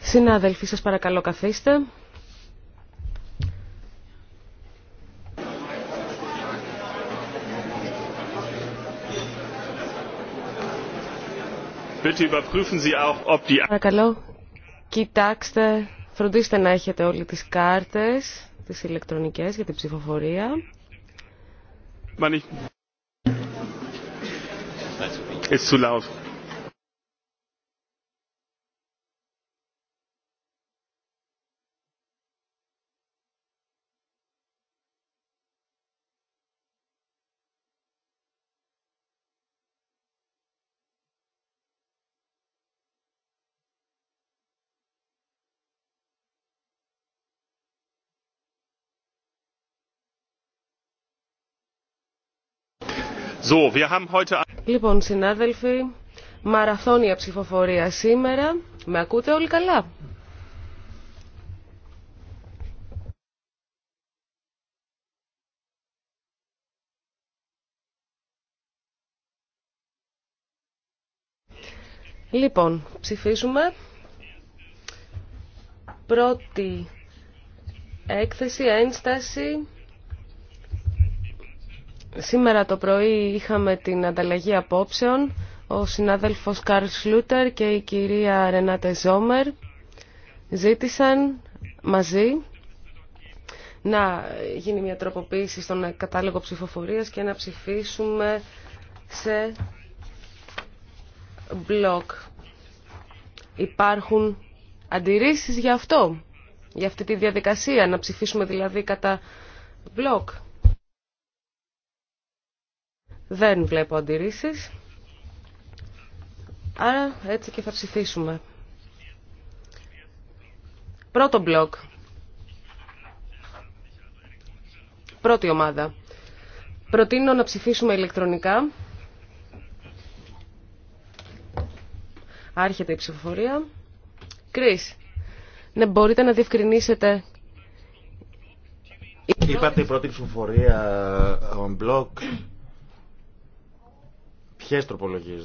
Συνάδελφοι, σας παρακαλώ καθίστε. Παρακαλώ, κοιτάξτε, φροντίστε να έχετε όλοι τις κάρτες, τις ηλεκτρονικές για την ψηφοφορία. It's too Λοιπόν, συνάδελφοι, μαραθώνια ψηφοφορία σήμερα. Με ακούτε όλοι καλά. Λοιπόν, ψηφίσουμε. Πρώτη έκθεση, ένσταση Σήμερα το πρωί είχαμε την ανταλλαγή απόψεων, ο συνάδελφος Καρλ Σλούτερ και η κυρία Ρενάτε Ζόμερ ζήτησαν μαζί να γίνει μια τροποποίηση στον κατάλογο ψηφοφορίας και να ψηφίσουμε σε μπλοκ. Υπάρχουν αντιρρήσεις για αυτό, για αυτή τη διαδικασία, να ψηφίσουμε δηλαδή κατά μπλοκ. Δεν βλέπω αντιρρήσεις. Άρα έτσι και θα ψηφίσουμε. Πρώτο μπλοκ. Πρώτη ομάδα. Προτείνω να ψηφίσουμε ηλεκτρονικά. Άρχεται η ψηφοφορία. Κρίς, ναι, μπορείτε να διευκρινίσετε... Είπατε η πρώτη ψηφοφορία ε, on block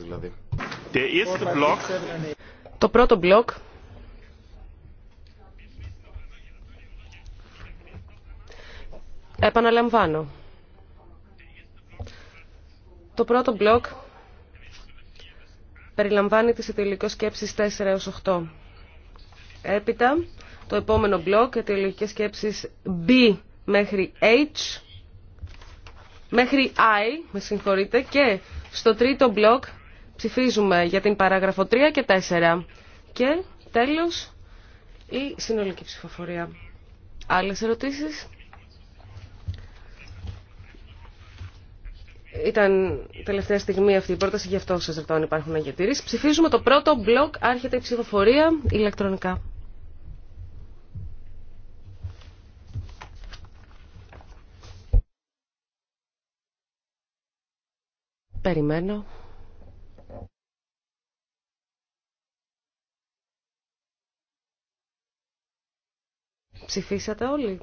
δηλαδή. Το πρώτο μπλοκ Επαναλαμβάνω. Το πρώτο μπλοκ περιλαμβάνει τις αιτιολογικές σκέψεις 4 έως 8. Έπειτα, το επόμενο μπλοκ, αιτιολογικές σκέψεις B μέχρι H, μέχρι I, με συγχωρείτε, και στο τρίτο μπλοκ ψηφίζουμε για την παράγραφο 3 και 4. Και τέλος η συνολική ψηφοφορία. Άλλες ερωτήσεις? Ήταν τελευταία στιγμή αυτή η πρόταση, γι' αυτό σας ρωτώ αν υπάρχουν αγιοτήρεις. Ψηφίζουμε το πρώτο μπλοκ, άρχεται η ψηφοφορία ηλεκτρονικά. Περιμένω. Ψηφίσατε όλοι.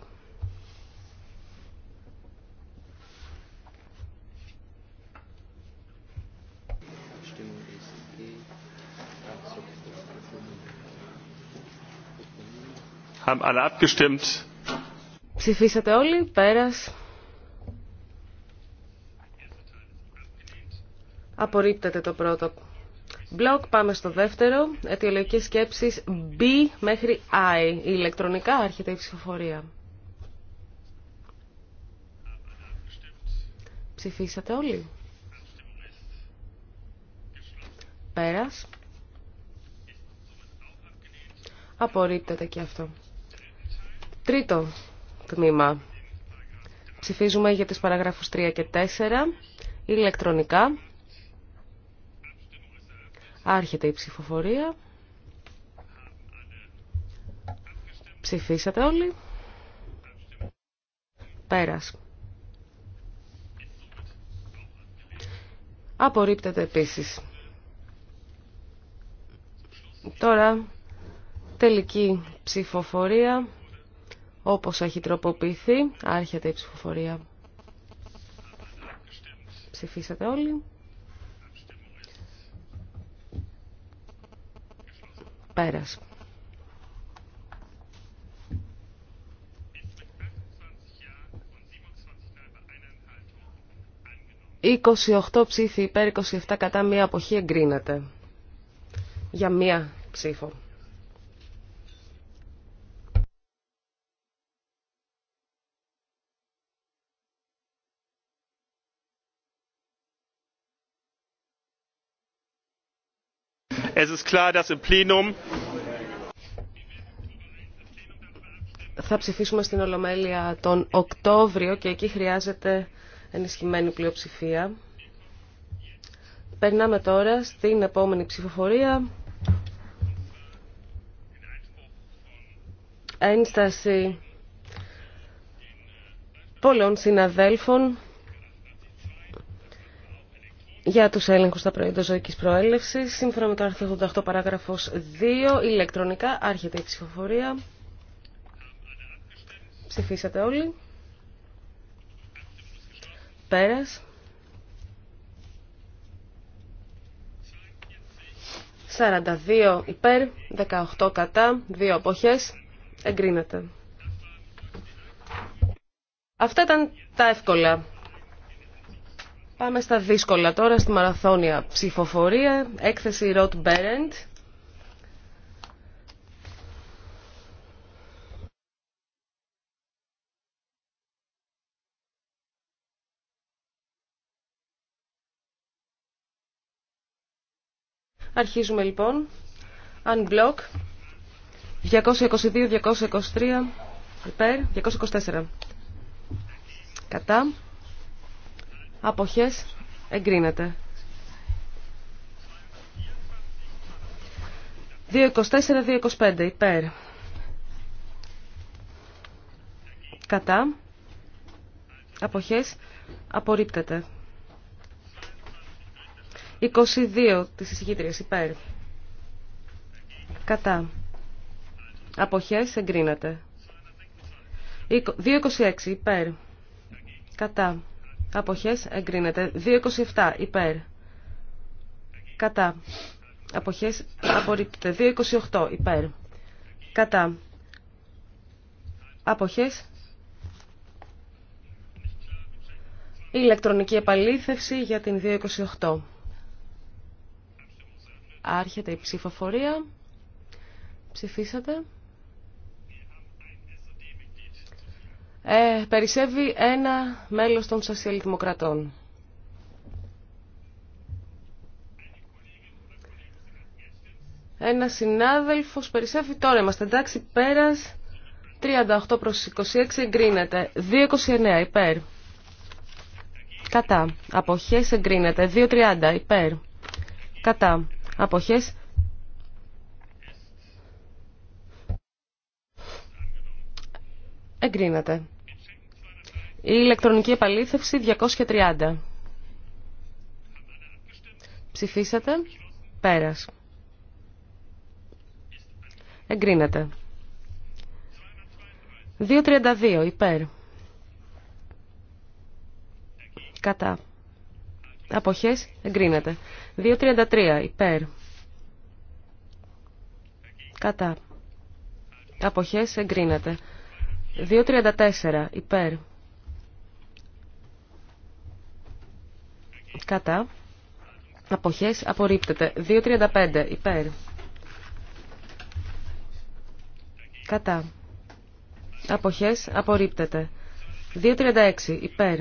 Haben alle abgestimmt. Ψηφίσατε όλοι, πέρας. Απορρίπτεται το πρώτο. Μπλοκ, πάμε στο δεύτερο. Αιτιολογικές σκέψεις B μέχρι I. Η ηλεκτρονικά άρχεται η ψηφοφορία. Ψηφίσατε όλοι. Πέρας. Απορρίπτεται και αυτό. Τρίτο τμήμα. Ψηφίζουμε για τις παραγράφους 3 και 4 ηλεκτρονικά. Άρχεται η ψηφοφορία. Ψηφίσατε όλοι. Πέρας. Απορρίπτεται επίσης. Τώρα, τελική ψηφοφορία, όπως έχει τροποποιηθεί, άρχεται η ψηφοφορία. Ψηφίσατε όλοι. Πέρας. «28 ψήφοι υπέρ 27 κατά μία αποχή εγκρίνεται για μία ψήφο». θα ψηφίσουμε στην Ολομέλεια τον Οκτώβριο και εκεί χρειάζεται ενισχυμένη πλειοψηφία. Περνάμε τώρα στην επόμενη ψηφοφορία. Ένσταση πολλών συναδέλφων για του έλεγχου στα προϊόντα ζωική πρόέλευση. σύμφωνα με το άρθρο 88 παράγραφο 2, ηλεκτρονικά, άρχεται η ψηφοφορία. Ψηφίσατε όλοι. Πέρας. 42 υπέρ, 18 κατά, 2 αποχές, εγκρίνεται. Αυτά ήταν τα εύκολα. Πάμε στα δύσκολα τώρα, στη μαραθώνια ψηφοφορία, έκθεση Ροτ Μπέρεντ. Αρχίζουμε λοιπόν. Unblock. 222-223 υπέρ. 224. Κατά. Αποχές εγκρίνεται. 2.24-2.25 υπέρ. Κατά. Αποχές απορρίπτεται. 22 της εισηγήτριας υπέρ. Κατά. Αποχές εγκρίνεται. 2.26 υπέρ. Κατά. Αποχές εγκρίνεται. 2.27 υπέρ. Κατά. Αποχές απορρίπτεται. 2.28 υπέρ. Κατά. Αποχές. Η ηλεκτρονική επαλήθευση για την 2.28. Άρχεται η ψηφοφορία. Ψηφίσατε. ε, περισσεύει ένα μέλος των σοσιαλδημοκρατών. Ένα συνάδελφος περισσεύει τώρα. Είμαστε εντάξει πέρας. 38 προς 26 εγκρίνεται. 2,29 υπέρ. Κατά. Αποχές εγκρίνεται. 2,30 υπέρ. Κατά. Αποχές εγκρίνεται. Η ηλεκτρονική επαλήθευση 230. Ψηφίσατε. Πέρας. Εγκρίνεται. 2.32 υπέρ. Κατά. Αποχές εγκρίνεται. 2.33 υπέρ. Κατά. Αποχές εγκρίνεται. 2.34 υπέρ. Κατά. Αποχές απορρίπτεται. 2.35 υπέρ. Κατά. Αποχές απορρίπτεται. 2.36 υπέρ.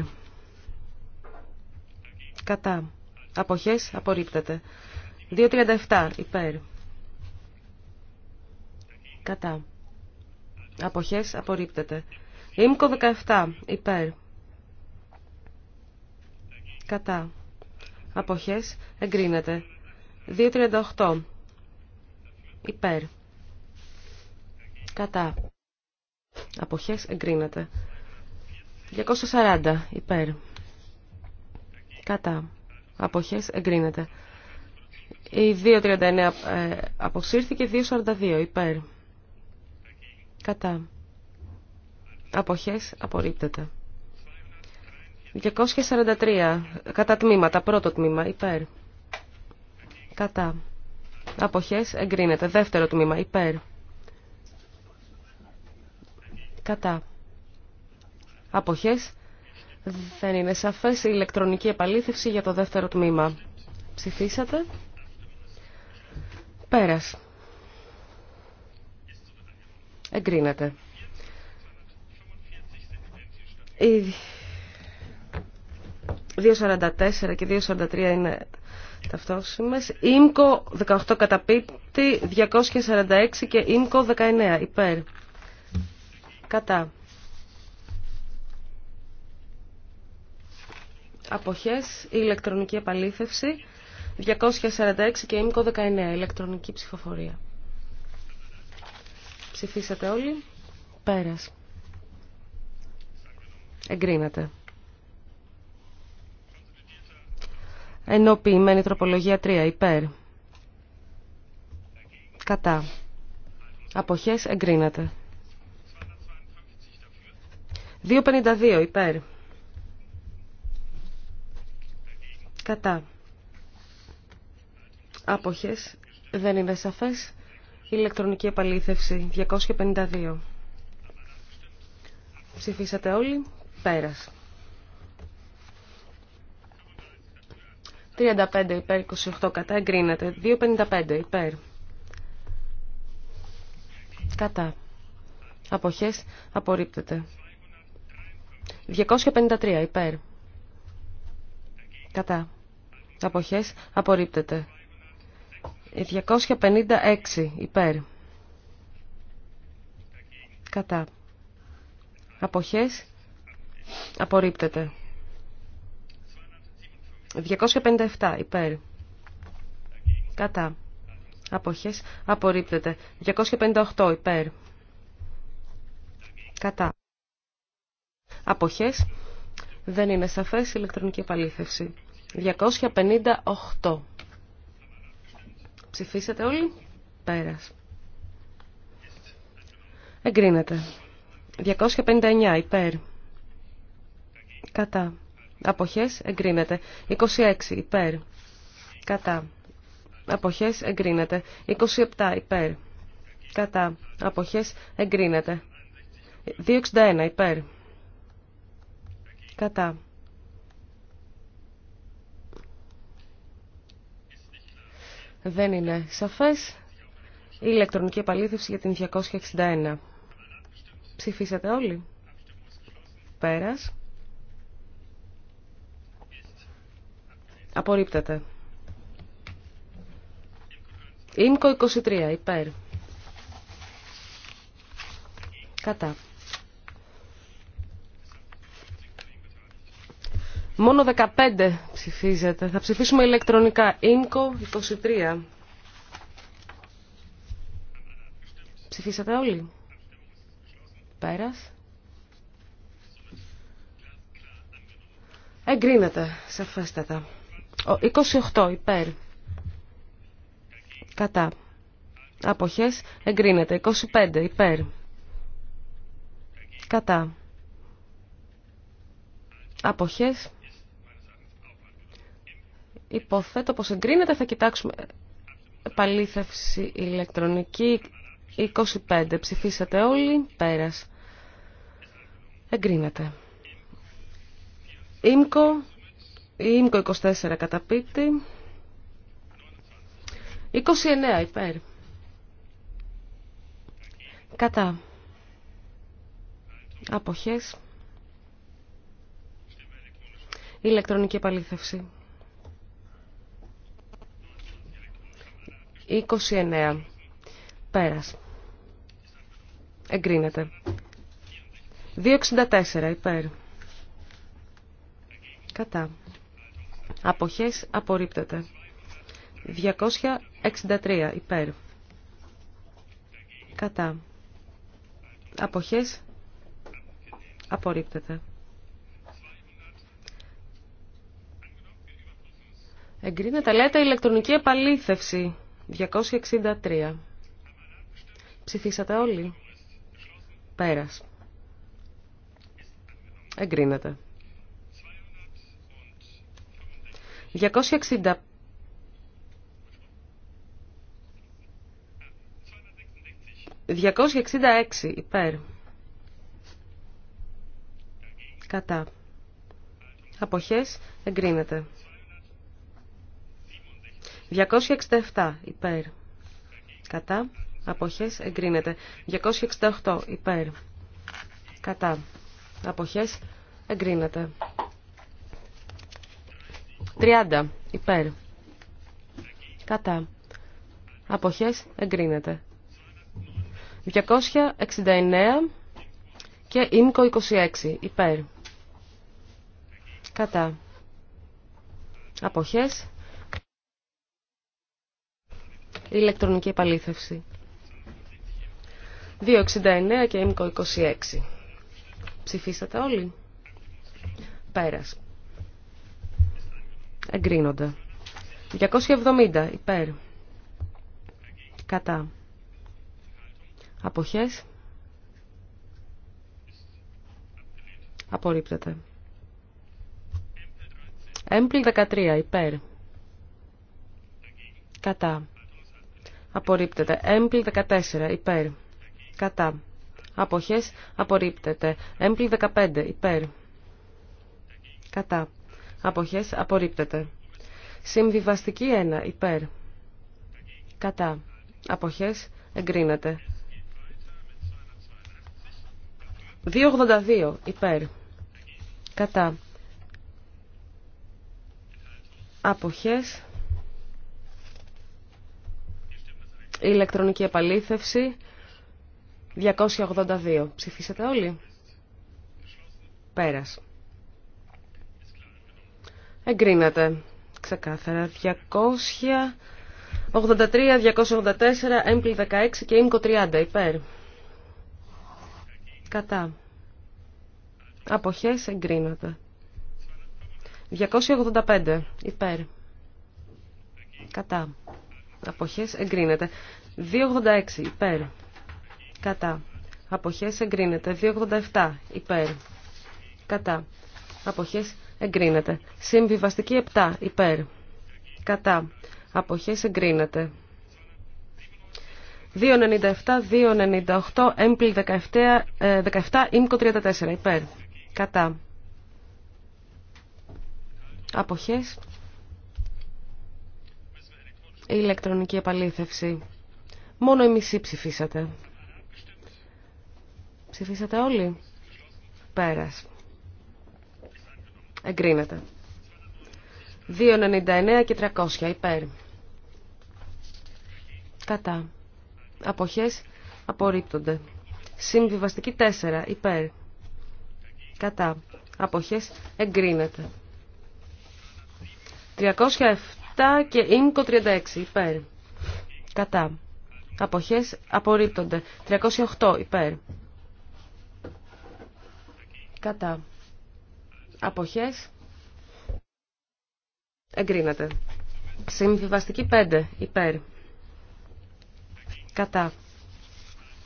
Κατά. Αποχές απορρίπτεται. 2.37 υπέρ. Κατά. Αποχές απορρίπτεται. Ήμκο 17 υπέρ. Κατά. Αποχές. Εγκρίνεται. 2.38. Υπέρ. Κατά. Αποχές. Εγκρίνεται. 240. Υπέρ. Κατά. Αποχές. Εγκρίνεται. Η 2.39 ε, αποσύρθηκε. 2.42. Υπέρ. Κατά. Αποχές. Απορρίπτεται. 243. Κατά τμήματα. Πρώτο τμήμα. Υπέρ. Κατά. Αποχές. Εγκρίνεται. Δεύτερο τμήμα. Υπέρ. Κατά. Αποχές. Δεν είναι σαφές η ηλεκτρονική επαλήθευση για το δεύτερο τμήμα. Ψηφίσατε. Πέρας. Εγκρίνεται. 2.44 και 2.43 είναι ταυτόσιμες. Ήμκο 18 καταπίπτει, 246 και Ήμκο 19 υπέρ. Κατά. Αποχές, ηλεκτρονική επαλήθευση, 246 και Ήμκο 19, ηλεκτρονική ψηφοφορία. Ψηφίσατε όλοι. Πέρας. Εγκρίνατε. Ενοποιημένη τροπολογία 3. Υπέρ. Κατά. Αποχές εγκρίνεται. 2.52. Υπέρ. Κατά. Άποχες. Δεν είναι σαφές. Ηλεκτρονική επαλήθευση. 252. Ψηφίσατε όλοι. Πέρας. 35 υπέρ, 28 κατά, εγκρίνεται. 2,55 υπέρ. Κατά. Αποχές απορρίπτεται. 253 υπέρ. Κατά. Αποχές απορρίπτεται. 256 υπέρ. Κατά. Αποχές απορρίπτεται. 257 υπέρ. Κατά. Αποχές. Απορρίπτεται. 258 υπέρ. Κατά. Αποχές. Δεν είναι σαφές ηλεκτρονική επαλήθευση. 258. Ψηφίσατε όλοι. Πέρας. Εγκρίνεται. 259 υπέρ. Κατά. Αποχές εγκρίνεται. 26 υπέρ. Κατά. Αποχές εγκρίνεται. 27 υπέρ. Κατά. Αποχές εγκρίνεται. 261 υπέρ. Κατά. Δεν είναι σαφές. Η ηλεκτρονική επαλήθευση για την 261. Ψηφίσατε όλοι. Πέρας. Απορρίπτεται. Ήμκο 23. Υπέρ. Κατά. Μόνο 15 ψηφίζεται. Θα ψηφίσουμε ηλεκτρονικά. Ήμκο 23. Ψηφίσατε όλοι. Πέρας. Εγκρίνεται, σαφέστατα. 28 υπέρ. Κατά. Αποχές εγκρίνεται. 25 υπέρ. Κατά. Αποχές. Υποθέτω πως εγκρίνεται. Θα κοιτάξουμε επαλήθευση ηλεκτρονική. 25. Ψηφίσατε όλοι. Πέρας. Εγκρίνεται. Ήμκο η 24 καταπίτη 29 υπέρ. Κατά. Αποχές. Ηλεκτρονική επαλήθευση. 29. Πέρας. Εγκρίνεται. 2.64 υπέρ. Κατά. Αποχές απορρίπτεται. 263 υπέρ. Κατά. Αποχές απορρίπτεται. Εγκρίνεται, λέτε, ηλεκτρονική επαλήθευση. 263. Ψηφίσατε όλοι. Πέρας. Εγκρίνεται. 260 266 υπέρ. Κατά. Αποχές εγκρίνεται. 267 υπέρ. Κατά. Αποχές εγκρίνεται. 268 υπέρ. Κατά. Αποχές εγκρίνεται. 30 υπέρ. Κατά. Αποχές εγκρίνεται. 269 και ΙΜΚΟ 26 υπέρ. Κατά. Αποχές. Ηλεκτρονική επαλήθευση. 269 και ΙΜΚΟ 26. Ψηφίσατε όλοι. Πέρας. Εγκρίνονται. 270 υπέρ. Κατά. Αποχές. Απορρίπτεται. Έμπλη 13 υπέρ. Κατά. Απορρίπτεται. Έμπλη 14 υπέρ. Κατά. Αποχές απορρίπτεται. Έμπλη 15 υπέρ. Κατά αποχές απορρίπτεται. Συμβιβαστική 1 υπέρ κατά αποχές εγκρίνεται. 282 υπέρ κατά αποχές ηλεκτρονική επαλήθευση 282. Ψηφίσατε όλοι. Πέρας. Εγκρίνεται. Ξεκάθαρα. 283, 284, έμπλη 16 και ΙΜΚΟ 30. Υπέρ. Κατά. Αποχές εγκρίνεται. 285. Υπέρ. Κατά. Αποχές εγκρίνεται. 286. Υπέρ. Κατά. Αποχές εγκρίνεται. 287. Υπέρ. Κατά. Αποχές εγκρίνεται. Συμβιβαστική 7 υπέρ. Κατά. Αποχές εγκρίνεται. 297, 298, έμπλη 17, ΙΜΚΟ 34 υπέρ. Κατά. Αποχές. Η ηλεκτρονική επαλήθευση. Μόνο η μισή ψηφίσατε. Ψηφίσατε όλοι. Πέρας. Εγκρίνεται. 2,99 και 300 υπέρ. Κατά. Αποχές απορρίπτονται. Συμβιβαστική 4 υπέρ. Κατά. Αποχές εγκρίνεται. 307 και ΙΜΚΟ 36 υπέρ. Κατά. Αποχές απορρίπτονται. 308 υπέρ. Κατά. Αποχές. Εγκρίνεται. Συμβιβαστική 5. Υπέρ. Κατά.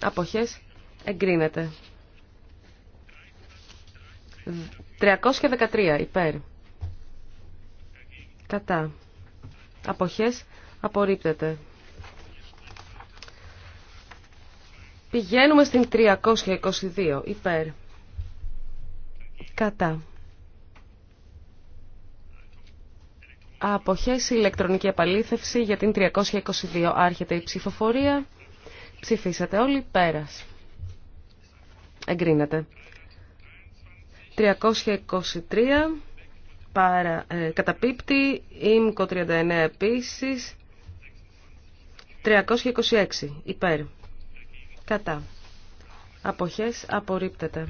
Αποχές. Εγκρίνεται. 313. Υπέρ. Κατά. Αποχές. Απορρίπτεται. Πηγαίνουμε στην 322. Υπέρ. Κατά. Αποχές ηλεκτρονική επαλήθευση για την 322. Άρχεται η ψηφοφορία. Ψηφίσατε όλοι. Πέρας. Εγκρίνεται. 323 παρα, ε, καταπίπτει. Ίμκο 39 επίσης. 326 υπέρ. Κατά. Αποχές απορρίπτεται.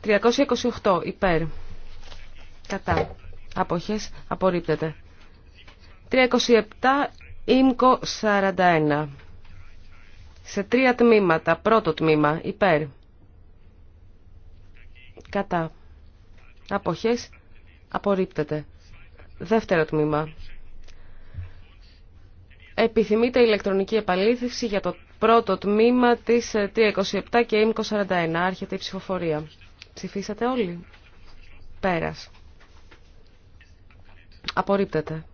328 υπέρ. Κατά αποχές απορρίπτεται. 327 ΙΜΚΟ 41 σε τρία τμήματα. Πρώτο τμήμα υπέρ. Κατά. Αποχές απορρίπτεται. Δεύτερο τμήμα. Επιθυμείτε ηλεκτρονική επαλήθευση για το πρώτο τμήμα της 327 ε, και ΙΜΚΟ 41. Άρχεται η ψηφοφορία. Ψηφίσατε όλοι. Πέρας. Απορρίπτεται.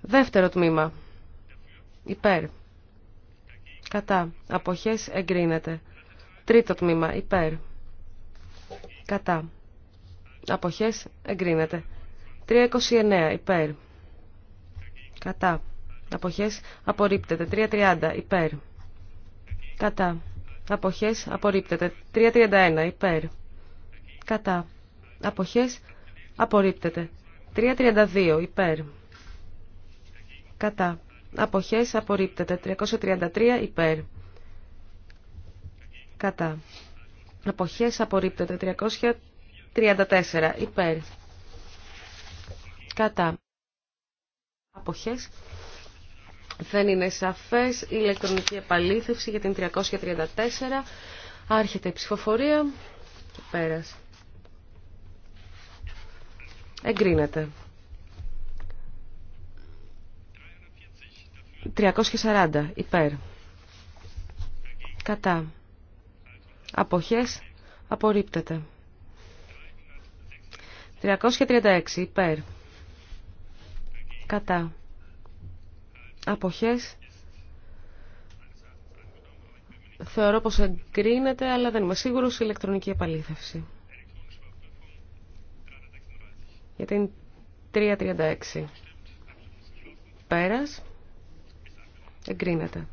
Δεύτερο τμήμα. Υπέρ. Κατά. Αποχές εγκρίνεται. Τρίτο τμήμα. Υπέρ. Κατά. Αποχές εγκρίνεται. 329. Υπέρ. Κατά. Αποχές απορρίπτεται. 330. Υπέρ. Κατά. Αποχές απορρίπτεται. 331. Υπέρ. Κατά αποχές απορρίπτεται. 332 υπέρ. Κατά. Αποχές απορρίπτεται. 333 υπέρ. Κατά. Αποχές απορρίπτεται. 334 υπέρ. Κατά. Αποχές. Δεν είναι σαφές. Ηλεκτρονική επαλήθευση για την 334. Άρχεται η ψηφοφορία. Και πέρασε. Εγκρίνεται. 340 υπέρ. Κατά. Αποχές απορρίπτεται. 336 υπέρ. Κατά. Αποχές θεωρώ πως εγκρίνεται αλλά δεν είμαι σίγουρος ηλεκτρονική επαλήθευση. Γιατί είναι 336. Πέρας. Εγκρίνεται.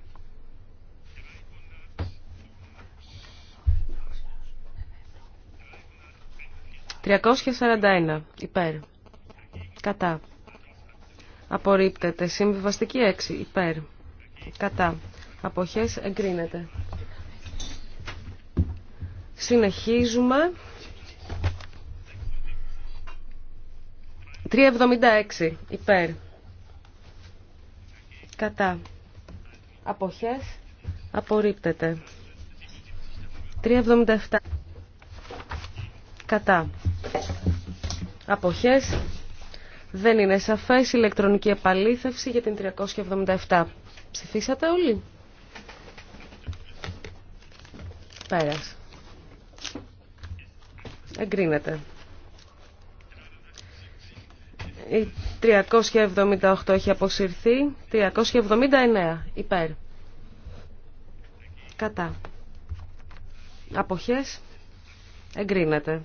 341. Υπέρ. Κατά. Απορρίπτεται. Συμβιβαστική 6. Υπέρ. Κατά. Αποχές εγκρίνεται. Συνεχίζουμε. 376 υπέρ. Κατά. Αποχές. Απορρίπτεται. 377. Κατά. Αποχές. Δεν είναι σαφές ηλεκτρονική επαλήθευση για την 377. Ψηφίσατε όλοι. Πέρας. Εγκρίνεται. Η 378 έχει αποσυρθεί. 379 υπέρ. Κατά. Αποχές. Εγκρίνεται.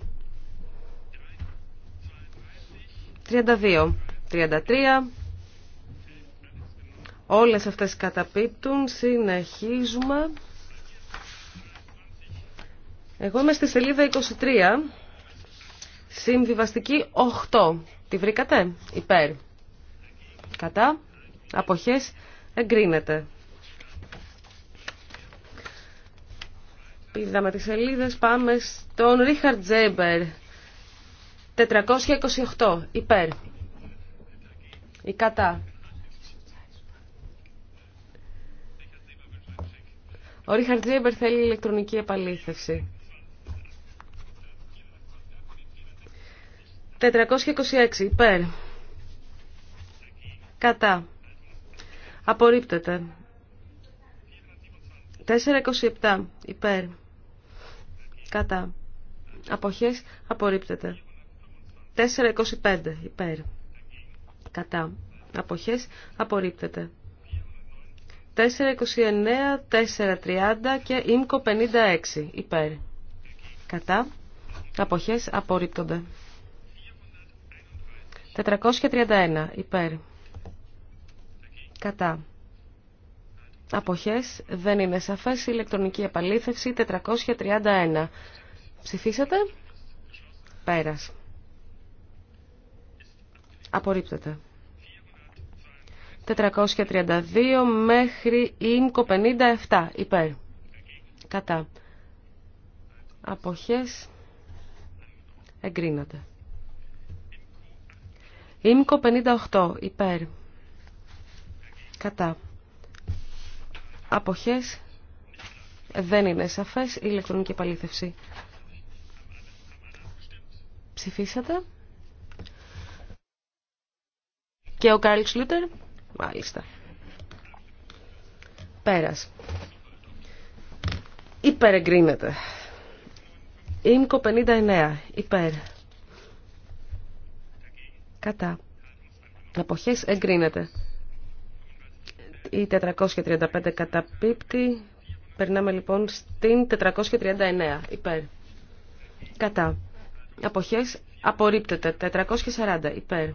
32. 33. Όλες αυτές καταπίπτουν. Συνεχίζουμε. Εγώ είμαι στη σελίδα 23. Συμβιβαστική 8. Τη βρήκατε? Υπέρ. Κατά. Αποχές. Εγκρίνεται. Πήδαμε τις σελίδες. Πάμε στον Ρίχαρτ Τζέμπερ. 428. Υπέρ. Η κατά. Ο Ρίχαρτ Τζέμπερ θέλει ηλεκτρονική επαλήθευση. 426 υπέρ. Κατά. Απορρίπτεται. 427 υπέρ. Κατά. Αποχές απορρίπτεται. 425 υπέρ. Κατά. Αποχές απορρίπτεται. 429, 430 και ΙΜΚΟ 56 υπέρ. Κατά. Αποχές απορρίπτονται. 431 υπέρ. Κατά. Αποχές δεν είναι σαφές ηλεκτρονική επαλήθευση 431. Ψηφίσατε. Πέρας. Απορρίπτεται. 432 μέχρι ΙΜΚΟ 57 υπέρ. Κατά. Αποχές εγκρίνατε. Ήμικο 58 υπέρ. Κατά. Αποχές δεν είναι σαφές η ηλεκτρονική επαλήθευση. Ψηφίσατε. Και ο Κάρλ Σλούτερ. Μάλιστα. Πέρας. Υπερεγκρίνεται. Ήμικο 59. Υπέρ. Κατά. Αποχές εγκρίνεται. Η 435 καταπίπτει. Περνάμε λοιπόν στην 439. Υπέρ. Κατά. Αποχές απορρίπτεται. 440. Υπέρ.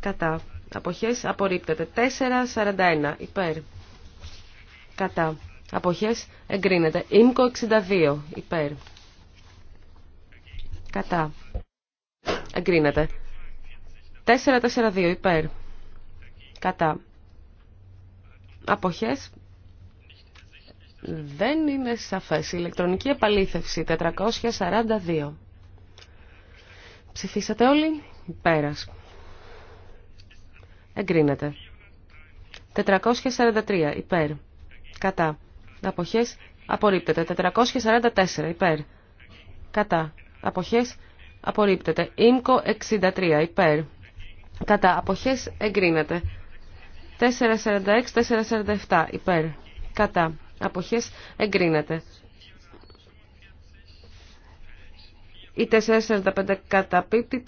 Κατά. Αποχές απορρίπτεται. 441. Υπέρ. Κατά. Αποχές εγκρίνεται. Ήμκο 62. Υπέρ. Κατά. Εγκρίνεται. 4-4-2 υπέρ. Κατά. Αποχές. Δεν είναι σαφές. Ηλεκτρονική επαλήθευση 442. Ψηφίσατε όλοι. Πέρας. Εγκρίνεται. 443 υπέρ. Κατά. Αποχές. Απορρίπτεται. 444 υπέρ. Κατά. Αποχές. Απορρίπτεται. Ήμκο 63 υπέρ. Κατά αποχές εγκρίνεται. 446-447 υπέρ. Κατά αποχές εγκρίνεται. Η 445 καταπίπτει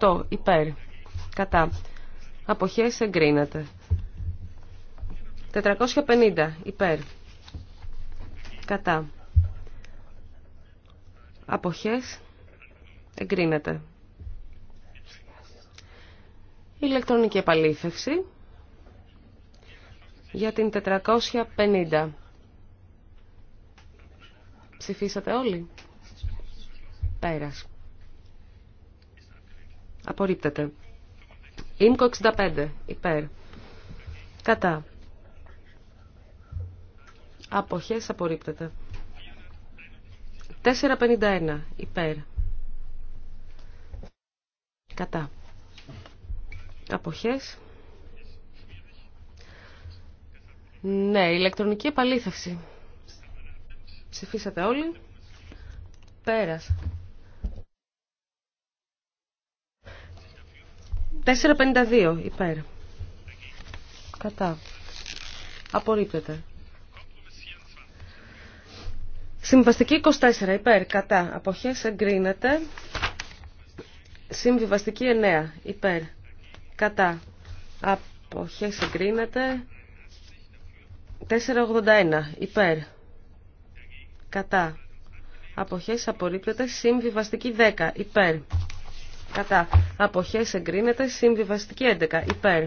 448 υπέρ. Κατά αποχές εγκρίνεται. 450 υπέρ. Κατά αποχές εγκρίνεται ηλεκτρονική επαλήθευση για την 450. Ψηφίσατε όλοι. Πέρας. Απορρίπτεται. Ίμκο 65. Υπέρ. Κατά. Αποχές απορρίπτεται. 451. Υπέρ. Κατά. Αποχές. Ναι, ηλεκτρονική επαλήθευση. Ψηφίσατε όλοι. Πέρας. 4.52 υπέρ. Κατά. Απορρίπτεται. Συμβαστική 24 υπέρ. Κατά. Αποχές εγκρίνεται. Συμβιβαστική 9 υπέρ κατά αποχές εγκρίνεται 481 υπέρ κατά αποχές απορρίπτεται συμβιβαστική 10 υπέρ κατά Αποχέ εγκρίνεται συμβιβαστική 11 υπέρ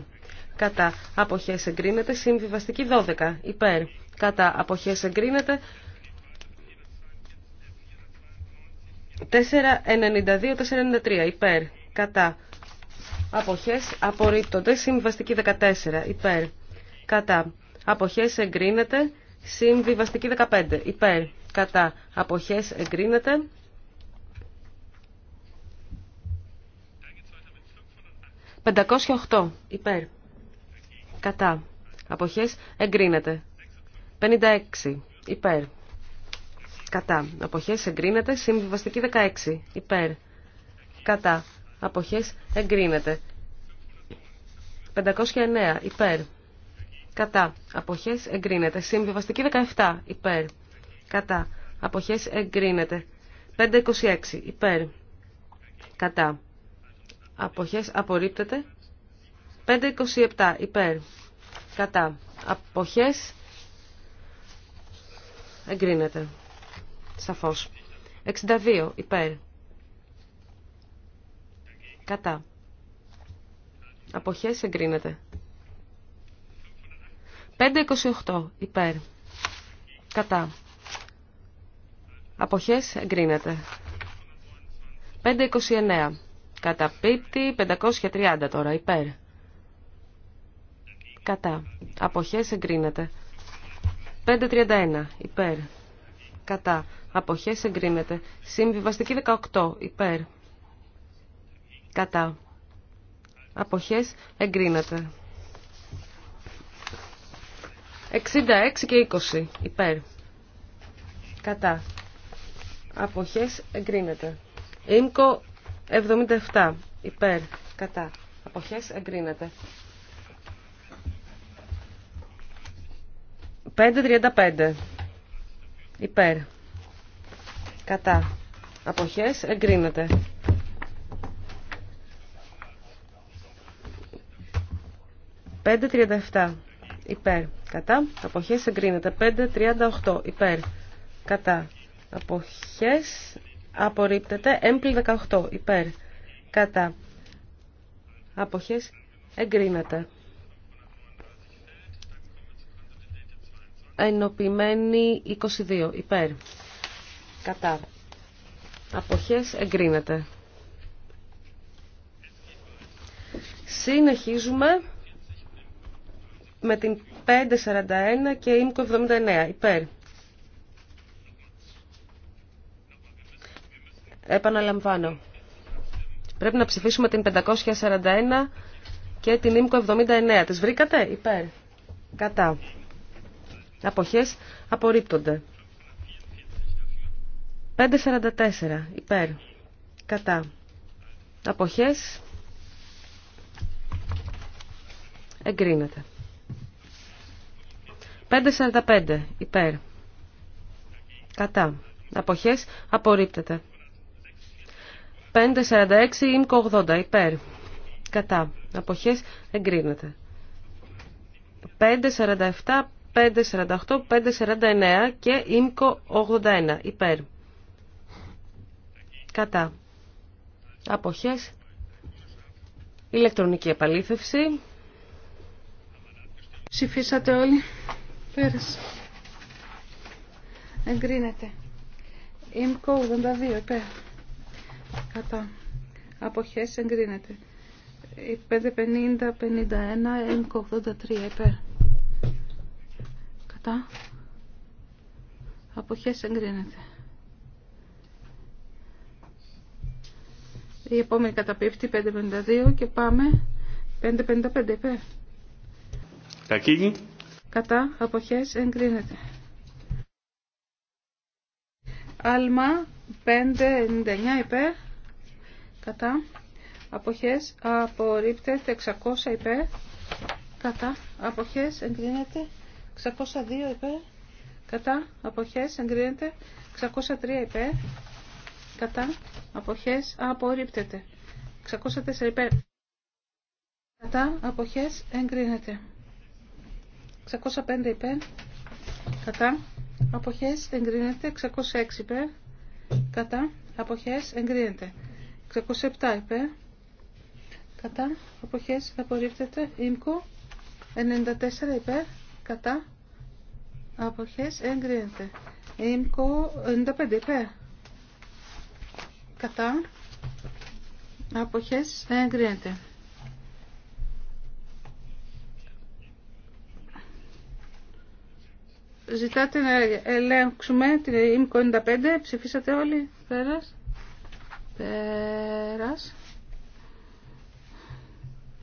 κατά αποχές εγκρίνεται συμβιβαστική 12 υπέρ κατά αποχές εγκρίνεται 492-493 υπέρ κατά Αποχές απορρίπτονται. Συμβιβαστική 14. Υπέρ. Κατά. Αποχές εγκρίνεται. Συμβιβαστική 15. Υπέρ. Κατά. Αποχές εγκρίνεται. 508. Υπέρ. Κατά. Αποχές εγκρίνεται. 56. Υπέρ. Κατά. Αποχές εγκρίνεται. Συμβιβαστική 16. Υπέρ. Κατά αποχές εγκρίνεται. 509 υπέρ. Κατά. Αποχές εγκρίνεται. Συμβιβαστική 17 υπέρ. Κατά. Αποχές εγκρίνεται. 526 υπέρ. Κατά. Αποχές απορρίπτεται. 527 υπέρ. Κατά. Αποχές εγκρίνεται. Σαφώς. 62 υπέρ. Κατά. Αποχές εγκρίνεται. 528 υπέρ. Κατά. Αποχές εγκρίνεται. 529. Καταπίπτει 530 τώρα υπέρ. Κατά. Αποχές εγκρίνεται. 531 υπέρ. Κατά. Αποχές εγκρίνεται. Συμβιβαστική 18 υπέρ. Κατά. Αποχές εγκρίνεται. 66 και 20. Υπέρ. Κατά. Αποχές εγκρίνεται. Ήμκο 77. Υπέρ. Κατά. Αποχές εγκρίνεται. 5.35. Υπέρ. Κατά. Αποχές εγκρίνεται. 5.37 υπέρ κατά αποχές εγκρίνεται 5.38 υπέρ κατά αποχές απορρίπτεται έμπλη 18 υπέρ κατά αποχές εγκρίνεται ενοποιημένη 22 υπέρ κατά αποχές εγκρίνεται συνεχίζουμε με την 541 και ΙΜΚΟ 79. Υπέρ. Επαναλαμβάνω. Πρέπει να ψηφίσουμε την 541 και την ΙΜΚΟ 79. Τις βρήκατε? Υπέρ. Κατά. Αποχές απορρίπτονται. 544. Υπέρ. Κατά. Αποχές εγκρίνεται. 5.45 υπέρ. Κατά. Αποχές απορρίπτεται. 5.46 ΙΜΚΟ 80 υπέρ. Κατά. Αποχές εγκρίνεται. 5.47, 5.48, 5.49 και ΙΜΚΟ 81 υπέρ. Κατά. Αποχές. Ηλεκτρονική επαλήθευση. Ψηφίσατε όλοι. Πέρασε. Εγκρίνεται. Είμκο 82 υπέρ. Κατά. Αποχές εγκρίνεται. 550-51 Είμκο 83 υπέρ. Κατά. Αποχές εγκρίνεται. Η επόμενη καταπίπτει 552 και πάμε 555 υπέρ. Dagegen κατά αποχές εγκρίνεται. Άλμα 599 υπέρ κατά αποχές απορρίπτεται 600 υπέρ κατά αποχές εγκρίνεται 602 υπέρ κατά αποχές εγκρίνεται 603 υπέρ κατά αποχές απορρίπτεται 604 υπέρ κατά αποχές εγκρίνεται 605 υπέρ. Κατά. Αποχές εγκρίνεται. 606 υπέρ. Κατά. Αποχές εγκρίνεται. 607 υπέρ. Κατά. Αποχές απορρίπτεται. Ήμκο. 94 υπέρ. Κατά. Αποχές εγκρίνεται. Ήμκο 95 υπέρ. Κατά. Αποχές εγκρίνεται. Ζητάτε να ελέγξουμε την εμ 95. Ψηφίσατε όλοι. Πέρας. Πέρας.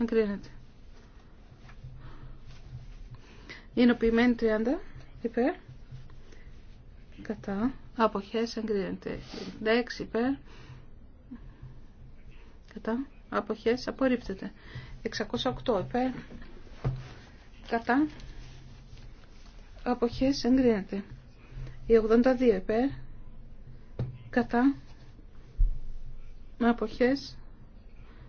Εγκρίνεται. Είναι 30. Υπέρ. Κατά. Αποχές εγκρίνεται. 6 υπέρ. Κατά. Αποχές απορρίπτεται. 608 υπέρ. Κατά αποχές εγκρίνεται. Η 82 υπέρ κατά αποχές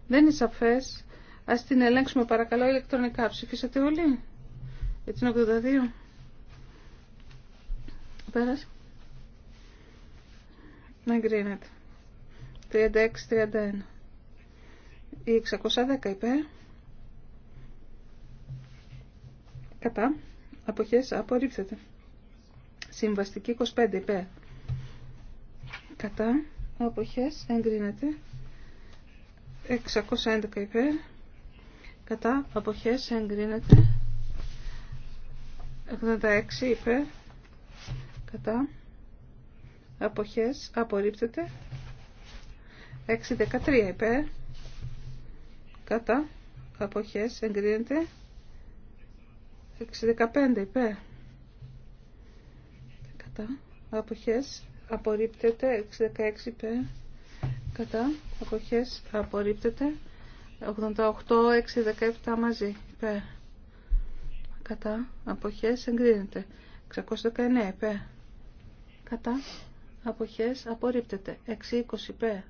δεν είναι σαφές. Ας την ελέγξουμε παρακαλώ ηλεκτρονικά. Ψηφίσατε όλοι για την 82. Πέρασε. Να εγκρίνεται. 36-31. Η 610 υπέρ. Κατά αποχές απορρίπτεται. Συμβαστική 25 υπέρ. Κατά αποχές εγκρίνεται. 611 υπέρ. Κατά αποχές εγκρίνεται. 86 υπέρ. Κατά αποχές απορρίπτεται. 613 υπέρ. Κατά αποχές εγκρίνεται. 615 είπε. Κατά. Αποχές. Απορρίπτεται. 616 Π. Κατά. Αποχές. Απορρίπτεται. 88, 617 μαζί. ειπε Κατά. Αποχές. Εγκρίνεται. 619 619-π Κατά. Αποχές. Απορρίπτεται. 620 620-π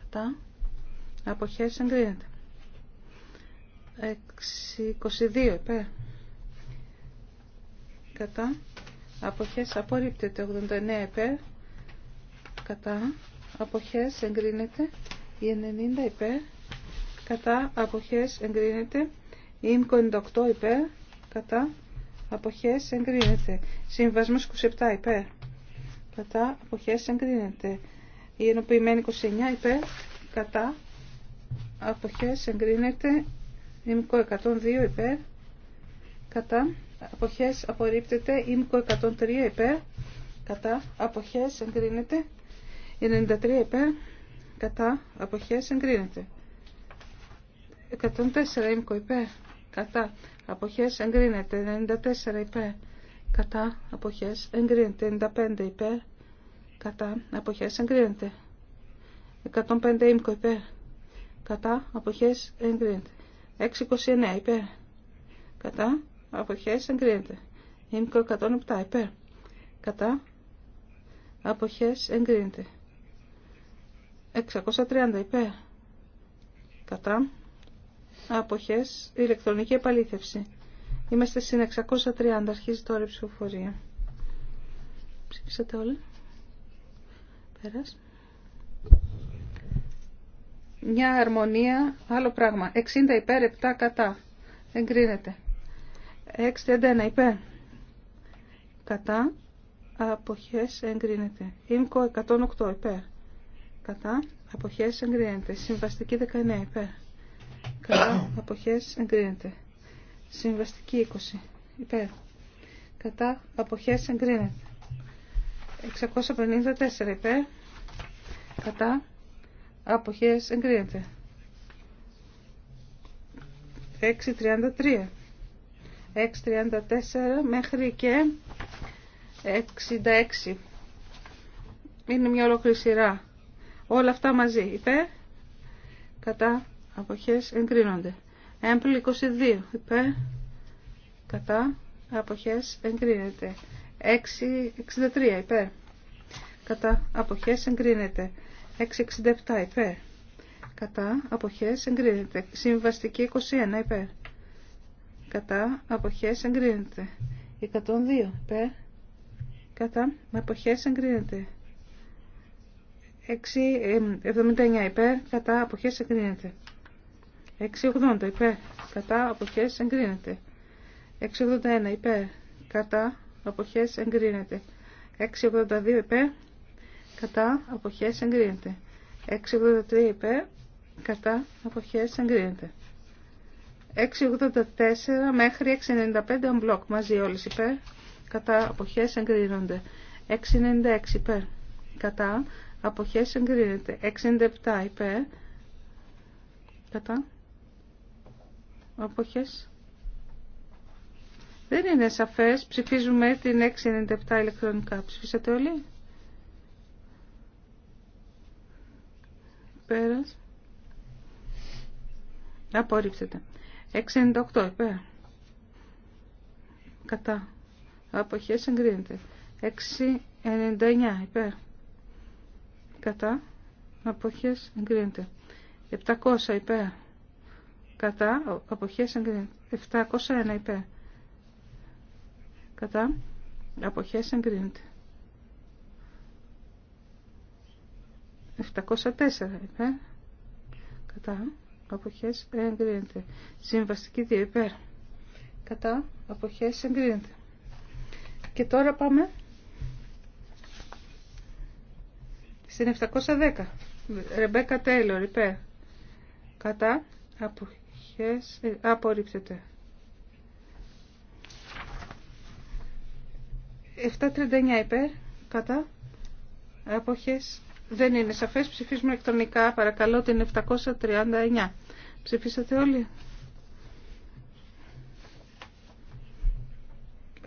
Κατά. Αποχές. Εγκρίνεται. 22 υπέρ. Κατά. Αποχές απορρίπτεται 89 υπέρ. Κατά. Αποχές εγκρίνεται η 90 υπέρ. Κατά. Αποχές εγκρίνεται η 98 υπέρ. Κατά. Αποχές εγκρίνεται. Συμβασμός 27 υπέρ. Κατά. Αποχές εγκρίνεται. Η ενοποιημένη 29 υπέρ. Κατά. Αποχές εγκρίνεται Ήμικο 102 υπέρ. Κατά. Αποχές απορρίπτεται. Ήμικο 103 υπέρ. Κατά. Αποχές εγκρίνεται. 93 υπέρ. Κατά. Αποχές εγκρίνεται. 104 ήμικο υπέρ. Κατά. Αποχές εγκρίνεται. 94 υπέρ. Κατά. Αποχές εγκρίνεται. 95 υπέρ. Κατά. Αποχές εγκρίνεται. 105 ήμικο υπέρ. Κατά. Αποχές εγκρίνεται. 629 υπέρ. Κατά. Αποχές εγκρίνεται. Ήμικο 107 υπέρ. Κατά. Αποχές εγκρίνεται. 630 υπέρ. Κατά. Αποχές. Ηλεκτρονική επαλήθευση. Είμαστε στην 630. Αρχίζει τώρα η ψηφοφορία. Ψήφισατε όλοι. Πέρασε μια αρμονία, άλλο πράγμα. 60 υπέρ, 7 κατά. Εγκρίνεται. 61 υπέρ. Κατά. Αποχές εγκρίνεται. Ήμκο 108 υπέρ. Κατά. Αποχές εγκρίνεται. Συμβαστική 19 υπέρ. Κατά. Αποχές εγκρίνεται. Συμβαστική 20 υπέρ. Κατά. Αποχές εγκρίνεται. 654 υπέρ. Κατά. Αποχές εγκρίνεται. 6.33 6.34 μέχρι και 66 είναι μια ολόκληρη σειρά όλα αυτά μαζί υπέρ κατά αποχές εγκρίνονται έμπλη 22 υπέρ κατά αποχές εγκρίνεται 6.63 υπέρ κατά αποχές εγκρίνεται 667 υπέρ. Κατά αποχές εγκρίνεται. Συμβαστική 21 υπέρ. Κατά αποχές εγκρίνεται. 102 υπέρ. Κατά αποχές εγκρίνεται. 679 υπέρ. Κατά αποχές εγκρίνεται. 680 υπέρ. Κατά αποχές εγκρίνεται. 681 υπέρ. Κατά αποχές εγκρίνεται. 682 υπέρ κατά αποχές εγκρίνεται. 683 υπέρ κατά αποχές εγκρίνεται. 684 μέχρι 695 on μαζί όλες υπέρ κατά αποχές εγκρίνονται. 696 υπέρ κατά αποχές εγκρίνεται. 697 υπέρ κατά αποχές δεν είναι σαφές. Ψηφίζουμε την 697 ηλεκτρονικά. Ψηφίσατε όλοι. Πέρας. τα. 698 υπέρ. Κατά. Αποχέ εγκρίνεται. 699 υπέρ. Κατά. Αποχέ εγκρίνεται. 700 υπέρ. Κατά. Αποχέ εγκρίνεται. 701 υπέρ. Κατά. αποχέ εγκρίνεται. 704 υπέρ. Κατά. αποχέ εγκρίνεται. Συμβαστική 2 υπέρ. Κατά. απόχέ εγκρίνεται. Και τώρα πάμε στην 710. Ρεμπέκα Τέιλορ υπέρ. Κατά. Αποχές ε, απορρίπτεται. 739 υπέρ. Κατά. Αποχές δεν είναι σαφέ ψηφίσουμε ηλεκτρονικά. Παρακαλώ την 739. Ψηφίσατε όλοι.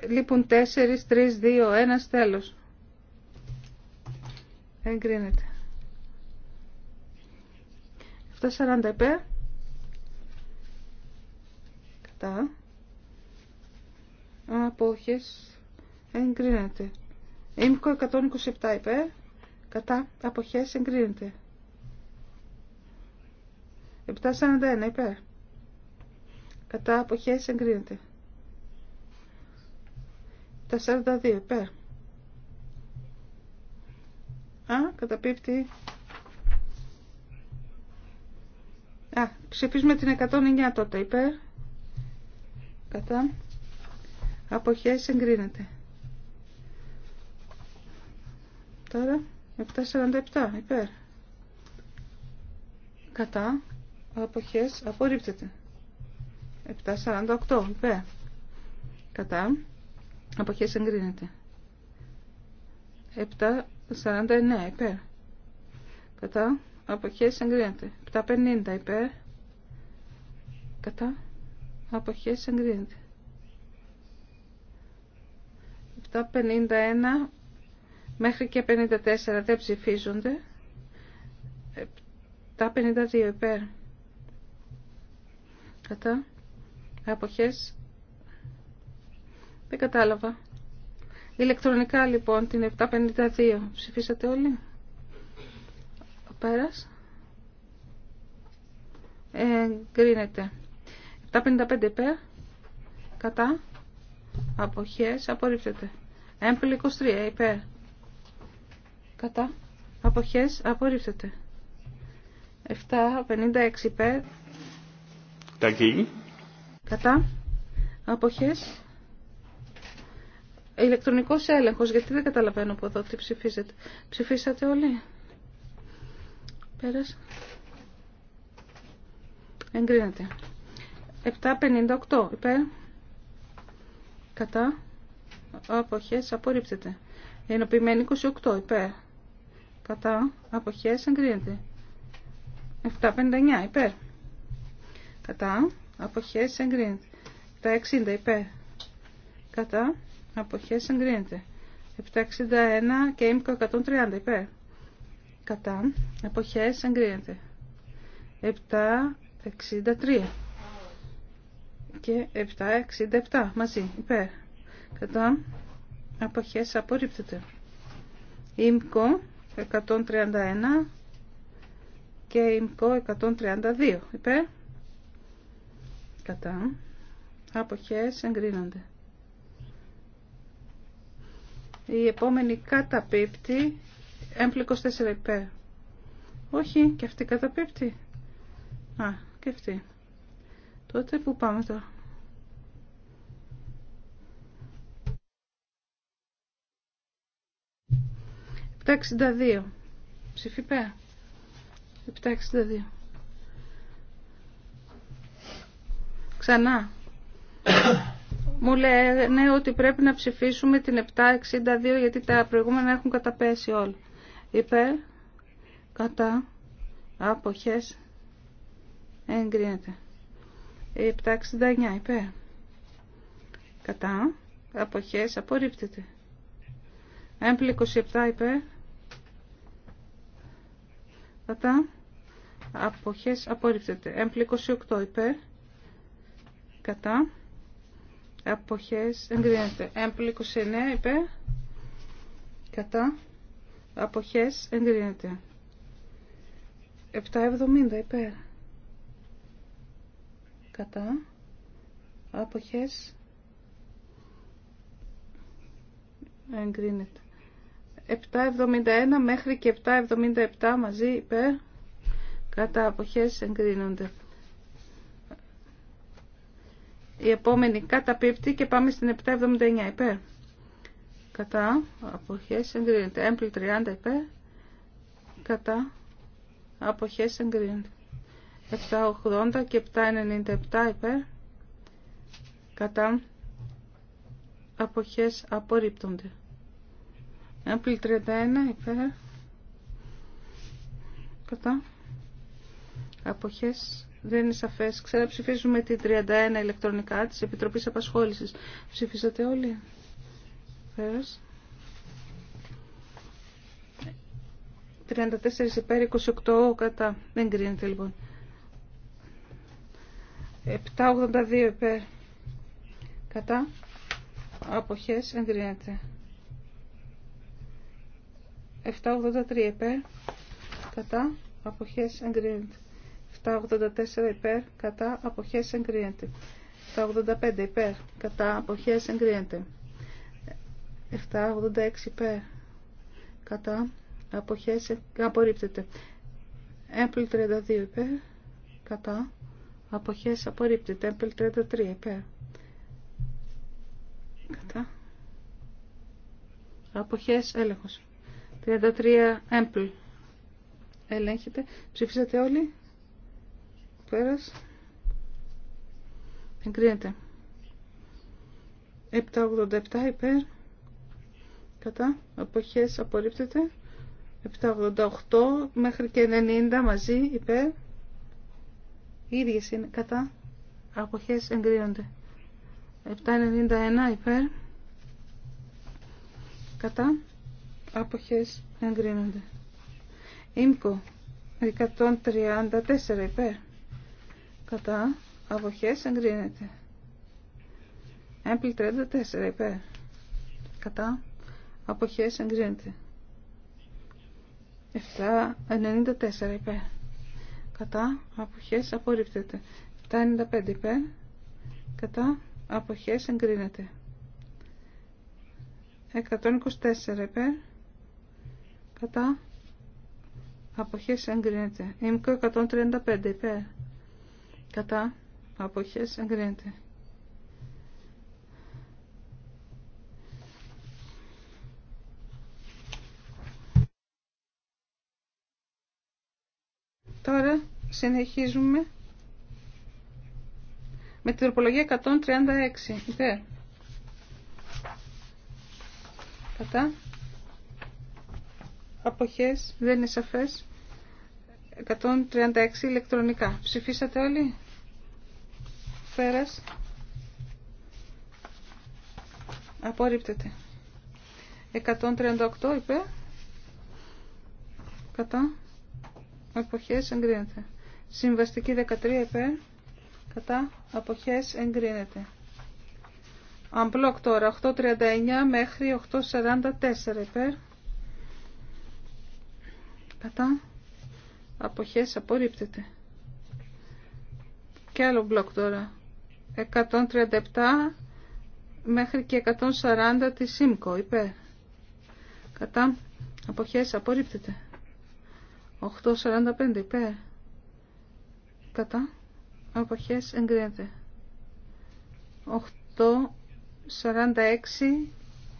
Λείπουν 4, 3, 2, 1, τέλος. Εγκρίνεται. 740 επέ. Κατά. Απόχες. Εγκρίνεται. Ήμικο 127 υπέρ κατά αποχές εγκρίνεται. 741 υπέρ. Κατά αποχές εγκρίνεται. 742 υπέρ. Α, καταπίπτει. Α, ψηφίζουμε την 109 τότε υπέρ. Κατά. Αποχές εγκρίνεται. Τώρα. 747 υπέρ. Κατά. Αποχές απορρίπτεται. 748 υπέρ. Κατά. Αποχές εγκρίνεται. 749 υπέρ. Κατά. Αποχές εγκρίνεται. 750 υπέρ. Κατά. Αποχές εγκρίνεται. 751 Μέχρι και 54 δεν ψηφίζονται. Ε, τα 52 υπέρ. Κατά. Αποχές. Δεν κατάλαβα. Ηλεκτρονικά λοιπόν την 752. Ψηφίσατε όλοι. Πέρας. Εγκρίνεται. 755 υπέρ. Κατά. Αποχές. Απορρίπτεται. Έμπλη 23 υπέρ κατά αποχές απορρίφθεται 756 υπέρ κατά αποχές ηλεκτρονικός έλεγχος γιατί δεν καταλαβαίνω από εδώ τι ψηφίζετε ψηφίσατε όλοι πέρασε εγκρίνεται 758 υπέρ κατά αποχές απορρίπτεται ενοποιημένη 28 υπέρ κατά αποχές εγκρίνεται. 759 υπέρ. Κατά αποχές εγκρίνεται. 760 υπέρ. Κατά αποχές εγκρίνεται. 761 και ήμικο 130 υπέρ. Κατά αποχές εγκρίνεται. 763 και 767 μαζί υπέρ. Κατά αποχές απορρίπτεται. ήμικο. 131 και η ΙΜΚΟ 132 υπέρ κατά αποχές εγκρίνονται η επόμενη καταπίπτει έμπληκος 4 υπέρ όχι και αυτή καταπίπτει α και αυτή τότε που πάμε τώρα 762. Ψηφιπέ. 762. Ξανά. Μου λένε ότι πρέπει να ψηφίσουμε την 762 γιατί τα προηγούμενα έχουν καταπέσει όλοι. Είπε. κατά, άποχες, εγκρίνεται. 769 είπε. κατά, αποχές, απορρίπτεται. Έμπλη 27 είπε κατά αποχές απορρίπτεται. απορρίπτεται. 28 υπέρ κατά αποχές εγκρίνεται. εγκρίνεται. 29 υπέρ κατά αποχές εγκρίνεται. 770 υπέρ κατά αποχές εγκρίνεται. 771 μέχρι και 777 μαζί υπέρ κατά αποχές εγκρίνονται. Η επόμενη καταπίπτει και πάμε στην 779 υπέρ. Κατά αποχές εγκρίνεται. Έμπλη 30 υπέρ. Κατά αποχές εγκρίνεται. 780 και 797 υπέρ. Κατά αποχές απορρίπτονται. Apple 31 υπέρ κατά αποχές δεν είναι σαφές. Ξέρω ψηφίζουμε τη 31 ηλεκτρονικά της Επιτροπής Απασχόλησης. Ψηφίσατε όλοι. Πέρας. 34 υπέρ 28 κατά. Δεν κρίνεται λοιπόν. 782 υπέρ κατά. Αποχές εγκρίνεται. 783 υπέρ κατά αποχές εγκρίνεται. 784 υπέρ κατά αποχές εγκρίνεται. 785 υπέρ κατά αποχές εγκρίνεται. 786 ε, υπέρ κατά αποχές απορρίπτεται. Έμπλ 32 υπέρ κατά αποχές απορρίπτεται. Έμπλ 33 υπέρ κατά αποχές έλεγχος. 33 έμπλ. Ελέγχεται. Ψήφισατε όλοι. Πέρας. Εγκρίνεται. 787 υπέρ. Κατά. Αποχές απορρίπτεται. 788 μέχρι και 90 μαζί υπέρ. Οι ίδιες είναι κατά. Αποχές εγκρίνονται. 791 υπέρ. Κατά άποχες εγκρίνονται. Ήμκο 134 υπέρ. Κατά αποχές εγκρίνεται. Έμπλη 34 υπέρ. Κατά αποχές εγκρίνεται. 794 υπέρ. Κατά αποχές απορρίπτεται. 795 υπέρ. Κατά αποχές εγκρίνεται. 124 υπέρ κατά αποχές εγκρίνεται. Ήμικο 135 υπέρ κατά αποχές εγκρίνεται. Τώρα συνεχίζουμε με την τροπολογία 136 υπέρ κατά αποχές, δεν είναι σαφές. 136 ηλεκτρονικά. Ψηφίσατε όλοι. Φέρας. Απορρίπτεται. 138 είπε. Κατά. Αποχές εγκρίνεται. Συμβαστική 13 υπέρ. Κατά. Αποχές εγκρίνεται. Αμπλοκ τώρα. 839 μέχρι 844 υπέρ κατά αποχές απορρίπτεται. Και άλλο μπλοκ τώρα. 137 μέχρι και 140 τη ΣΥΜΚΟ υπέρ. Κατά αποχές απορρίπτεται. 845 υπέρ. Κατά αποχές εγκρίνεται. 846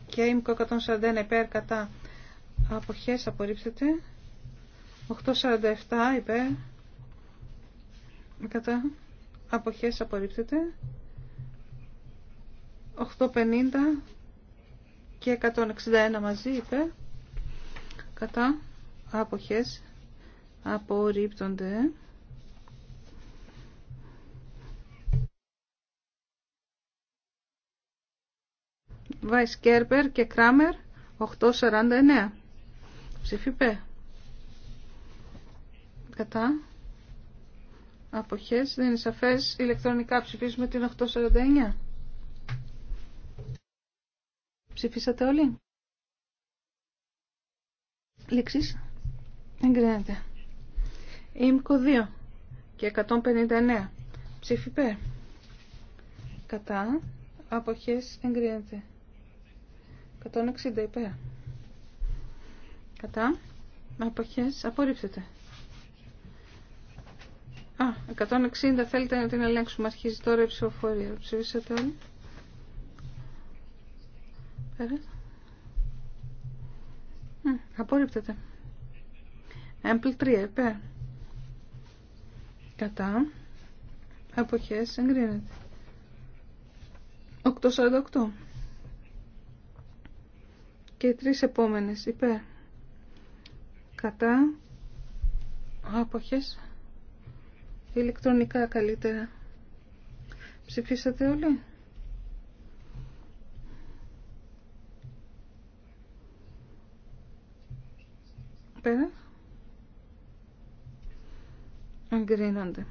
και ΙΜΚΟ 141 υπέρ κατά αποχές απορρίπτεται. 847 είπε Κατά. Αποχές απορρίπτεται. 850 και 161 μαζί είπε Κατά. Αποχές απορρίπτονται. Βάι Κέρπερ και Κράμερ 849. Ψηφιπέ κατά αποχές δεν είναι σαφές ηλεκτρονικά ψηφίζουμε την 849 ψηφίσατε όλοι λήξεις εγκρίνεται ΙΜΚΟ 2 και 159 ψήφι κατά αποχές εγκρίνεται 160 υπέρ κατά αποχές απορρίψετε. Α, 160 θέλετε να την ελέγξουμε. Αρχίζει τώρα η ψηφοφορία. Ψηφίσατε όλοι. Πέρα. Απορρίπτεται. Έμπλ 3, υπέρ. Κατά. Αποχές εγκρίνεται. 848. Και οι τρεις επόμενες, υπέρ. Κατά. Αποχές ηλεκτρονικά καλύτερα. Ψηφίσατε όλοι. Πέρα. Εγκρίνονται.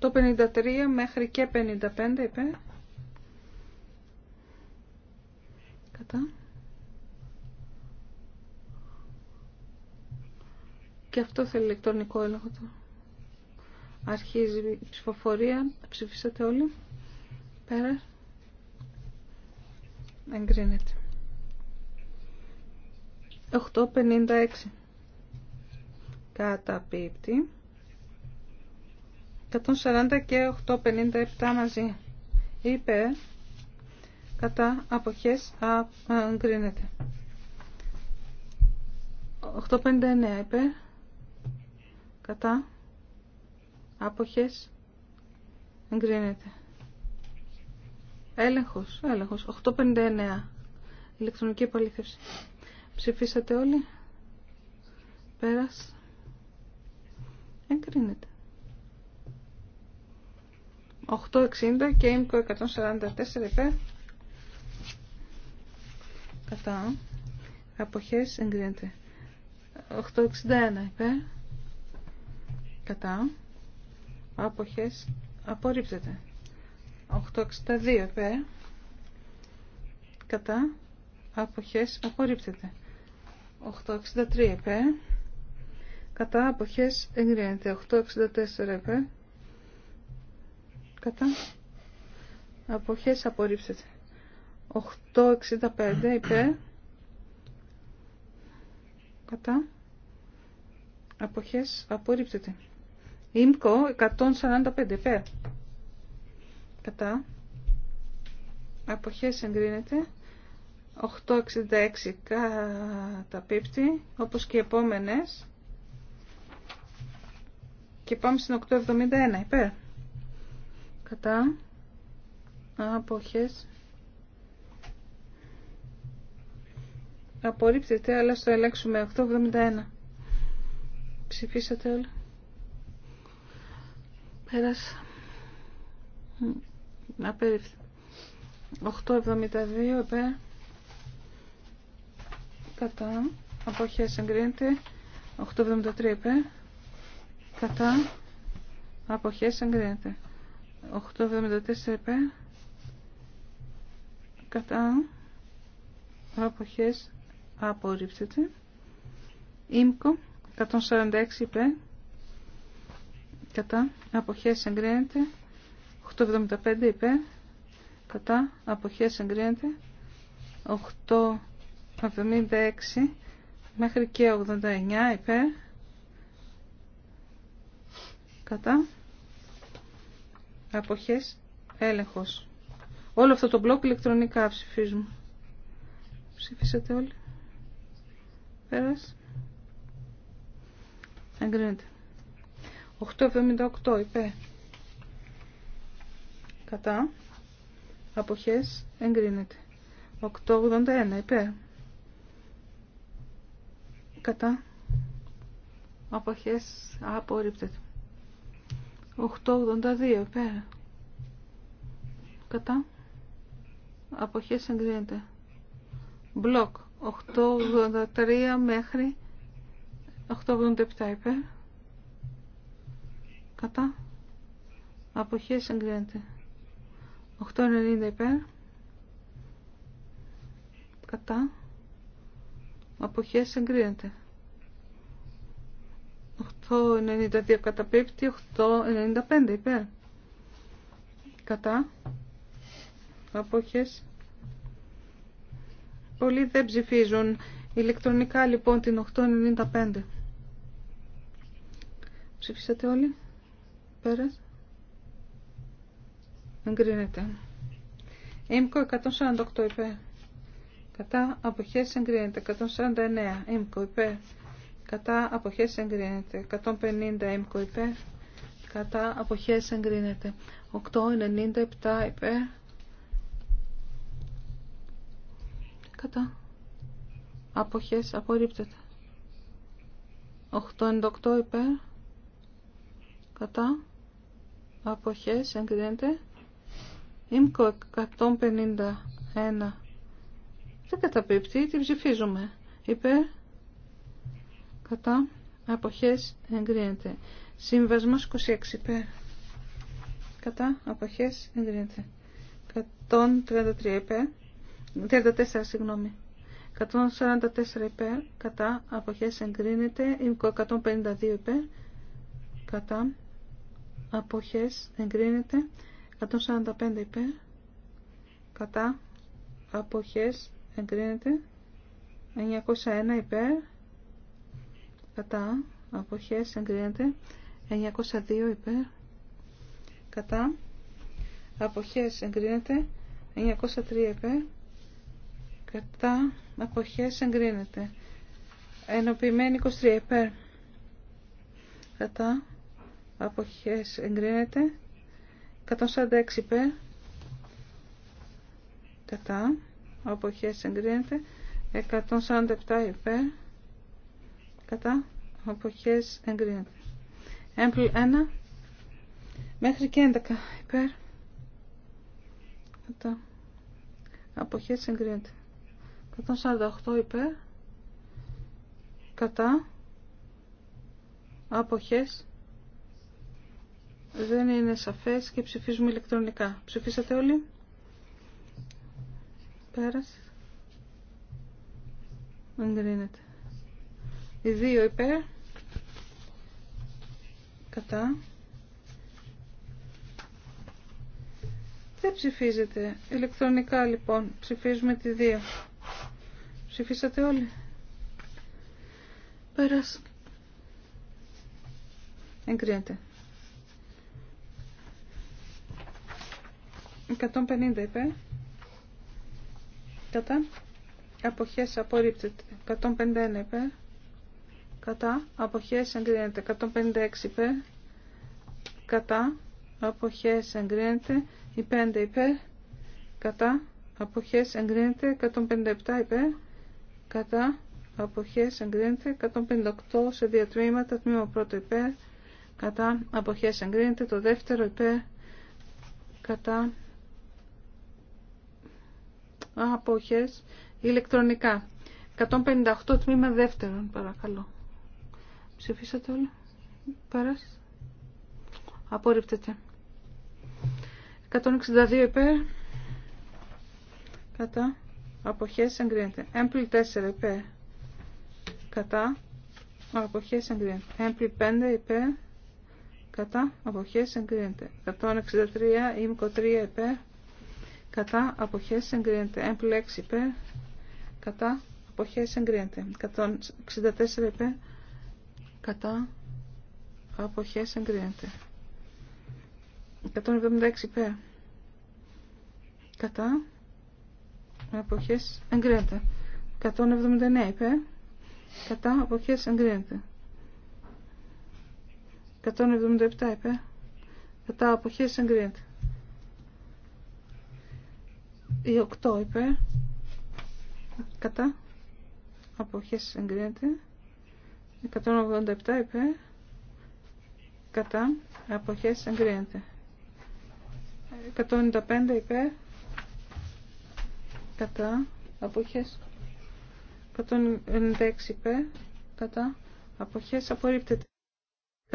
8.53 μέχρι και 55 είπε. Κατά. Και αυτό θέλει ηλεκτρονικό έλεγχο του. Αρχίζει η ψηφοφορία. Ψηφίσατε όλοι. Πέρα. Εγκρίνεται. 8.56. Καταπίπτει. 140 και 8.57 μαζί. Είπε. Κατά αποχές εγκρίνεται. 8.59 είπε κατά άποχες εγκρίνεται έλεγχος έλεγχος 859 ηλεκτρονική επαλήθευση ψηφίσατε όλοι πέρας εγκρίνεται 860 και ΙΜΚΟ 144 υπέρ κατά αποχές εγκρίνεται 861 υπέρ κατά άποχες απορρίπτεται 862 π κατά άποχες απορρίπτεται 863 πέ κατά άποχες εγκρίνεται 864 πέ κατά αποχές απορρίπτεται 865 επέ κατά αποχές απορρίπτεται Ήμκο 145 υπέρ. Κατά. Αποχές εγκρίνεται. 866 καταπίπτει, όπως και οι επόμενες. Και πάμε στην 871 υπέρ. Κατά. Αποχές. Απορρίπτεται, αλλά στο ελέγξουμε 871. Ψηφίσατε όλα πέρασα. Απέριφθη. 8,72 επέ. Κατά. Αποχές εγκρίνεται. 8,73 επέ. Κατά. Αποχές εγκρίνεται. 8,74 επέ. Κατά. Αποχές απορρίψεται. Ήμκο. 146 επέ κατά αποχές εγκρίνεται 875 υπέρ κατά αποχές εγκρίνεται 876 μέχρι και 89 υπέρ κατά αποχές έλεγχος όλο αυτό το μπλοκ ηλεκτρονικά ψηφίζουμε ψηφίσατε όλοι πέρας εγκρίνεται 878 υπέρ. Κατά. Αποχές εγκρίνεται. 881 υπέρ. Κατά. Αποχές απορρίπτεται. 882 υπέρ. Κατά. Αποχές εγκρίνεται. Μπλοκ. 883 μέχρι 887 υπέρ κατά αποχές εγκρίνεται 890 υπέρ κατά αποχές εγκρίνεται 892 πίπτη 895 υπέρ κατά αποχές πολλοί δεν ψηφίζουν ηλεκτρονικά λοιπόν την 895 ψηφίσατε όλοι Πέρα. Εγκρίνεται. Ήμκο 148 υπέρ. Κατά αποχές εγκρίνεται. 149 έμκο, υπέρ. Κατά αποχές εγκρίνεται. 150 έμκο, υπέρ. Κατά αποχές εγκρίνεται. 897 υπέρ. Κατά αποχές απορρίπτεται. 898 υπέρ. Κατά αποχές εγκρίνεται ΙΜΚΟ 151 δεν καταπίπτει, την ψηφίζουμε είπε. κατά αποχές εγκρίνεται Σύμβασμος 26 είπε, κατά αποχές εγκρίνεται 133 υπέρ 34 συγγνώμη 144 υπέρ κατά αποχές εγκρίνεται ΙΜΚΟ 152 υπέρ κατά αποχές εγκρίνεται 145 υπέρ κατά αποχές εγκρίνεται 901 υπέρ κατά αποχές εγκρίνεται 902 υπέρ κατά αποχές εγκρίνεται 903 υπέρ κατά αποχές εγκρίνεται ενοποιημένη 23 υπέρ κατά αποχές εγκρίνεται 146 υπέρ κατά αποχές εγκρίνεται 147 υπέρ κατά αποχές εγκρίνεται έμπλ 1 μέχρι και 11 υπέρ κατά αποχές εγκρίνεται 148 υπέρ κατά αποχές δεν είναι σαφές και ψηφίζουμε ηλεκτρονικά. Ψηφίσατε όλοι. Πέρασε. Εγκρίνεται. Οι δύο υπέρ. Κατά. Δεν ψηφίζεται. Ηλεκτρονικά λοιπόν ψηφίζουμε τη δύο. Ψηφίσατε όλοι. Πέρασε. Εγκρίνεται. 150 υπέρ. Κατά. Αποχές απορρίπτεται. 151 υπέρ. Κατά. Αποχές εγκρίνεται. 156 είπε, Κατά. Αποχές εγκρίνεται. Η 5 είπε, Κατά. Αποχές εγκρίνεται. 157 είπε, Κατά. Αποχές εγκρίνεται. 158 σε δύο τμήματα. Τμήμα πρώτο υπέρ. Κατά. Αποχές εγκρίνεται. Το δεύτερο υπέρ. Κατά αποχές ηλεκτρονικά. 158 τμήμα δεύτερον παρακαλώ. Ψηφίσατε όλοι. Πέρας. Απορρίπτεται. 162 υπέρ. Κατά. Αποχές εγκρίνεται. Έμπλη 4 υπέρ. Κατά. Αποχές εγκρίνεται. Έμπλη 5 υπέρ. Κατά. Αποχές εγκρίνεται. 163 ή 3 υπέρ κατά αποχές εγκρίνεται. M6 κατά αποχές εγκρίνεται. 164 υπέρ κατά αποχές εγκρίνεται. 176 υπέρ κατά αποχές εγκρίνεται. 179 υπέρ κατά αποχές εγκρίνεται. 177 υπέρ κατά αποχές εγκρίνεται. Η 8 είπε, Κατά. Αποχές εγκρίνεται. 187 είπε. Κατά. Αποχές εγκρίνεται. 195 είπε, Κατά. Αποχές. 196 είπε. Κατά. Αποχές απορρίπτεται.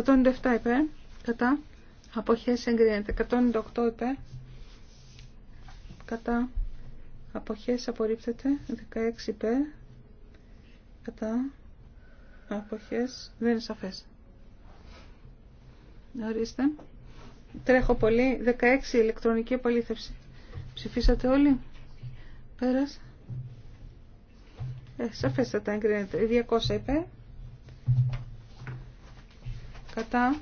197 είπε, Κατά. Αποχές εγκρίνεται. 198 είπε κατά αποχές απορρίπτεται 16 υπέρ κατά αποχές δεν είναι σαφές ορίστε τρέχω πολύ 16 ηλεκτρονική απολύθευση. ψηφίσατε όλοι πέρας ε, σαφέστατα εγκρίνεται 200 υπέρ κατά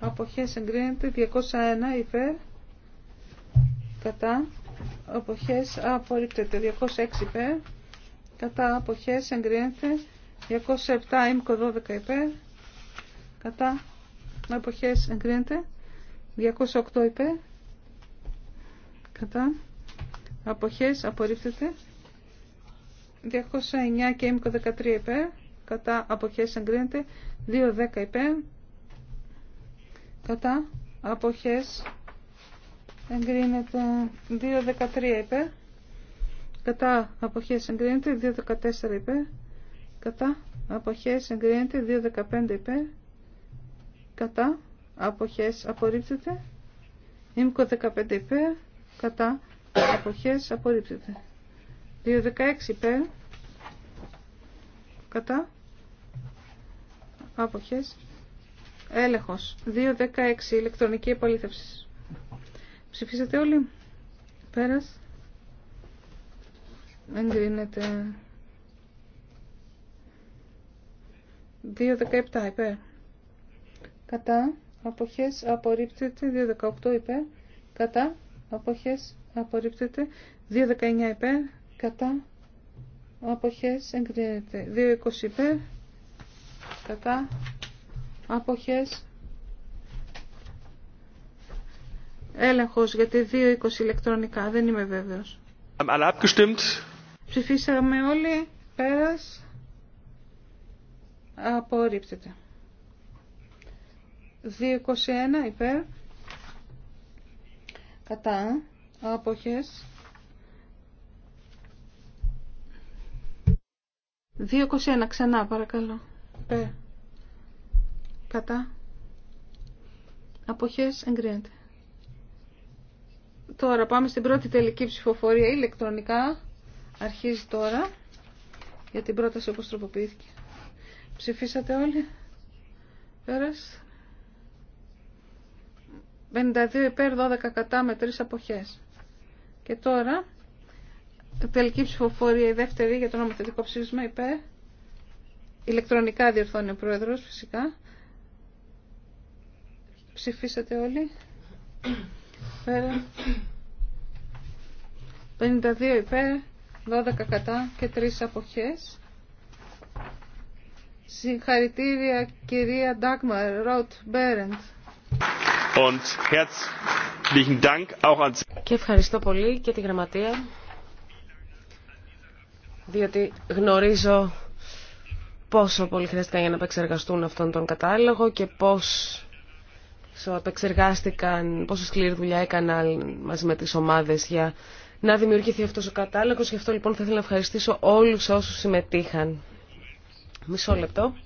αποχές εγκρίνεται 201 υπέρ κατά αποχές απορρίπτεται 206 υπέρ κατά αποχές εγκρίνεται 207 ΙΜΚΟ 12 υπέρ κατά αποχές εγκρίνεται 208 υπέρ κατά αποχές απορρίπτεται 209 και 13 υπέρ κατά αποχές εγκρίνεται 210 υπέρ κατά αποχές εγκρίνεται 2.13 ειπε κατά αποχές εγκρίνεται 2.14 είπε, κατά αποχές εγκρίνεται 2.15 υπέρ κατά αποχές απορρίπτεται ΙΜΚΟ 15 υπέρ κατά αποχές απορρίπτεται 2.16 είπε, κατά αποχές έλεγχος 2.16 ηλεκτρονική επαλήθευση Ψηφίσατε όλοι. Πέρας. Εγκρίνεται. 2.17 υπέρ. Κατά. Αποχές απορρίπτεται. 2.18 υπέρ. Κατά. Αποχές απορρίπτεται. 2.19 υπέρ. Κατά. Αποχές εγκρίνεται. 2.20 υπέρ. Κατά. Αποχές Έλεγχος για τη 2.20 ηλεκτρονικά. Δεν είμαι βέβαιος. Ψηφίσαμε όλοι. Πέρας. Απορρίπτεται. 2.21 υπέρ. Κατά. Αποχές. 2.21 ξανά παρακαλώ. Υπέρ. Κατά. Αποχές εγκρίνεται. Τώρα πάμε στην πρώτη τελική ψηφοφορία ηλεκτρονικά. Αρχίζει τώρα για την πρόταση όπως τροποποιήθηκε. Ψηφίσατε όλοι. Πέρας. 52 υπέρ, 12 κατά με 3 αποχές. Και τώρα, τελική ψηφοφορία, η δεύτερη για το νομοθετικό ψήφισμα υπέρ. Ηλεκτρονικά διορθώνει ο Πρόεδρος, φυσικά. Ψηφίσατε όλοι. 52 υπέρ, 12 κατά και 3 αποχές. Συγχαρητήρια κυρία Ντάγμαρ Ροτ Μπέρεντ. Και ευχαριστώ πολύ και τη γραμματεία, διότι γνωρίζω πόσο πολύ χρειάστηκαν για να επεξεργαστούν αυτόν τον κατάλογο και πώς επεξεργάστηκαν, πόσο σκληρή δουλειά έκαναν μαζί με τις ομάδες για να δημιουργηθεί αυτός ο κατάλογος. Γι' αυτό λοιπόν θα ήθελα να ευχαριστήσω όλους όσους συμμετείχαν. Μισό λεπτό.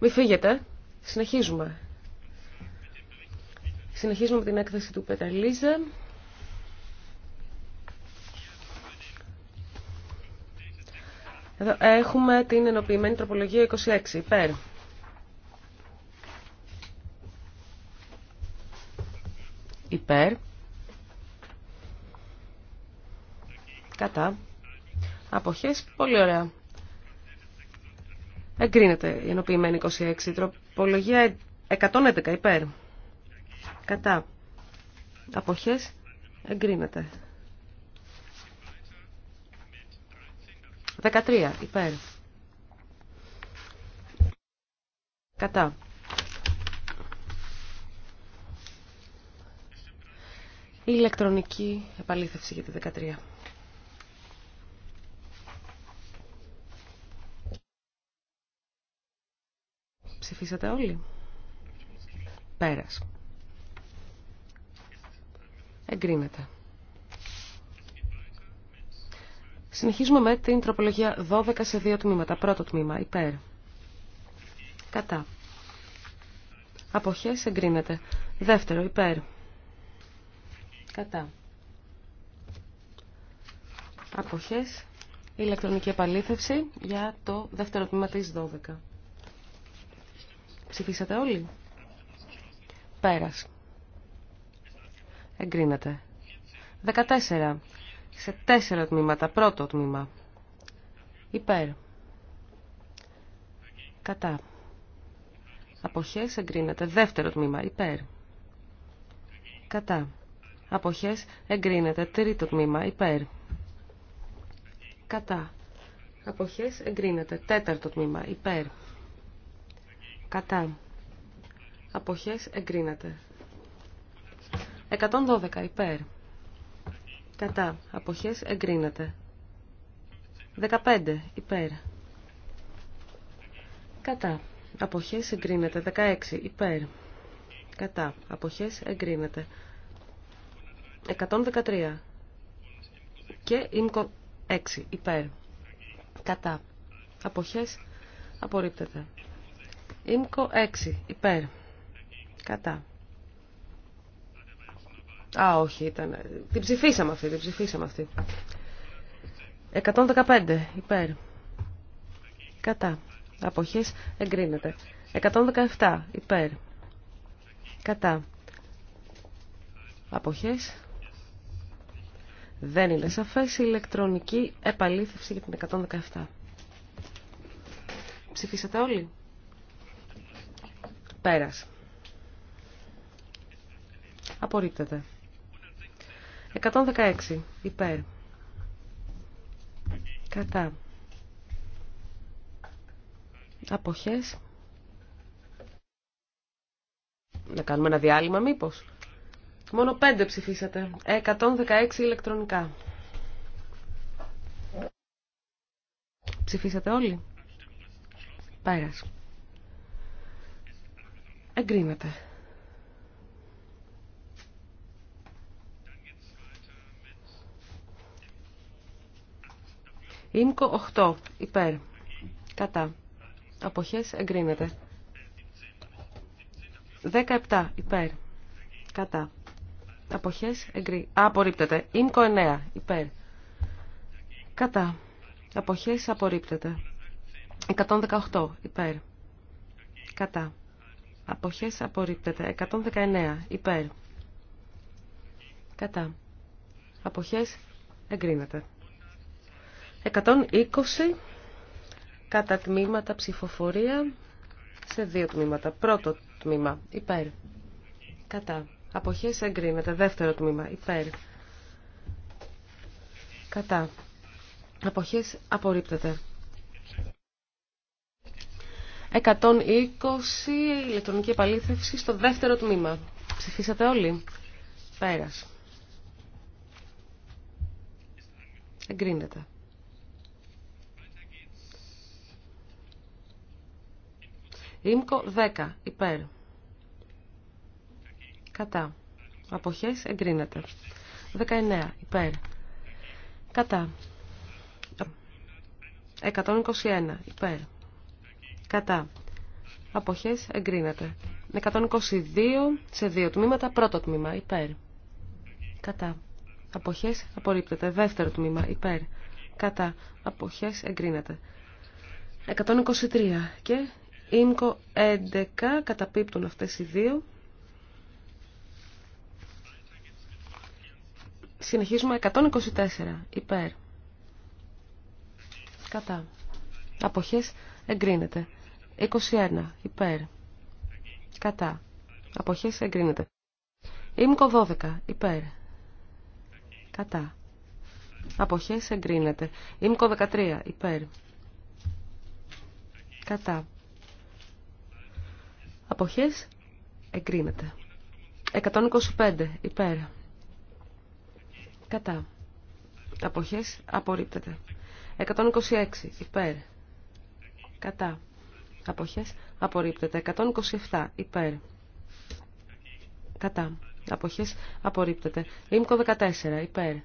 Μη φύγετε. Συνεχίζουμε. Συνεχίζουμε με την έκθεση του Πέτερ Εδώ έχουμε την ενοποιημένη τροπολογία 26. Υπέρ. υπέρ, κατά, αποχές, πολύ ωραία. Εγκρίνεται η ενοποιημένη 26, τροπολογία 111 υπέρ, κατά, αποχές, εγκρίνεται. 13 υπέρ, κατά. Η ηλεκτρονική επαλήθευση για τη 13. Ψηφίσατε όλοι. Πέρας. Εγκρίνεται. Συνεχίζουμε με την τροπολογία 12 σε δύο τμήματα. Πρώτο τμήμα, υπέρ. Κατά. Αποχές εγκρίνεται. Δεύτερο, υπέρ. Κατά. Αποχές. Ηλεκτρονική επαλήθευση για το δεύτερο τμήμα της 12. Ψηφίσατε όλοι. Πέρας. Εγκρίνεται. 14. Σε τέσσερα τμήματα. Πρώτο τμήμα. Υπέρ. Κατά. Αποχές εγκρίνεται. Δεύτερο τμήμα. Υπέρ. Κατά αποχές εγκρίνεται. Τρίτο τμήμα υπέρ. Κατά. Αποχές εγκρίνεται. Τέταρτο τμήμα υπέρ. Κατά. Αποχές εγκρίνεται. 112 υπέρ. Κατά. Αποχές εγκρίνεται. 15 υπέρ. Κατά. Αποχές εγκρίνεται. 16 υπέρ. Κατά. Αποχές εγκρίνεται. 113 και ΙΜΚΟ 6 υπέρ. Κατά. Αποχές απορρίπτεται. ΙΜΚΟ 6 υπέρ. Κατά. Α, όχι, ήταν. Ε, την ψηφίσαμε αυτή, την ψηφίσαμε αυτή. 115 υπέρ. Κατά. Αποχές εγκρίνεται. 117 υπέρ. Κατά. Αποχές δεν είναι σαφές η ηλεκτρονική επαλήθευση για την 117. Ψηφίσατε όλοι. Πέρας. Απορρίπτεται. 116. Υπέρ. Κατά. Αποχές. Να κάνουμε ένα διάλειμμα μήπως. Μόνο πέντε ψηφίσατε. 116 ηλεκτρονικά. Ψηφίσατε όλοι. Πέρας. Εγκρίνεται. Ήμκο 8. Υπέρ. Κατά. Αποχές εγκρίνεται. 17. Υπέρ. Κατά. Αποχές εγκρι... Α, απορρίπτεται. Ίνκο 9. Υπέρ. Κατά. Αποχές απορρίπτεται. 118. Υπέρ. Κατά. Αποχές απορρίπτεται. 119. Υπέρ. Κατά. Αποχές εγκρίνεται. 120. Κατά τμήματα ψηφοφορία σε δύο τμήματα. Πρώτο τμήμα. Υπέρ. Κατά. Αποχές εγκρίνεται. Δεύτερο τμήμα. Υπέρ. Κατά. Αποχές απορρίπτεται. 120 ηλεκτρονική επαλήθευση στο δεύτερο τμήμα. Ψηφίσατε όλοι. Πέρας. Εγκρίνεται. Ήμκο 10. Υπέρ. Κατά. Αποχές εγκρίνεται. 19. Υπέρ. Κατά. 121. Υπέρ. Κατά. Αποχές εγκρίνεται. 122 σε δύο τμήματα. Πρώτο τμήμα. Υπέρ. Κατά. Αποχές απορρίπτεται. Δεύτερο τμήμα. Υπέρ. Κατά. Αποχές εγκρίνεται. 123 και ΙΜΚΟ 11 καταπίπτουν αυτές οι δύο. Συνεχίζουμε 124 υπέρ. Κατά. Αποχές εγκρίνεται. 21 υπέρ. Κατά. Αποχές εγκρίνεται. Ήμκο 12 υπέρ. Κατά. Αποχές εγκρίνεται. Ήμκο 13 υπέρ. Κατά. Αποχές εγκρίνεται. 125 υπέρ. Κατά. Αποχές απορρίπτεται. 126 υπέρ. Κατά. Αποχές απορρίπτεται. 127 υπέρ. Κατά. Αποχές απορρίπτεται. Λίμκο 14 υπέρ.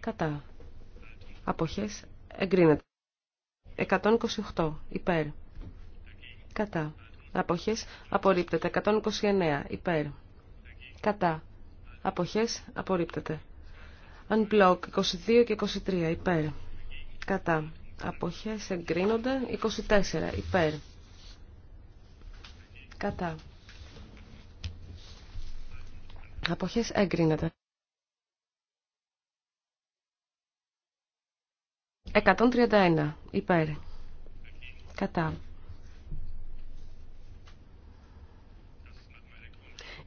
Κατά. Αποχές εγκρίνεται. 128 υπέρ. Κατά. Αποχές απορρίπτεται. 129 υπέρ. Κατά. Αποχές απορρίπτεται. Unblock 22 και 23 υπέρ. Κατά. Αποχές εγκρίνονται 24 υπέρ. Κατά. Αποχές εγκρίνεται. 131 υπέρ. Κατά.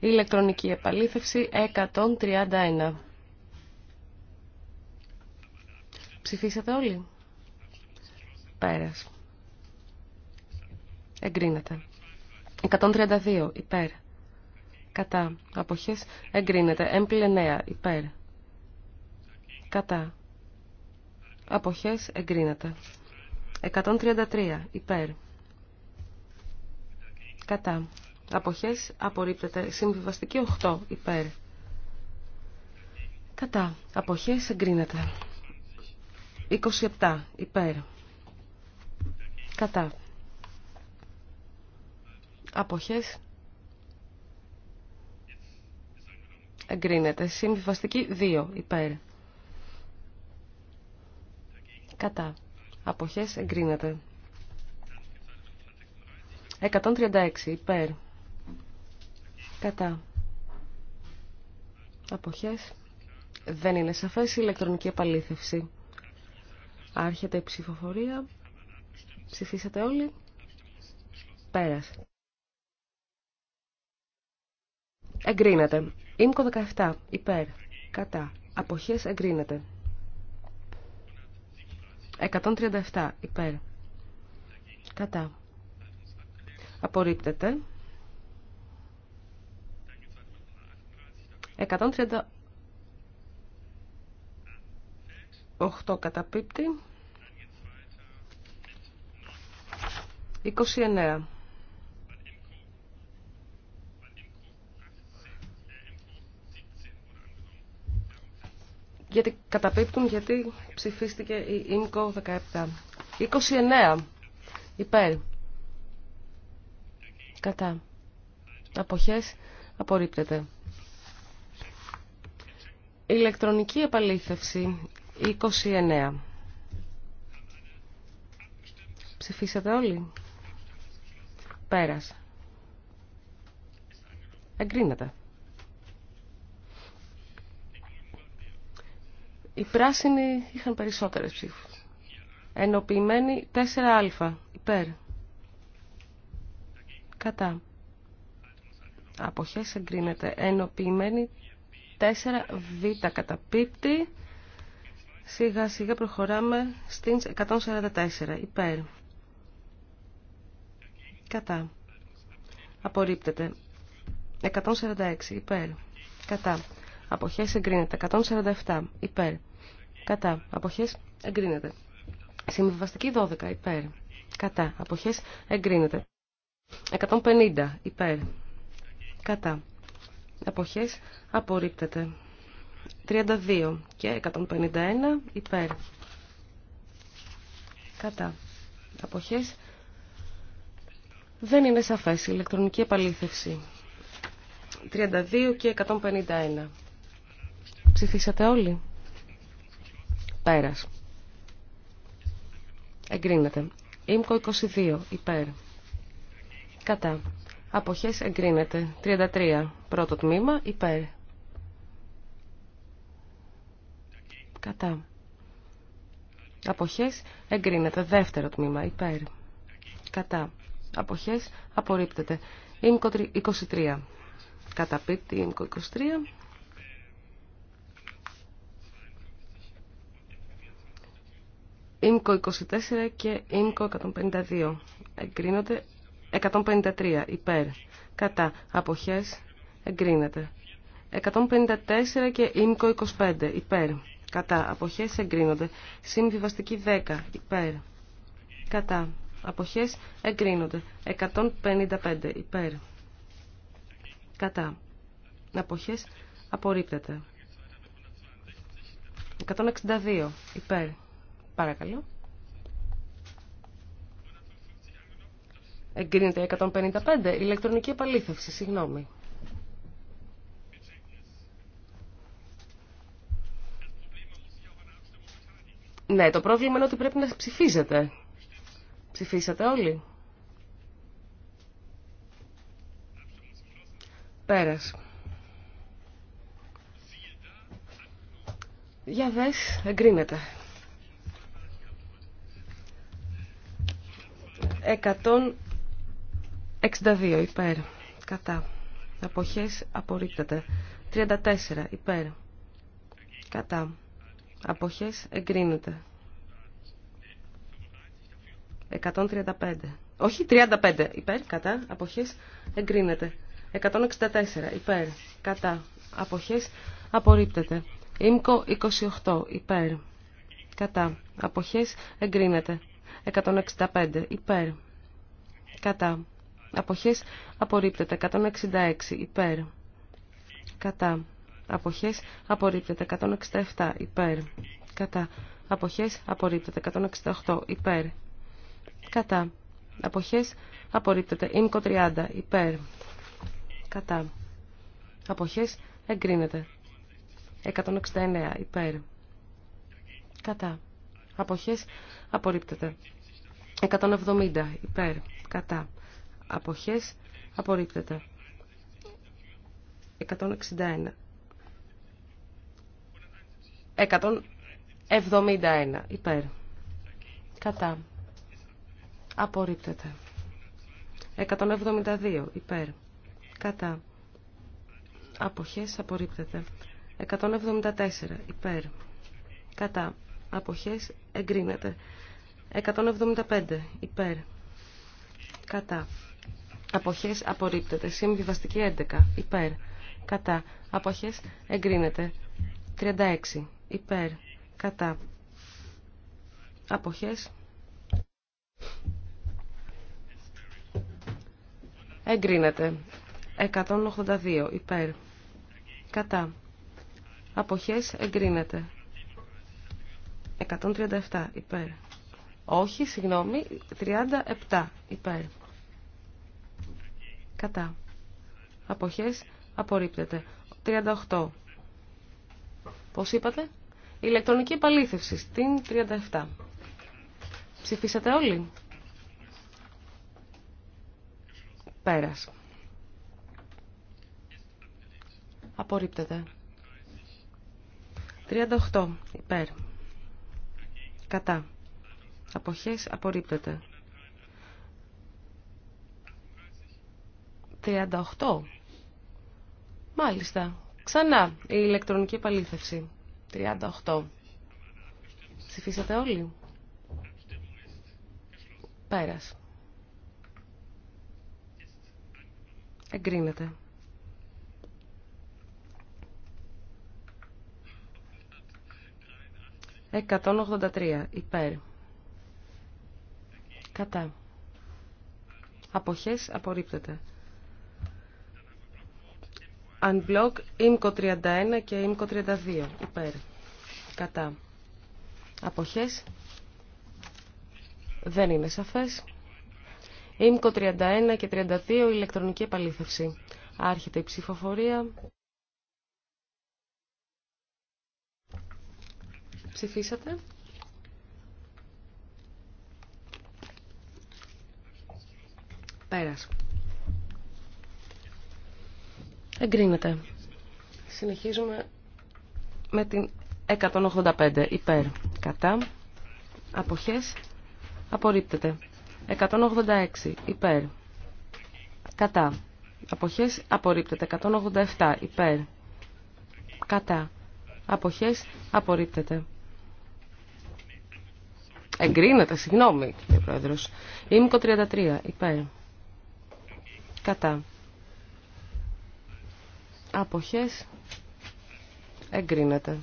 ηλεκτρονική επαλήθευση 131. Ψηφίσατε όλοι. Πέρας. Εγκρίνεται. 132. Υπέρ. Κατά. Αποχές. Εγκρίνεται. Έμπλε Υπέρ. Κατά. Αποχές. Εγκρίνεται. 133. Υπέρ. Κατά. Αποχές απορρίπτεται. Συμβιβαστική 8 υπέρ. Κατά. Αποχές εγκρίνεται. 27 υπέρ. Κατά. Αποχές εγκρίνεται. Συμβιβαστική 2 υπέρ. Κατά. Αποχές εγκρίνεται. 136 υπέρ. Κατά. Αποχές. Δεν είναι σαφές η ηλεκτρονική επαλήθευση. Άρχεται η ψηφοφορία. Ψηφίσατε όλοι. Πέρας. Εγκρίνεται. Ήμκο 17. Υπέρ. Κατά. Αποχές εγκρίνεται. 137. Υπέρ. Κατά. Απορρίπτεται. 138 καταπίπτει. 29. Γιατί καταπίπτουν γιατί ψηφίστηκε η ΙΜΚΟ 17. 29. Υπέρ. Κατά. Αποχές απορρίπτεται. Ηλεκτρονική επαλήθευση 29. Ψηφίσατε όλοι. Πέρασε. Εγκρίνεται. Οι πράσινοι είχαν περισσότερες ψήφους. Ενοποιημένοι 4α. Υπέρ. Κατά. Αποχές εγκρίνεται. Ενοποιημένοι 4 β καταπίπτει. Σιγά σιγά προχωράμε στην 144 υπέρ. Κατά. Απορρίπτεται. 146 υπέρ. Κατά. Αποχές εγκρίνεται. 147 υπέρ. Κατά. Αποχές εγκρίνεται. Συμβιβαστική 12 υπέρ. Κατά. Αποχές εγκρίνεται. 150 υπέρ. Κατά αποχές απορρίπτεται. 32 και 151 υπέρ. Κατά. Αποχές δεν είναι σαφές. Ηλεκτρονική επαλήθευση. 32 και 151. Ψηφίσατε όλοι. Πέρας. Εγκρίνεται. Ήμκο 22 υπέρ. Κατά. Αποχές εγκρίνεται. 33. Πρώτο τμήμα. Υπέρ. Κατά. Αποχές εγκρίνεται. Δεύτερο τμήμα. Υπέρ. Κατά. Αποχές απορρίπτεται. Ήμικο 23. Καταπίπτει Ήμικο 23. Ίμκο 24 και Ίμκο 152. Εγκρίνονται 153 υπέρ κατά αποχές εγκρίνεται. 154 και ΙΜΚΟ 25 υπέρ κατά αποχές εγκρίνονται. Συμβιβαστική 10 υπέρ κατά αποχές εγκρίνονται. 155 υπέρ κατά αποχές απορρίπτεται. 162 υπέρ παρακαλώ. Εγκρίνεται 155. Ηλεκτρονική επαλήθευση. Συγγνώμη. Ναι, το πρόβλημα είναι ότι πρέπει να ψηφίζετε. Ψηφίσατε όλοι. Πέρας. Για δες, εγκρίνεται. 62 υπέρ. Κατά. Αποχές απορρίπτεται. 34 υπέρ. Κατά. Αποχές εγκρίνεται. 135. Όχι 35 υπέρ. Κατά. Αποχές εγκρίνεται. 164 υπέρ. Κατά. Αποχές απορρίπτεται. Ήμκο 28 υπέρ. Κατά. Αποχές εγκρίνεται. 165 υπέρ. Κατά αποχές απορρίπτεται 166 υπέρ κατά αποχές απορρίπτεται 167 υπέρ κατά αποχές απορρίπτεται 168 υπέρ κατά αποχές απορρίπτεται Ίνκο 30 υπέρ κατά αποχές εγκρίνεται 169 υπέρ κατά αποχές απορρίπτεται 170 υπέρ κατά αποχές απορρίπτεται. 161. 171. Υπέρ. Κατά. Απορρίπτεται. 172. Υπέρ. Κατά. Αποχές απορρίπτεται. 174. Υπέρ. Κατά. Αποχές εγκρίνεται. 175. Υπέρ. Κατά. Αποχές απορρίπτεται. Συμβιβαστική 11. Υπέρ. Κατά. Αποχές εγκρίνεται. 36. Υπέρ. Κατά. Αποχές. Εγκρίνεται. 182. Υπέρ. Κατά. Αποχές εγκρίνεται. 137. Υπέρ. Όχι, συγγνώμη. 37. Υπέρ. Κατά. Αποχές. Απορρίπτεται. 38. Πώς είπατε? Ηλεκτρονική επαλήθευση στην 37. Ψηφίσατε όλοι. Πέρας. Απορρίπτεται. 38. Υπέρ. Κατά. Αποχές απορρίπτεται. 38. Μάλιστα. Ξανά η ηλεκτρονική επαλήθευση. 38. Ψηφίσατε όλοι. Πέρας. Εγκρίνεται. 183. Υπέρ. Κατά. Αποχές απορρίπτεται. Unblock, ΙΜΚΟ 31 και ΙΜΚΟ 32. Υπέρ. Κατά. Αποχές. Δεν είναι σαφές. ΙΜΚΟ 31 και 32 ηλεκτρονική επαλήθευση. Άρχεται η ψηφοφορία. Ψηφίσατε. Πέρας. Εγκρίνεται. Συνεχίζουμε με την 185 υπέρ. Κατά. Αποχές. Απορρίπτεται. 186 υπέρ. Κατά. Αποχές. Απορρίπτεται. 187 υπέρ. Κατά. Αποχές. Απορρίπτεται. Εγκρίνεται, συγγνώμη, κύριε Πρόεδρος. Ήμικο 33, υπέρ. Κατά αποχές εγκρίνεται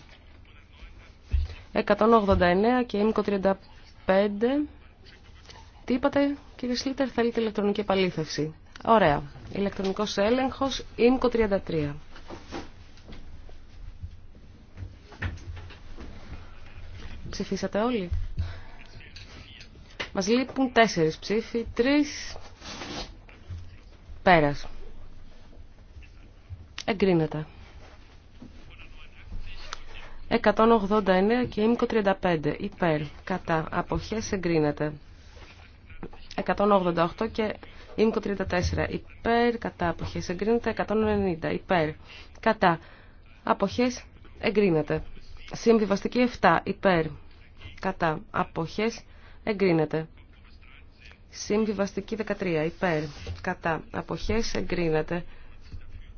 189 και ΙΜΚΟ 35 τι είπατε κύριε Σλίτερ θέλετε ηλεκτρονική επαλήθευση ωραία ηλεκτρονικός έλεγχος ΙΜΚΟ 33 Ψηφίσατε όλοι. Μας λείπουν τέσσερις ψήφοι, τρεις πέρας εγκρίνεται. 189 και ήμικο 35 υπέρ, κατά, αποχές εγκρίνεται. 188 και ήμικο 34 υπέρ, κατά, αποχές εγκρίνεται. 190 υπέρ, κατά, αποχές εγκρίνεται. Συμβιβαστική 7 υπέρ, κατά, αποχές εγκρίνεται. Συμβιβαστική 13 υπέρ, κατά, αποχές εγκρίνεται.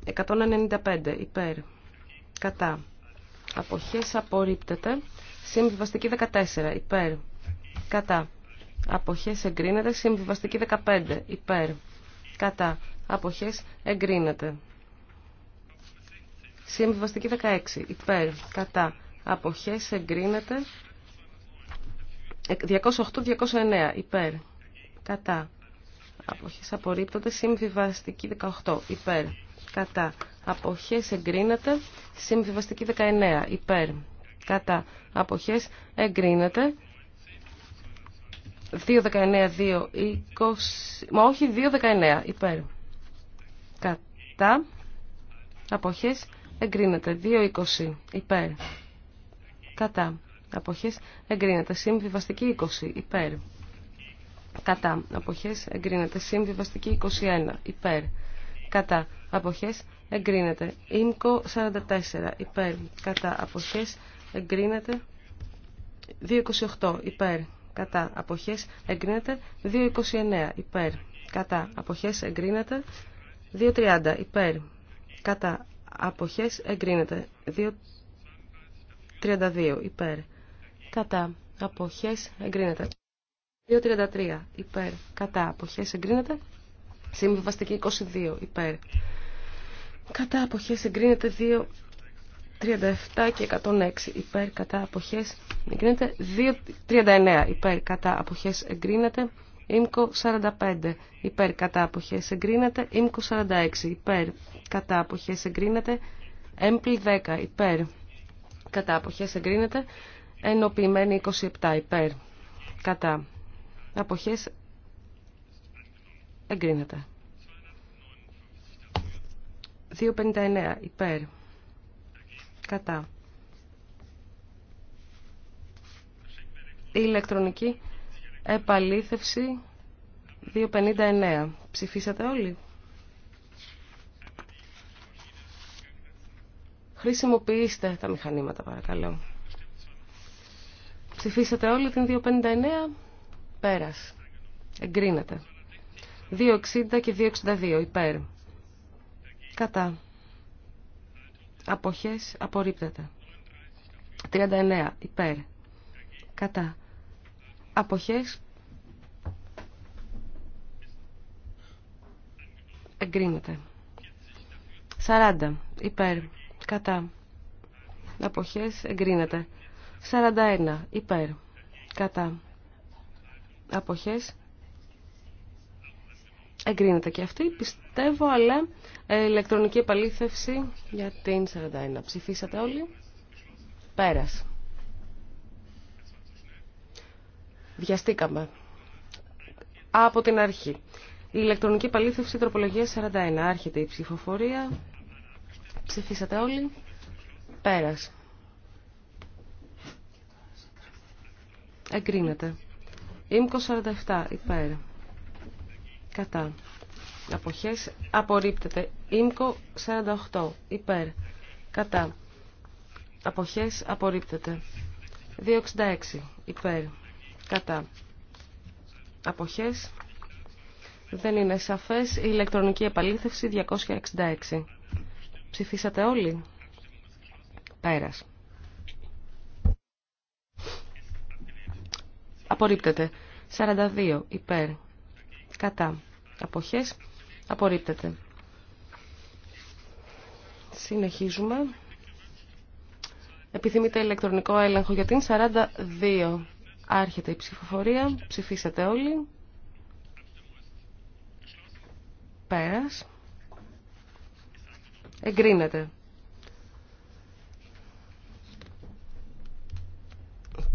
195 υπέρ. Κατά. Αποχές απορρίπτεται. Συμβιβαστική 14 υπέρ. Κατά. Αποχές εγκρίνεται. Συμβιβαστική 15 υπέρ. Κατά. Αποχές εγκρίνεται. Συμβιβαστική 16 υπέρ. Κατά. Αποχές εγκρίνεται. 208-209 υπέρ. Κατά. Αποχές απορρίπτονται. Συμβιβαστική 18 υπέρ κατά αποχές εγκρίνεται. Συμβιβαστική 19 υπέρ κατά αποχές εγκρίνεται. 2 20. μα όχι 2.19, υπέρ. Κατά, αποχές, εγκρίνεται. 2.20, υπέρ. Κατά, αποχές, εγκρίνεται. Συμβιβαστική 20, υπέρ. Κατά, αποχές, εγκρίνεται. Συμβιβαστική 21, υπέρ κατά αποχές εγκρίνεται. Ήμκο 44 υπέρ κατά αποχές εγκρίνεται. 228 υπέρ κατά αποχές εγκρίνεται. 229 υπέρ κατά αποχές εγκρίνεται. 230 υπέρ κατά αποχές εγκρίνεται. 232 υπέρ κατά αποχές εγκρίνεται. 233 υπέρ κατά αποχές εγκρίνεται. Συμβιβαστική 22 υπέρ. Κατά αποχές εγκρίνεται 2, 37 και 106 υπέρ. Κατά αποχές εγκρίνεται 2, 39 υπέρ. Κατά αποχές εγκρίνεται ΙΜΚΟ 45 υπέρ. Κατά αποχές εγκρίνεται ΙΜΚΟ 46 υπέρ. Κατά αποχές εγκρίνεται ΕΜΠΛ 10 υπέρ. Κατά αποχές εγκρίνεται ενοποιημένη 27 υπέρ. Κατά αποχές Εγκρίνεται. 2.59 υπέρ. Κατά. Η ηλεκτρονική επαλήθευση 2.59. Ψηφίσατε όλοι. Χρησιμοποιήστε τα μηχανήματα παρακαλώ. Ψηφίσατε όλοι την 259. Πέρας. Εγκρίνεται. 2.60 και 2.62 υπέρ. Κατά. Αποχές απορρίπτεται. 39 υπέρ. Κατά. Αποχές εγκρίνεται. 40 υπέρ. Κατά. Αποχές εγκρίνεται. 41 υπέρ. Κατά. Αποχές Εγκρίνεται και αυτή, πιστεύω, αλλά ε, ηλεκτρονική επαλήθευση για την 41. Ψηφίσατε όλοι. Πέρας. Βιαστήκαμε. Από την αρχή. Η ηλεκτρονική επαλήθευση τροπολογία 41. Άρχεται η ψηφοφορία. Ψηφίσατε όλοι. Πέρας. Εγκρίνεται. Ήμκο 47. Υπέρ. Κατά. Αποχές απορρίπτεται. Ήμκο 48. Υπέρ. Κατά. Αποχές απορρίπτεται. 266. Υπέρ. Κατά. Αποχές. Δεν είναι σαφές. Η ηλεκτρονική επαλήθευση 266. Ψηφίσατε όλοι. Πέρας. Απορρίπτεται. 42. Υπέρ. Κατά. Αποχές. Απορρίπτεται. Συνεχίζουμε. Επιθυμείτε ηλεκτρονικό έλεγχο για την 42. Άρχεται η ψηφοφορία. Ψηφίσατε όλοι. Πέρας. Εγκρίνεται.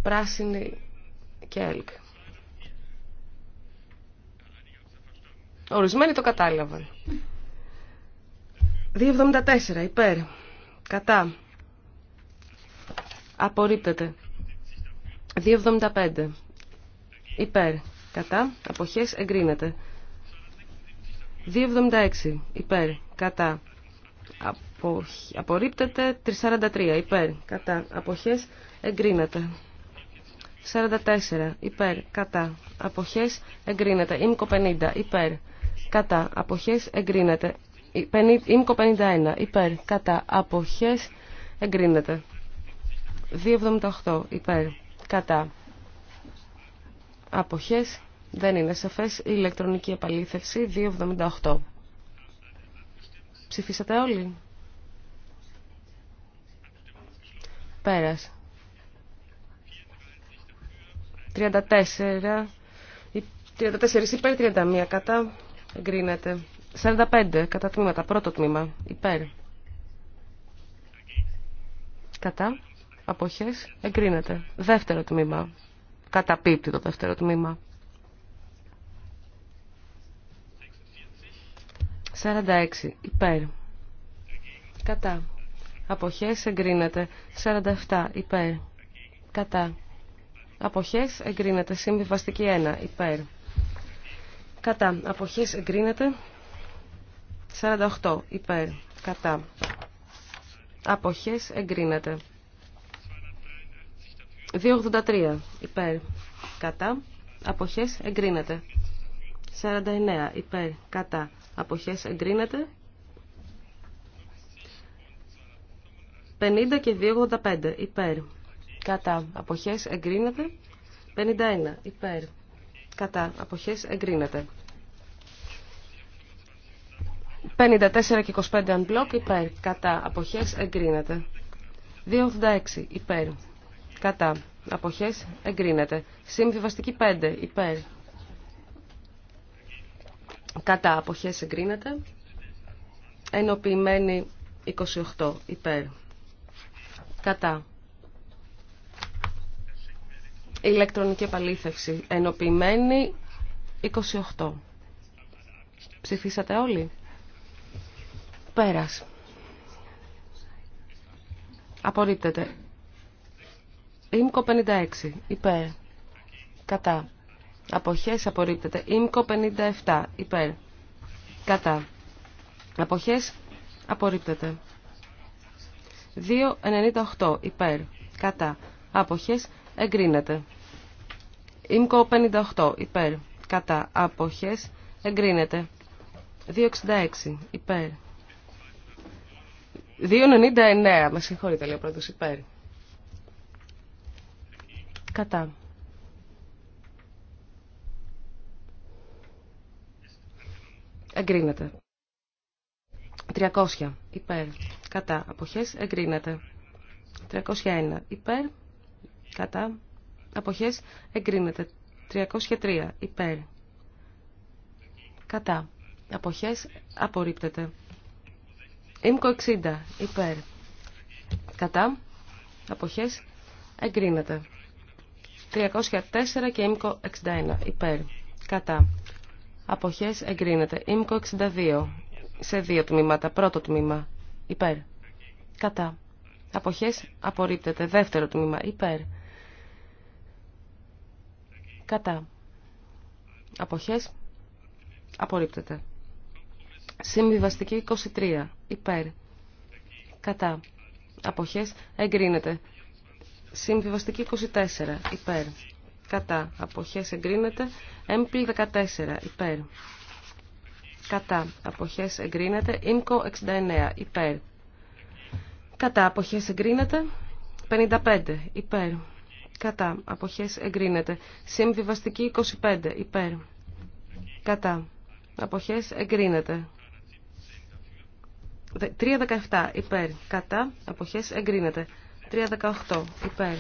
Πράσινη και έλκ. Ορισμένοι το κατάλαβαν. 2,74 υπέρ. Κατά. Απορρίπτεται. 2,75 υπέρ. Κατά. Αποχές εγκρίνεται. 2,76 υπέρ. Κατά. Απο... Απορρίπτεται. 3,43 υπέρ. Κατά. Αποχές εγκρίνεται. 44 υπέρ. Κατά. Αποχές εγκρίνεται. Ήμικο 50 υπέρ κατά αποχές εγκρίνεται. ήμικο 51 υπέρ κατά αποχές εγκρίνεται. 278 υπέρ κατά αποχές δεν είναι σαφές η ηλεκτρονική επαλήθευση 278. Ψηφίσατε όλοι. Πέρας. 34, 34 υπέρ 31 κατά Εγκρίνεται. 45. Κατά τμήματα. Πρώτο τμήμα. Υπέρ. Κατά. Αποχές. Εγκρίνεται. Δεύτερο τμήμα. Καταπίπτει το δεύτερο τμήμα. 46. Υπέρ. Κατά. Αποχές εγκρίνεται. 47. Υπέρ. Κατά. Αποχές εγκρίνεται. Συμβιβαστική 1. Υπέρ κατά αποχές εγκρίνεται 48 υπέρ κατά αποχές εγκρίνεται 283 υπέρ κατά αποχές εγκρίνεται 49 υπέρ κατά αποχές εγκρίνεται 50 και 285 υπέρ κατά αποχές εγκρίνεται 51 υπέρ κατά αποχές εγκρίνεται. 54 και 25 μπλοκ υπέρ κατά αποχές εγκρίνεται. 286 υπέρ κατά αποχές εγκρίνεται. Συμβιβαστική 5 υπέρ κατά αποχές εγκρίνεται. Ενοποιημένη 28 υπέρ κατά ηλεκτρονική επαλήθευση. Ενοποιημένη 28. Ψηφίσατε όλοι. Πέρας. Απορρίπτεται. Ήμκο 56. Υπέρ. Κατά. Αποχές απορρίπτεται. Ήμκο 57. Υπέρ. Κατά. Αποχές απορρίπτεται. 2.98. Υπέρ. Κατά. Άποχες εγκρίνεται. Ήμκο 58 υπέρ. Κατά αποχές εγκρίνεται. 266 υπέρ. 299 με συγχωρείτε λέει ο πρόεδρος υπέρ. Κατά. Εγκρίνεται. 300 υπέρ. Κατά αποχές εγκρίνεται. 301 υπέρ. Κατά αποχές εγκρίνεται. 303 υπέρ. Κατά. Αποχές απορρίπτεται. Ήμκο 60 υπέρ. Κατά. Αποχές εγκρίνεται. 304 και ήμκο 61 υπέρ. Κατά. Αποχές εγκρίνεται. Ήμκο 62 σε δύο τμήματα. Πρώτο τμήμα υπέρ. Κατά. Αποχές απορρίπτεται. Δεύτερο τμήμα υπέρ. Κατά. Αποχές. Απορρίπτεται. Συμβιβαστική 23. Υπέρ. Κατά. Αποχές. Εγκρίνεται. Συμβιβαστική 24. Υπέρ. Κατά. Αποχές. Εγκρίνεται. Έμπλη 14. Υπέρ. Κατά. Αποχές. Εγκρίνεται. Ίνκο 69. Υπέρ. Κατά. Αποχές. Εγκρίνεται. 55. Υπέρ. Κατά. Αποχές εγκρίνεται. Συμβιβαστική 25. Υπέρ. Κατά. Αποχές εγκρίνεται. 3.17. Υπέρ. Κατά. Αποχές εγκρίνεται. 3.18. Υπέρ.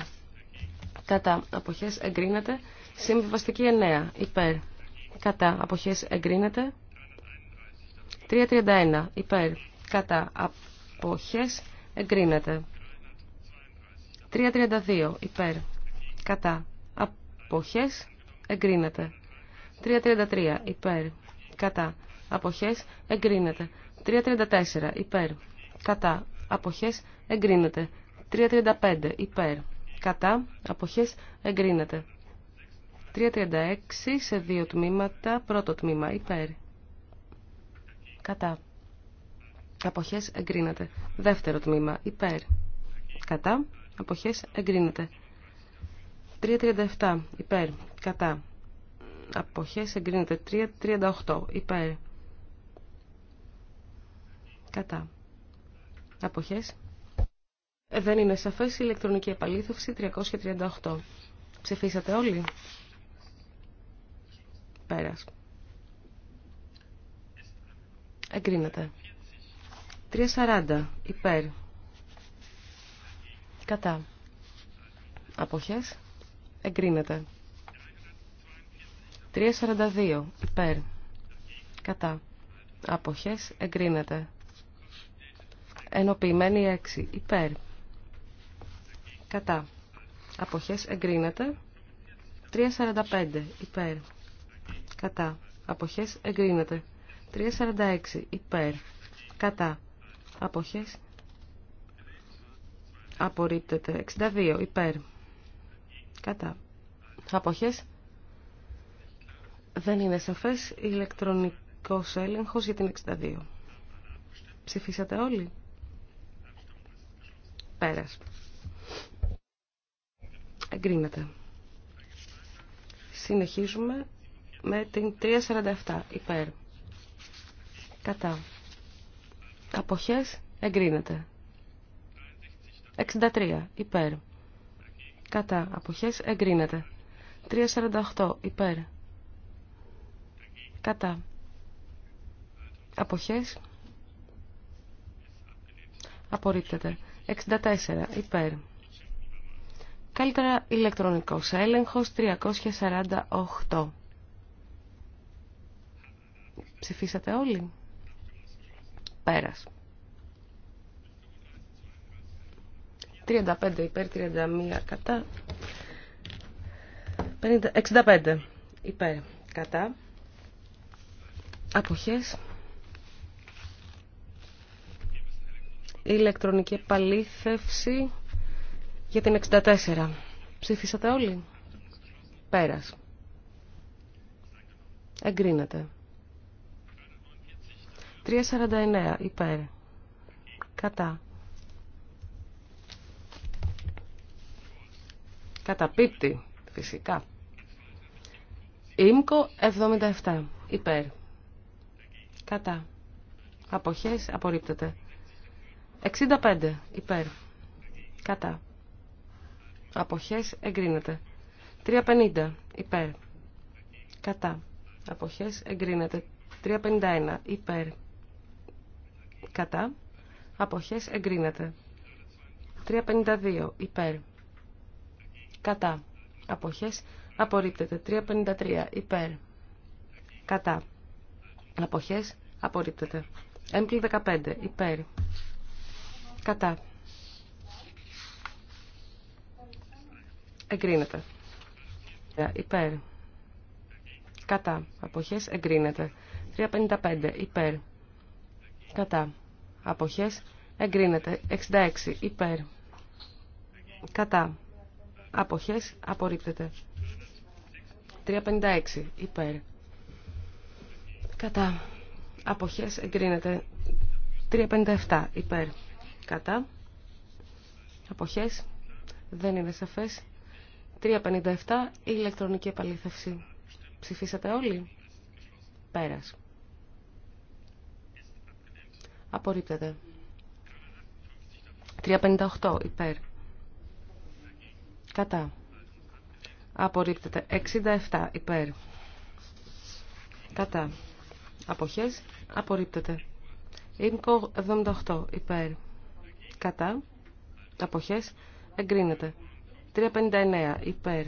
Κατά. Αποχές εγκρίνεται. Συμβιβαστική 9. Υπέρ. Κατά. Αποχές εγκρίνεται. 3.31. Υπέρ. Κατά. Αποχές εγκρίνεται. 3.32. Υπέρ κατά, αποχές, εγκρίνεται. 3.33 υπέρ, κατά, αποχές, εγκρίνεται. 3.34 υπέρ, κατά, αποχές, εγκρίνεται. 3.35 υπέρ, κατά, αποχές, εγκρίνεται. 3.36 σε δύο τμήματα, πρώτο τμήμα υπέρ, κατά. Αποχές εγκρίνεται. Δεύτερο τμήμα. Υπέρ. Κατά. Αποχές εγκρίνεται. 3.37 υπέρ κατά αποχές εγκρίνεται 3.38 υπέρ κατά αποχές ε, δεν είναι σαφές η ηλεκτρονική επαλήθευση 338 ψηφίσατε όλοι πέρας εγκρίνεται 3.40 υπέρ κατά αποχές Εγκρίνεται. 3.42. Υπέρ. Κατά. Αποχές. Εγκρίνεται. Ενοποιημένη 6. Υπέρ. Κατά. Αποχές. Εγκρίνεται. 3.45. Υπέρ. Κατά. Αποχές. Εγκρίνεται. 3.46. Υπέρ. Κατά. Αποχές. Απορρίπτεται. 62. Υπέρ κατά αποχές δεν είναι σαφές ηλεκτρονικός έλεγχος για την 62. Ψηφίσατε όλοι. Πέρας. Εγκρίνεται. Συνεχίζουμε με την 347 υπέρ. Κατά. Αποχές εγκρίνεται. 63 υπέρ. Κατά. Αποχές εγκρίνεται. 3.48. Υπέρ. Κατά. Αποχές. Απορρίπτεται. 64. Υπέρ. Καλύτερα ηλεκτρονικός έλεγχος 348. Ψηφίσατε όλοι. Πέρας. 35 υπέρ, 31 κατά. 50, 65 υπέρ, κατά. Αποχές. Ηλεκτρονική επαλήθευση για την 64. Ψήφισατε όλοι. Πέρας. Εγκρίνεται. 3.49 υπέρ. Κατά. Καταπίπτει, φυσικά. Ήμκο 77. Υπέρ. Κατά. Αποχές απορρίπτεται. 65. Υπέρ. Κατά. Αποχές εγκρίνεται. 350. Υπέρ. Κατά. Αποχές εγκρίνεται. 351. Υπέρ. Κατά. Αποχές εγκρίνεται. 352. Υπέρ. Κατά. Αποχές. Απορρίπτεται. 353. Υπέρ. Κατά. Αποχές. Απορρίπτεται. Έμπλη 15. Υπέρ. Κατά. Εγκρίνεται. Υπέρ. Κατά. Αποχές. Εγκρίνεται. 355. Υπέρ. Κατά. Αποχές. Εγκρίνεται. 66. Υπέρ. Κατά. Αποχές απορρίπτεται. 356 υπέρ. Κατά. Αποχές εγκρίνεται. 357 υπέρ. Κατά. Αποχές. Δεν είναι σαφές. 357 η ηλεκτρονική επαλήθευση. Ψηφίσατε όλοι. Πέρας. Απορρίπτεται. 358 υπέρ. Κατά. Απορρίπτεται. 67 υπέρ. Κατά. Αποχές. Απορρίπτεται. Ήμκο 78 υπέρ. Κατά. Αποχές. Εγκρίνεται. 359 υπέρ.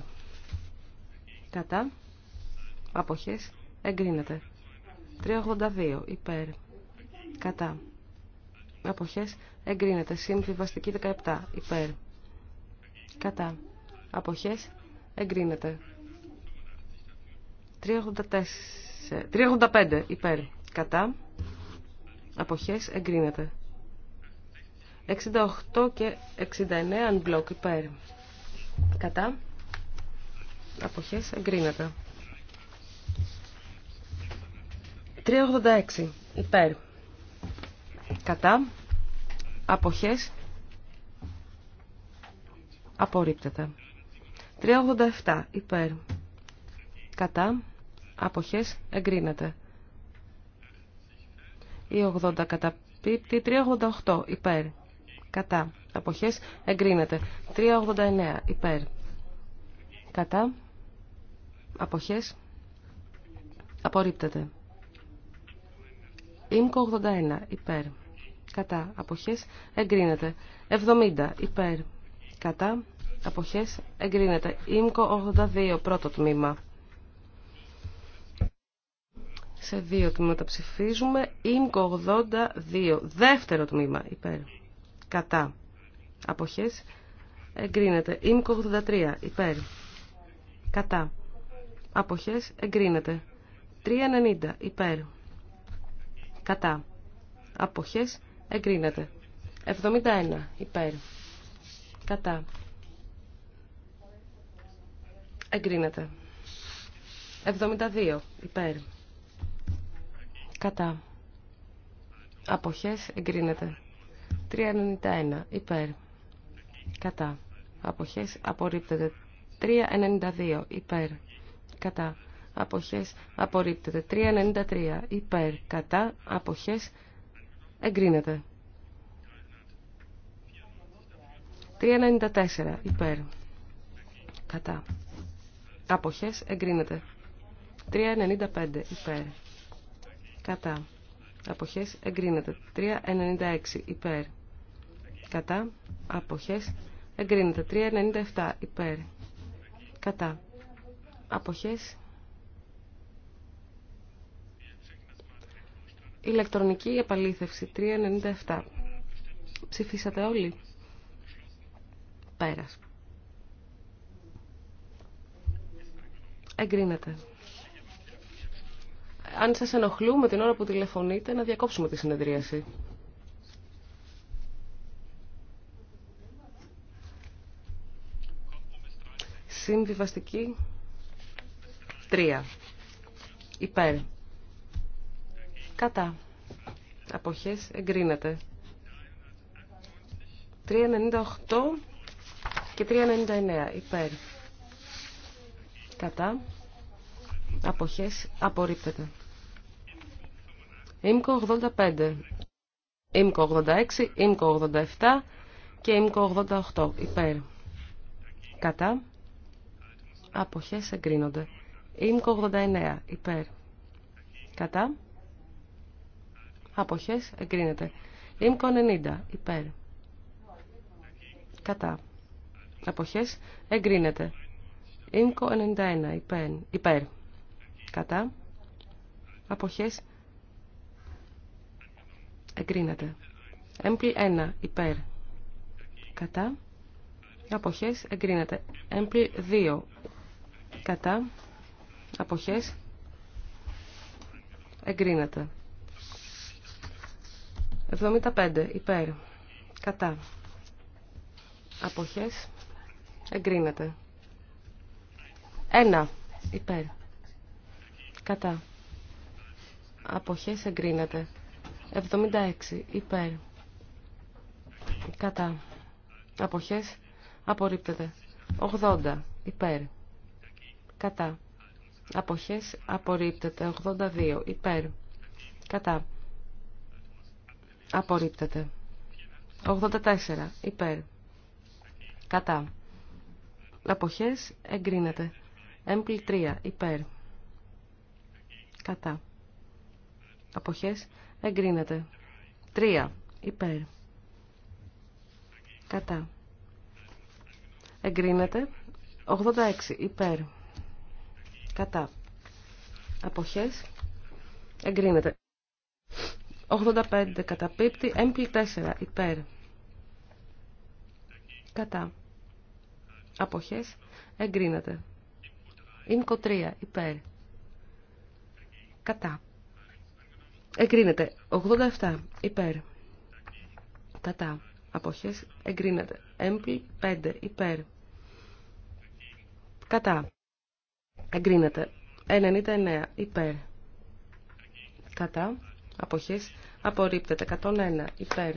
Κατά. Αποχές. Εγκρίνεται. 382 υπέρ. Κατά. Αποχές. Εγκρίνεται. Συμβιβαστική 17 υπέρ. Κατά αποχές εγκρίνεται. 385 υπέρ κατά αποχές εγκρίνεται. 68 και 69 unblock υπέρ κατά αποχές εγκρίνεται. 386 υπέρ κατά αποχές απορρίπτεται. 387 υπέρ. Κατά. Αποχές εγκρίνεται. Η 80 πίπτη 388 υπέρ. Κατά. Αποχές εγκρίνεται. 389 υπέρ. Κατά. Αποχές απορρίπτεται. Ήμκο 81 υπέρ. Κατά. Αποχές εγκρίνεται. 70 υπέρ. Κατά αποχές εγκρίνεται. Ήμκο 82, πρώτο τμήμα. Σε δύο τμήματα ψηφίζουμε. Ήμκο 82, δεύτερο τμήμα, υπέρ. Κατά. Αποχές εγκρίνεται. Ήμκο 83, υπέρ. Κατά. Αποχές εγκρίνεται. 390, υπέρ. Κατά. Αποχές εγκρίνεται. 71, υπέρ. Κατά. Εγκρίνεται. 72. Υπέρ. Κατά. Αποχές. Εγκρίνεται. 391. Υπέρ. Κατά. Αποχές. Απορρίπτεται. 392. Υπέρ. Κατά. Αποχές. Απορρίπτεται. 393. Υπέρ. Κατά. Αποχές. Εγκρίνεται. 394. Υπέρ. Κατά. Αποχές εγκρίνεται. 3.95 υπέρ. Κατά. Αποχές εγκρίνεται. 3.96 υπέρ. Κατά. Αποχές εγκρίνεται. 3.97 υπέρ. Κατά. Αποχές Ηλεκτρονική επαλήθευση 397. Ψηφίσατε όλοι. Πέρας. εγκρίνεται. Αν σας ενοχλούμε την ώρα που τηλεφωνείτε, να διακόψουμε τη συνεδρίαση. Συμβιβαστική 3. Υπέρ. Κατά. Αποχές εγκρίνεται. 3.98 και 3.99 υπέρ κατά αποχές απορρίπτεται. ΙΜΚΟ 85, ΙΜΚΟ 86, ΙΜΚΟ 87 και ΙΜΚΟ 88 υπέρ. Κατά αποχές εγκρίνονται. ΙΜΚΟ 89 υπέρ. Κατά αποχές εγκρίνεται. ΙΜΚΟ 90 υπέρ. Κατά αποχές εγκρίνεται. Ήμκο 91 υπέρ. υπέρ. Κατά. Αποχές. Εγκρίνεται. Έμπλη 1 υπέρ. Κατά. Αποχές. Εγκρίνεται. Έμπλη 2 κατά. Αποχές. Εγκρίνεται. 75 υπέρ. Κατά. Αποχές. Εγκρίνεται. Ένα. Υπέρ. Κατά. Αποχές εγκρίνεται. 76. Υπέρ. Κατά. Αποχές απορρίπτεται. 80. Υπέρ. Κατά. Αποχές απορρίπτεται. 82. Υπέρ. Κατά. Απορρίπτεται. 84. Υπέρ. Κατά. Αποχές εγκρίνεται. Έμπλη 3. Υπέρ. Κατά. Αποχές. Εγκρίνεται. 3. Υπέρ. Κατά. Εγκρίνεται. 86. Υπέρ. Κατά. Αποχές. Εγκρίνεται. 85. Καταπίπτει. Έμπλη 4. Υπέρ. Κατά. Αποχές. Εγκρίνεται. Ήμκο 3. Υπέρ. Κατά. Εγκρίνεται. 87. Υπέρ. Κατά. Αποχές. Εγκρίνεται. Έμπλη 5. Υπέρ. Κατά. Εγκρίνεται. 99. Υπέρ. Κατά. Αποχές. Απορρίπτεται. 101. Υπέρ.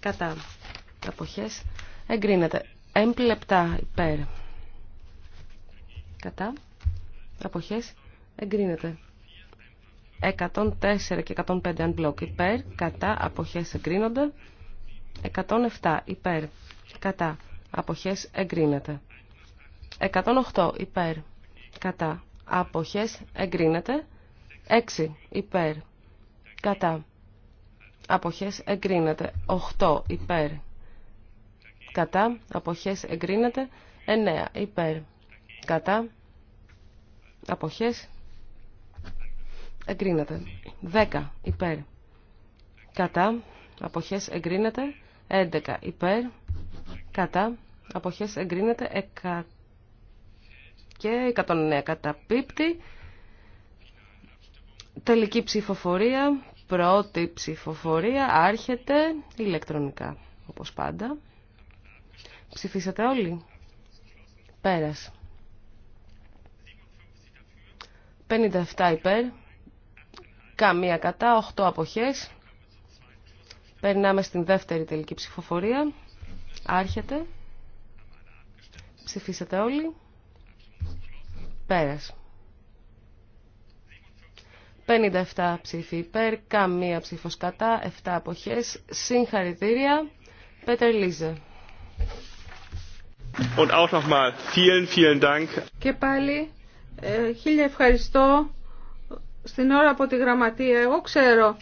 Κατά. Αποχές. Εγκρίνεται. Έμπλη 7. Υπέρ Κατά. Αποχές. Εγκρίνεται. 104 και 105 unblock υπέρ. Κατά. Αποχές εγκρίνονται. 107 υπέρ. Κατά. Αποχές εγκρίνεται. 108 υπέρ. Κατά. Αποχές εγκρίνεται. 6 υπέρ. Κατά. Αποχές εγκρίνεται. 8 υπέρ. Κατά. Αποχές εγκρίνεται. 9 υπέρ. Κατά. Αποχές. Εγκρίνεται. 10. Υπέρ. Κατά. Αποχές εγκρίνεται. 11. Υπέρ. Κατά. Αποχές εγκρίνεται. Εκα... Και 109. πίπτη Τελική ψηφοφορία. Πρώτη ψηφοφορία. Άρχεται ηλεκτρονικά. Όπως πάντα. Ψηφίσατε όλοι. Πέρας. 57 υπέρ, καμία κατά, 8 αποχές. Περνάμε στην δεύτερη τελική ψηφοφορία. Άρχεται. Ψηφίσατε όλοι. Πέρας. 57 ψήφοι υπέρ, καμία ψήφος κατά, 7 αποχές. Συγχαρητήρια. Πέτερ Λίζε. Και πάλι ε, χίλια ευχαριστώ στην ώρα από τη γραμματεία. Εγώ ξέρω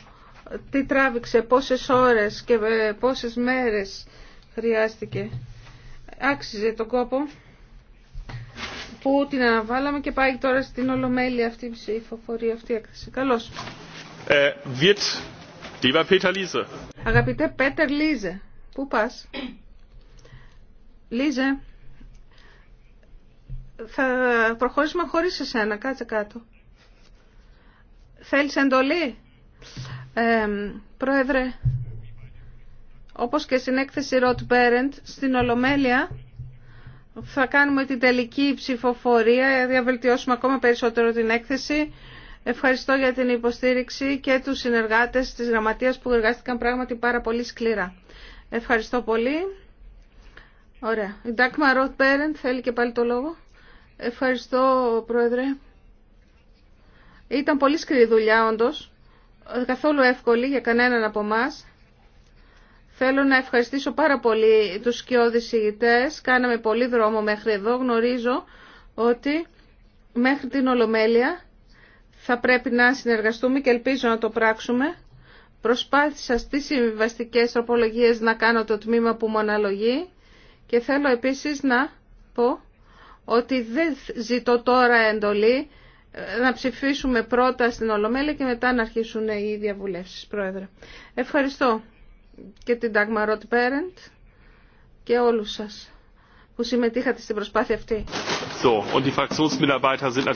τι τράβηξε, πόσες ώρες και ε, πόσες μέρες χρειάστηκε. Άξιζε τον κόπο που την αναβάλαμε και πάει τώρα στην Ολομέλεια αυτή η ψηφοφορία, αυτή η έκθεση. Καλώς. Ε, Αγαπητέ Πέτερ Λίζε, πού πας. Λίζε θα προχωρήσουμε χωρίς εσένα. Κάτσε κάτω. Θέλεις εντολή. Ε, πρόεδρε, όπως και στην έκθεση Ροτ Parent, στην Ολομέλεια θα κάνουμε την τελική ψηφοφορία, διαβελτιώσουμε ακόμα περισσότερο την έκθεση. Ευχαριστώ για την υποστήριξη και τους συνεργάτες της Γραμματείας που εργάστηκαν πράγματι πάρα πολύ σκληρά. Ευχαριστώ πολύ. Ωραία. Η Ντάκμα Ροτ θέλει και πάλι το λόγο. Ευχαριστώ, Πρόεδρε. Ήταν πολύ σκληρή δουλειά, όντως. Καθόλου εύκολη για κανέναν από εμά. Θέλω να ευχαριστήσω πάρα πολύ τους σκιώδης ηγητές. Κάναμε πολύ δρόμο μέχρι εδώ. Γνωρίζω ότι μέχρι την Ολομέλεια θα πρέπει να συνεργαστούμε και ελπίζω να το πράξουμε. Προσπάθησα στις συμβιβαστικές τροπολογίες να κάνω το τμήμα που μου αναλογεί και θέλω επίσης να πω ότι δεν ζητώ τώρα εντολή ε, να ψηφίσουμε πρώτα στην Ολομέλεια και μετά να αρχίσουν οι διαβουλεύσεις, Πρόεδρε. Ευχαριστώ και την Ταγμαρότη Πέρεντ και όλους σας που συμμετείχατε στην προσπάθεια αυτή. So,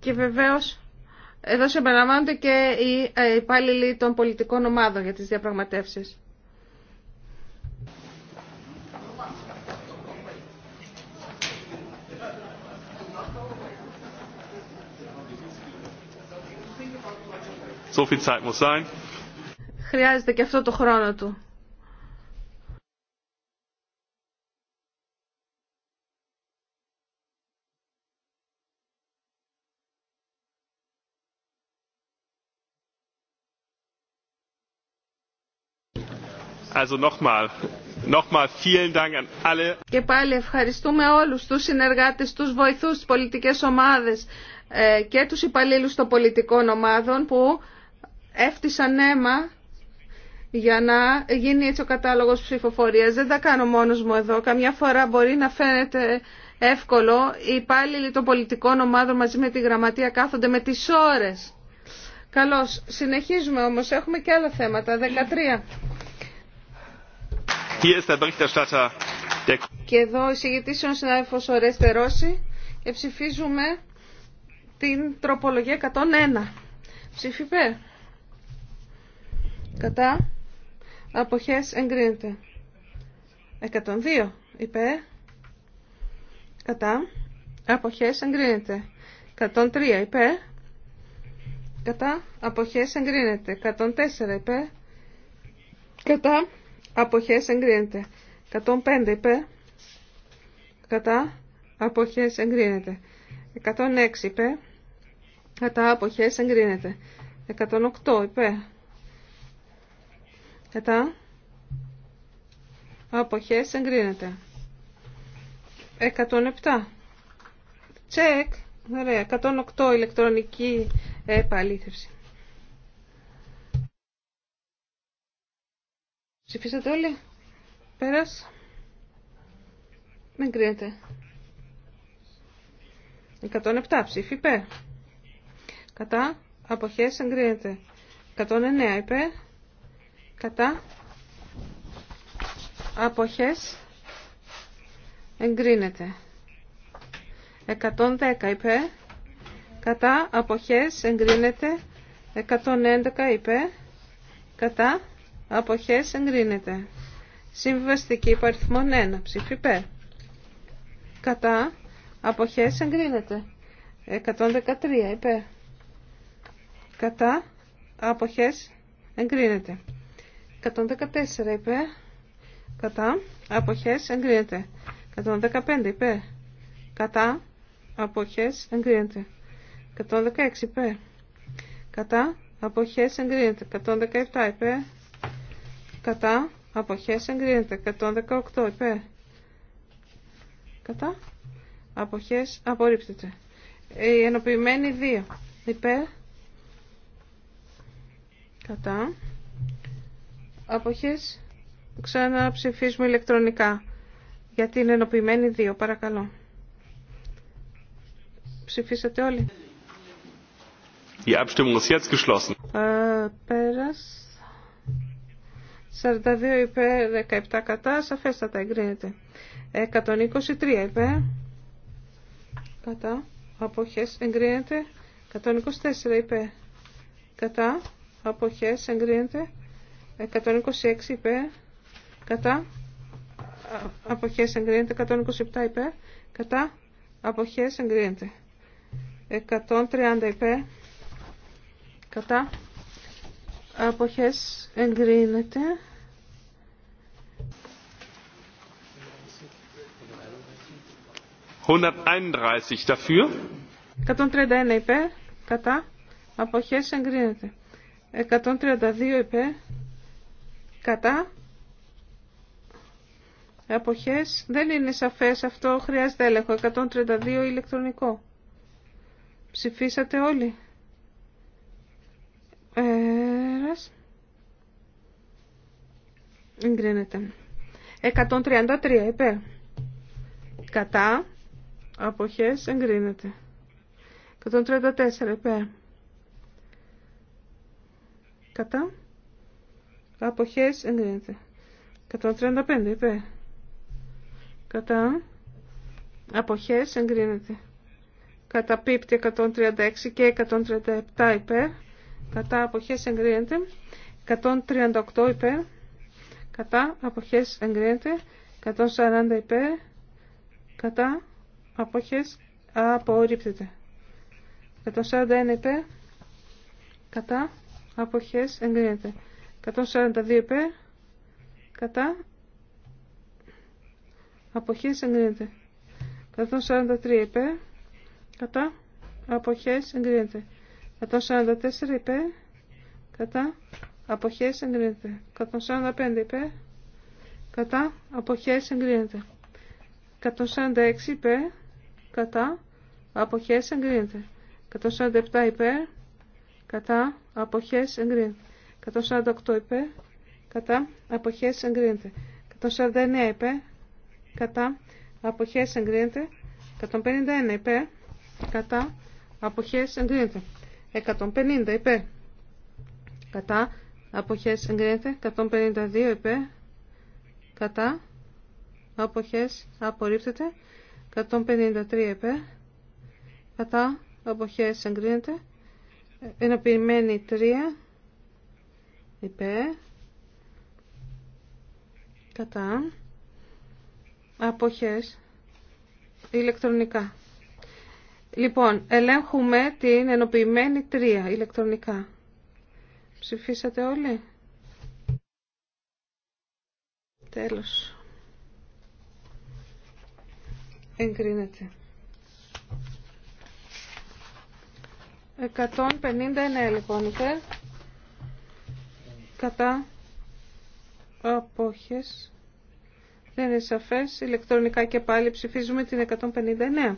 Και βεβαίως εδώ συμπεριλαμβάνονται και οι ε, υπάλληλοι των πολιτικών ομάδων για τις διαπραγματεύσεις. Χρειάζεται και αυτό το χρόνο του. Also vielen Dank Και πάλι ευχαριστούμε όλους τους συνεργάτες, τους βοηθούς, τις πολιτικές ομάδες ε, και τους υπαλλήλους των πολιτικών ομάδων που έφτισαν αίμα για να γίνει έτσι ο κατάλογος ψηφοφορίας. Δεν τα κάνω μόνος μου εδώ. Καμιά φορά μπορεί να φαίνεται εύκολο. Οι υπάλληλοι των πολιτικών ομάδων μαζί με τη γραμματεία κάθονται με τις ώρες. Καλώς. Συνεχίζουμε όμως. Έχουμε και άλλα θέματα. 13. Και εδώ εισηγητής ο συνάδελφος ο Ρώση και ψηφίζουμε την τροπολογία 101. Ψηφιπέ. Κατά. Αποχές εγκρίνεται. 102 είπε. Κατά. Αποχές εγκρίνεται. 103 είπε. Κατά. Αποχές εγκρίνεται. 104 είπε, Κατά. Αποχές εγκρίνεται. 105 είπε, Κατά. Αποχές εγκρίνεται. 106 είπε. Κατά. Αποχές εγκρίνεται. 108 είπε. Κατά. Αποχές εγκρίνεται. 107. Τσεκ. Ωραία. 108 ηλεκτρονική επαλήθευση. Ψηφίσατε όλοι. Πέρας. κρίνεται. 107 ψήφι υπέρ. Κατά. Αποχές εγκρίνεται. 109 υπέρ κατά αποχές εγκρίνεται 110 υπέρ κατά αποχές εγκρίνεται 111 υπέρ κατά αποχές εγκρίνεται συμβιβαστική υπαριθμόν 1 ψήφι υπέρ κατά αποχές εγκρίνεται 113 υπέρ κατά αποχές εγκρίνεται 114 είπε. Κατά. Αποχές εγκρίνεται. 115 ειπε Κατά. Αποχές εγκρίνεται. 116 είπε. Κατά. Αποχές εγκρίνεται. 117 είπε. Κατά. Αποχές εγκρίνεται. 118 είπε. Κατά. Αποχές απορρίπτεται. Η ενοποιημένη 2 είπε. Κατά αποχές ξαναψηφίζουμε ηλεκτρονικά για την ενοποιημένη 2 παρακαλώ ψηφίσατε όλοι Η Abstimmung ist jetzt geschlossen. πέρας 42 υπέρ 17 κατά σαφέστατα εγκρίνεται 123 υπέρ κατά αποχές εγκρίνεται 124 υπέρ κατά αποχές εγκρίνεται 126 υπέρ κατά αποχές εγκρίνεται 127 υπέρ κατά αποχές εγκρίνεται 130 υπέρ κατά αποχές εγκρίνεται 131 dafür. 131 υπέρ, κατά, αποχές εγκρίνεται. 132 υπέρ, κατά αποχές δεν είναι σαφές αυτό χρειάζεται έλεγχο 132 ηλεκτρονικό ψηφίσατε όλοι Πέρας. εγκρίνεται 133 υπέρ κατά αποχές εγκρίνεται 134 υπέρ κατά Αποχές εγκρίνεται. 135 είπε, Κατά. Αποχές εγκρίνεται. πίπτη 136 και 137 είπε, Κατά αποχές εγκρίνεται. 138 υπέρ. Κατά αποχές εγκρίνεται. 140 υπέρ. Κατά αποχές απορρίπτεται. 141 υπέρ. Κατά αποχές εγκρίνεται. 142 υπέρ. Κατά. Αποχές εγκρίνεται. 143 υπέρ. Κατά. Αποχές εγκρίνεται. 144 υπέρ. Κατά. Αποχές εγκρίνεται. 145 υπέρ. Κατά. Αποχές εγκρίνεται. 146 υπέρ. Κατά. Αποχές εγκρίνεται. 147 υπέρ. Κατά. Αποχές εγκρίνεται. 148 είπε. κατά, αποχές εγκρίνεται. 149 είπε κατά, αποχές εγκρίνεται. 151 είπε, κατά, αποχές εγκρίνεται. 150 είπε. κατά, αποχές εγκρίνεται. 152 είπε, κατά, αποχές απορρίπτεται. 153 είπε κατά, αποχές εγκρίνεται. Ενοποιημένη 3 είπε κατά αποχές ηλεκτρονικά. Λοιπόν, ελέγχουμε την ενοποιημένη τρία ηλεκτρονικά. Ψηφίσατε όλοι. Τέλος. Εγκρίνεται. 159 λοιπόν υπέρ κατά απόχες δεν είναι σαφές ηλεκτρονικά και πάλι ψηφίζουμε την 159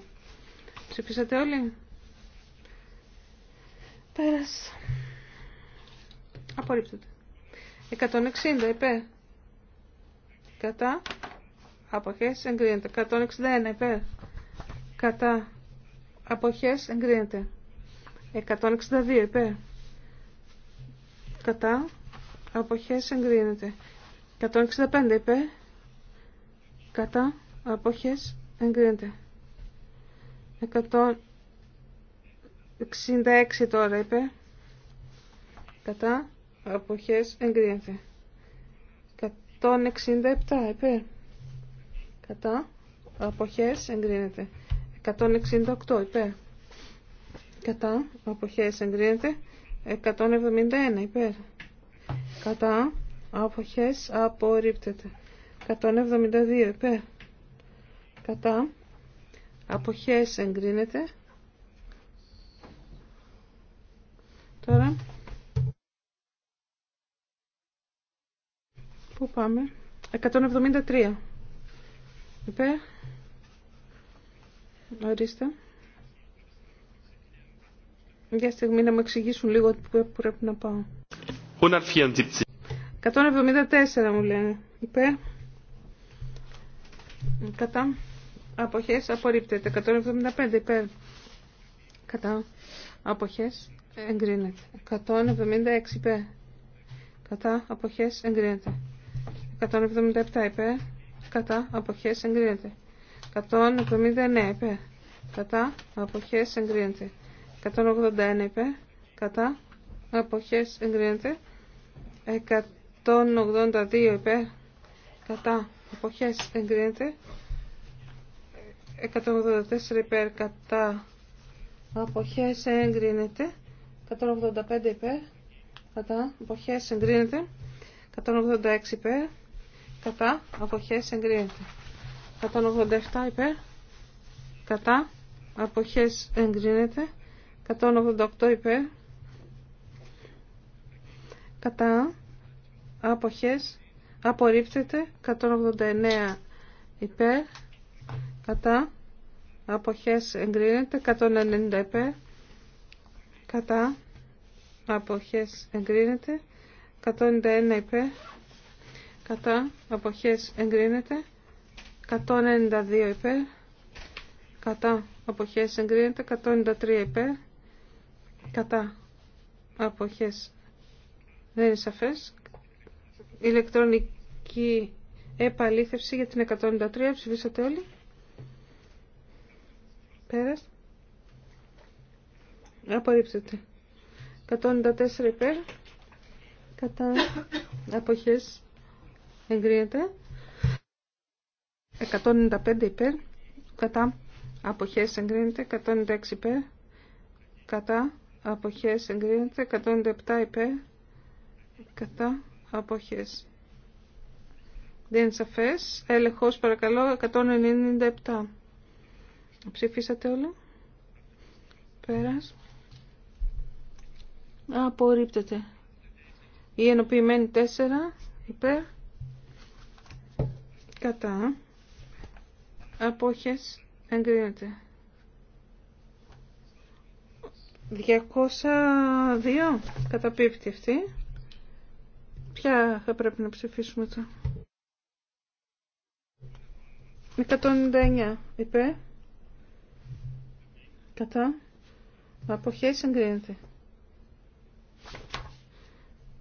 ψηφίσατε όλοι πέρας απορρίπτεται 160 Επέ. κατά αποχές εγκρίνεται 161 Επέ. κατά αποχές εγκρίνεται 162 Επέ. κατά αποχές εγκρίνεται. 165 είπε, κατά αποχές εγκρίνεται. 166 τώρα είπε. κατά αποχές εγκρίνεται. 167 είπε. κατά αποχές εγκρίνεται. 168 είπε, κατά αποχές εγκρίνεται. 171 υπέρ κατά αποχές απορρίπτεται 172 επε κατά αποχές εγκρίνεται τώρα πού πάμε 173 Επέ. ορίστε για στιγμή να μου εξηγήσουν λίγο που πρέπει να πάω 174. μου λένε. είπε. Κατά. Αποχές απορρίπτεται. 175 είπε, Κατά. Αποχές εγκρίνεται. 176 είπε, Κατά. Αποχές εγκρίνεται. 177 είπε. Κατά. Αποχές εγκρίνεται. 179 είπε. Κατά. Αποχές εγκρίνεται. 181 είπε. Κατά αποχές εγκρίνεται 182 υπέρ κατά αποχές εγκρίνεται 184 υπέρ κατά αποχές εγκρίνεται 185 υπέρ κατά αποχές εγκρίνεται 186 υπέρ κατά αποχές εγκρίνεται 187 υπέρ κατά αποχές εγκρίνεται 188 υπέρ κατά άποχες απορρίπτεται 189 υπέρ κατά αποχές εγκρίνεται 190 υπέρ κατά αποχές εγκρίνεται 191 υπέρ κατά αποχές εγκρίνεται 192 υπέρ κατά αποχές εγκρίνεται 193 υπέρ κατά αποχές δεν είναι σαφές. Ηλεκτρονική επαλήθευση για την 193. Ψηφίσατε όλοι. Πέρας. Απορρίψετε. 194 υπέρ. Κατά αποχές εγκρίνεται. 195 υπέρ. Κατά αποχές εγκρίνεται. 196 υπέρ. Κατά αποχές εγκρίνεται. 197 υπέρ κατά αποχές. Δεν είναι σαφές. Έλεγχος παρακαλώ 197. Ψηφίσατε όλα Πέρας. Απορρίπτεται. Η ενοποιημένη 4 υπέρ. Κατά. Απόχες εγκρίνεται. 202 καταπίπτει αυτή ποια θα πρέπει να ψηφίσουμε τώρα. 199 είπε. Κατά. Αποχές εγκρίνεται.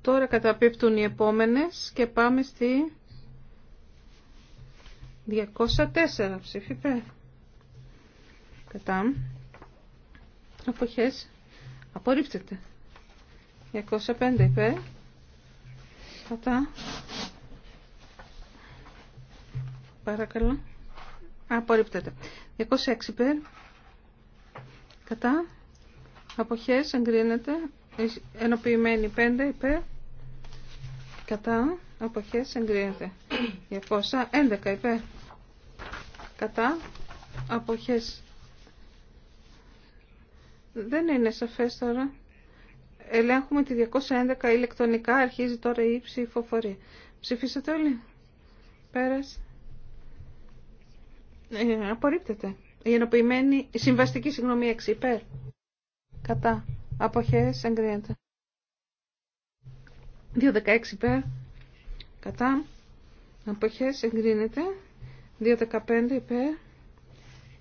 Τώρα καταπίπτουν οι επόμενες και πάμε στη 204 ψήφι υπέρ. Κατά. Αποχές. Απορρίπτεται. 205 υπέρ. Κατά. Παρακαλώ. Απορρίπτεται. 206 υπέρ. Κατά. Αποχές εγκρίνεται. Ενοποιημένη 5 υπέρ. Κατά. Αποχές εγκρίνεται. 211 υπέρ. Κατά. Αποχές. Δεν είναι σαφές τώρα. Ελέγχουμε τη 211 ηλεκτρονικά. Αρχίζει τώρα η ψηφοφορία. Ψηφίσατε όλοι. Πέρας. Ε, απορρίπτεται. Η ενοποιημένη, η συμβαστική συγγνωμή 6 υπέρ. Κατά. Αποχές εγκρίνεται. 2.16 υπέρ. Κατά. Αποχές εγκρίνεται. 2.15 υπέρ.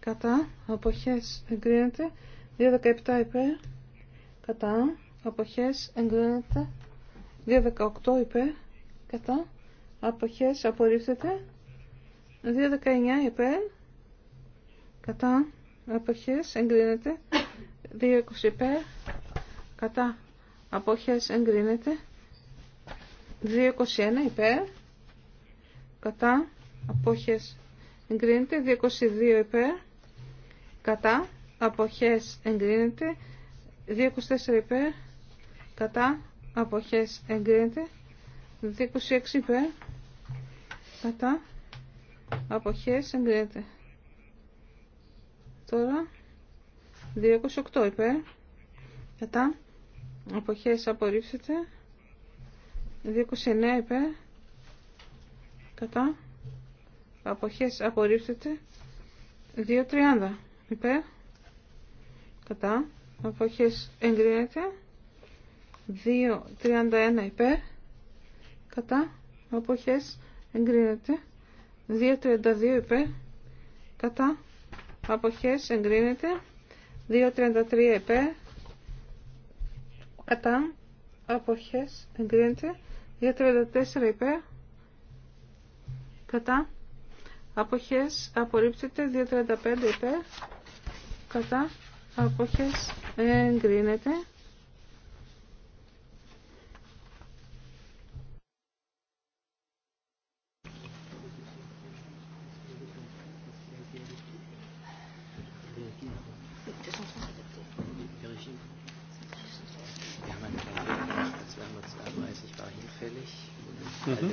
Κατά. Αποχές εγκρίνεται. 2.17 υπέρ. Κατά αποχές εγκρίνεται 2.18 υπέρ κατά αποχές απορρίφθεται 2.19 υπέρ κατά αποχές εγκρίνεται 2.20 υπέρ κατά αποχές εγκρίνεται 2.21 υπέρ κατά αποχές εγκρίνεται 2.22 υπέρ κατά αποχές εγκρίνεται 2.24 υπέρ κατά αποχές εγκρίνεται 26 υπέρ κατά αποχές εγκρίνεται τώρα 28 υπέρ κατά αποχές απορρίψεται 29 υπέρ κατά αποχές απορρίψεται 2.30 υπέρ κατά αποχές εγκρίνεται 2.31 υπέρ κατά αποχές εγκρίνεται 2.32 υπέρ κατά αποχές εγκρίνεται 2.33 υπέρ κατά αποχές εγκρίνεται 2.34 υπέρ κατά αποχές απορρίπτεται 2.35 υπέρ κατά αποχές εγκρίνεται Mhm.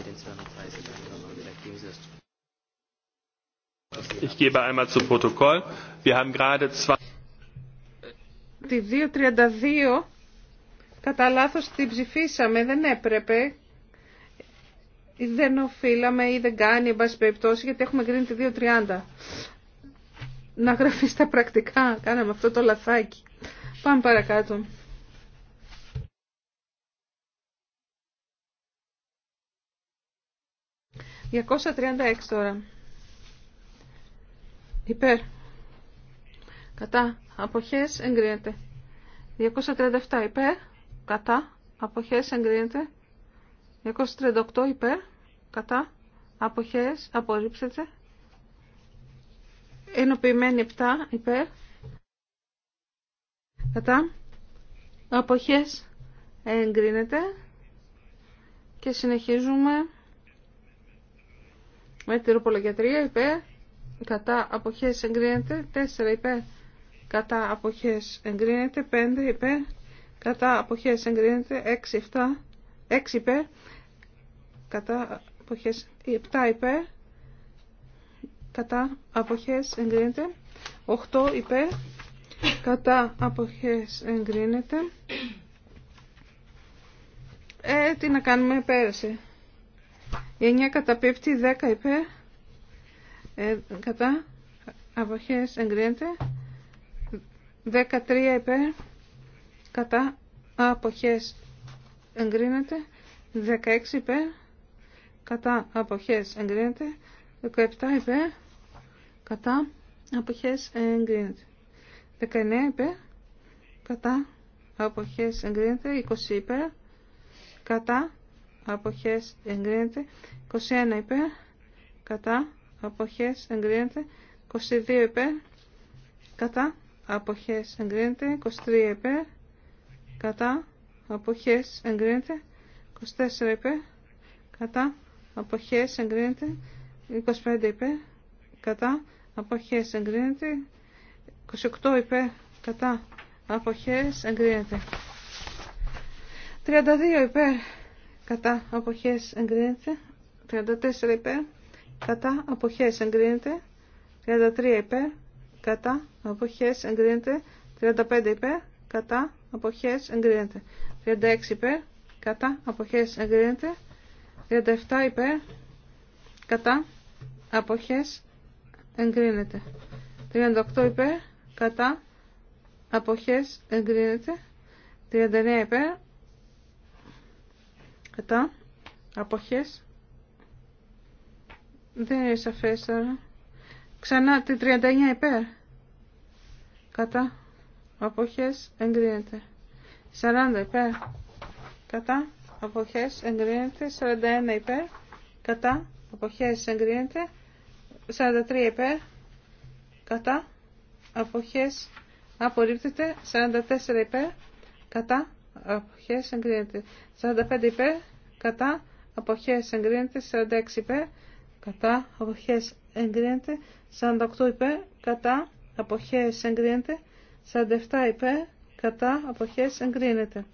Ich gebe einmal zu Protokoll. Wir haben gerade zwei. Τη 232 κατά λάθο την ψηφίσαμε, δεν έπρεπε. Δεν οφείλαμε ή δεν κάνει, εν πάση περιπτώσει, γιατί έχουμε γκρίνει τη 230. Να γραφεί στα πρακτικά, κάναμε αυτό το λαθάκι. Πάμε παρακάτω. 236 τώρα. Υπέρ. Κατά. Αποχές εγκρίνεται. 237 υπέρ. Κατά. Αποχές εγκρίνεται. 238 υπέρ. Κατά. Αποχές απορρίψεται. Ενοποιημένη 7 υπέρ. Κατά. Αποχές εγκρίνεται. Και συνεχίζουμε με την τροπολογία 3 υπέρ κατά αποχές εγκρίνεται 4 υπέρ κατά αποχές εγκρίνεται 5 υπέρ κατά αποχές εγκρίνεται 6, 7, 6 υπέρ κατά αποχές 7 ειπε κατά αποχές εγκρίνεται 8 υπέρ κατά αποχές εγκρίνεται ε, τι να κάνουμε πέρασε 9 πίπτη, 10 υπέρ. κατά. Αποχές εγκρίνεται. 13 υπέρ. Κατά. Αποχές εγκρίνεται. 16 υπέρ. Κατά. Αποχές εγκρίνεται. 17 υπέρ. Κατά. Αποχές εγκρίνεται. 19 υπέρ. Κατά. Αποχές εγκρίνεται. 20 υπέρ. Κατά αποχές εγκρίνεται 21 υπέρ κατά αποχές εγκρίνεται 22 υπέρ κατά αποχές εγκρίνεται 23 υπέρ κατά αποχές εγκρίνεται 24 υπέρ κατά αποχές εγκρίνεται 25 υπέρ κατά αποχές εγκρίνεται 28 υπέρ κατά αποχές εγκρίνεται 32 υπέρ κατά αποχές εγκρίνεται 34 υπέρ κατά αποχές εγκρίνεται 33 υπέρ κατά αποχές εγκρίνεται 35 υπέρ κατά αποχές εγκρίνεται 36 υπέρ κατά αποχές εγκρίνεται 37 υπέρ κατά αποχές εγκρίνεται 38 υπέρ κατά αποχές εγκρίνεται 39 υπέρ Κατά. Αποχές. Δεν είναι σαφές άρα. Ξανά τη 39 υπέρ. Κατά. Αποχές εγκρίνεται. 40 υπέρ. Κατά. Αποχές εγκρίνεται. 41 υπέρ. Κατά. Αποχές εγκρίνεται. 43 υπέρ. Κατά. Αποχές απορρίπτεται. 44 υπέρ. Κατά. Αποχέ εγκρίνεται. 45 υπέρ, κατά, αποχέ εγκρίνεται. 46 υπέρ, κατά, αποχέ εγκρίνεται. 48 υπέρ, κατά, απόχέ εγκρίνεται. 47 υπέρ, κατά, αποχέ εγκρίνεται.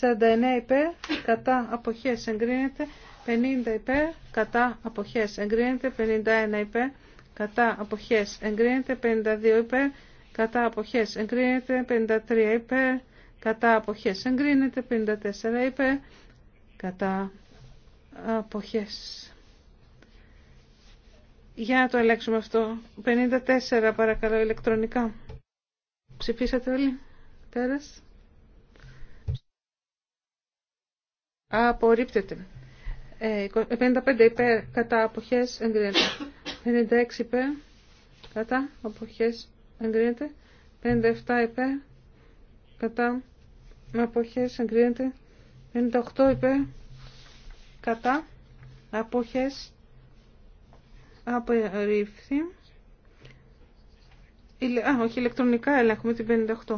49 υπέρ, κατά, αποχέ εγκρίνεται. 50 υπέρ, κατά, αποχέ εγκρίνεται. 51 υπέρ, κατά, αποχέ εγκρίνεται. 52 υπέρ, κατά, αποχέ εγκρίνεται. 53 υπέρ, κατά αποχές εγκρίνεται 54 είπε κατά αποχές για να το ελέγξουμε αυτό 54 παρακαλώ ηλεκτρονικά ψηφίσατε όλοι πέρας απορρίπτεται 55 ε, ε, είπε κατά αποχές εγκρίνεται 56 είπε κατά αποχές εγκρίνεται 57 είπε κατά αποχές εγκρίνεται 58 είπε κατά αποχές απερίφθη Α, όχι, ηλεκτρονικά ελέγχουμε την 58.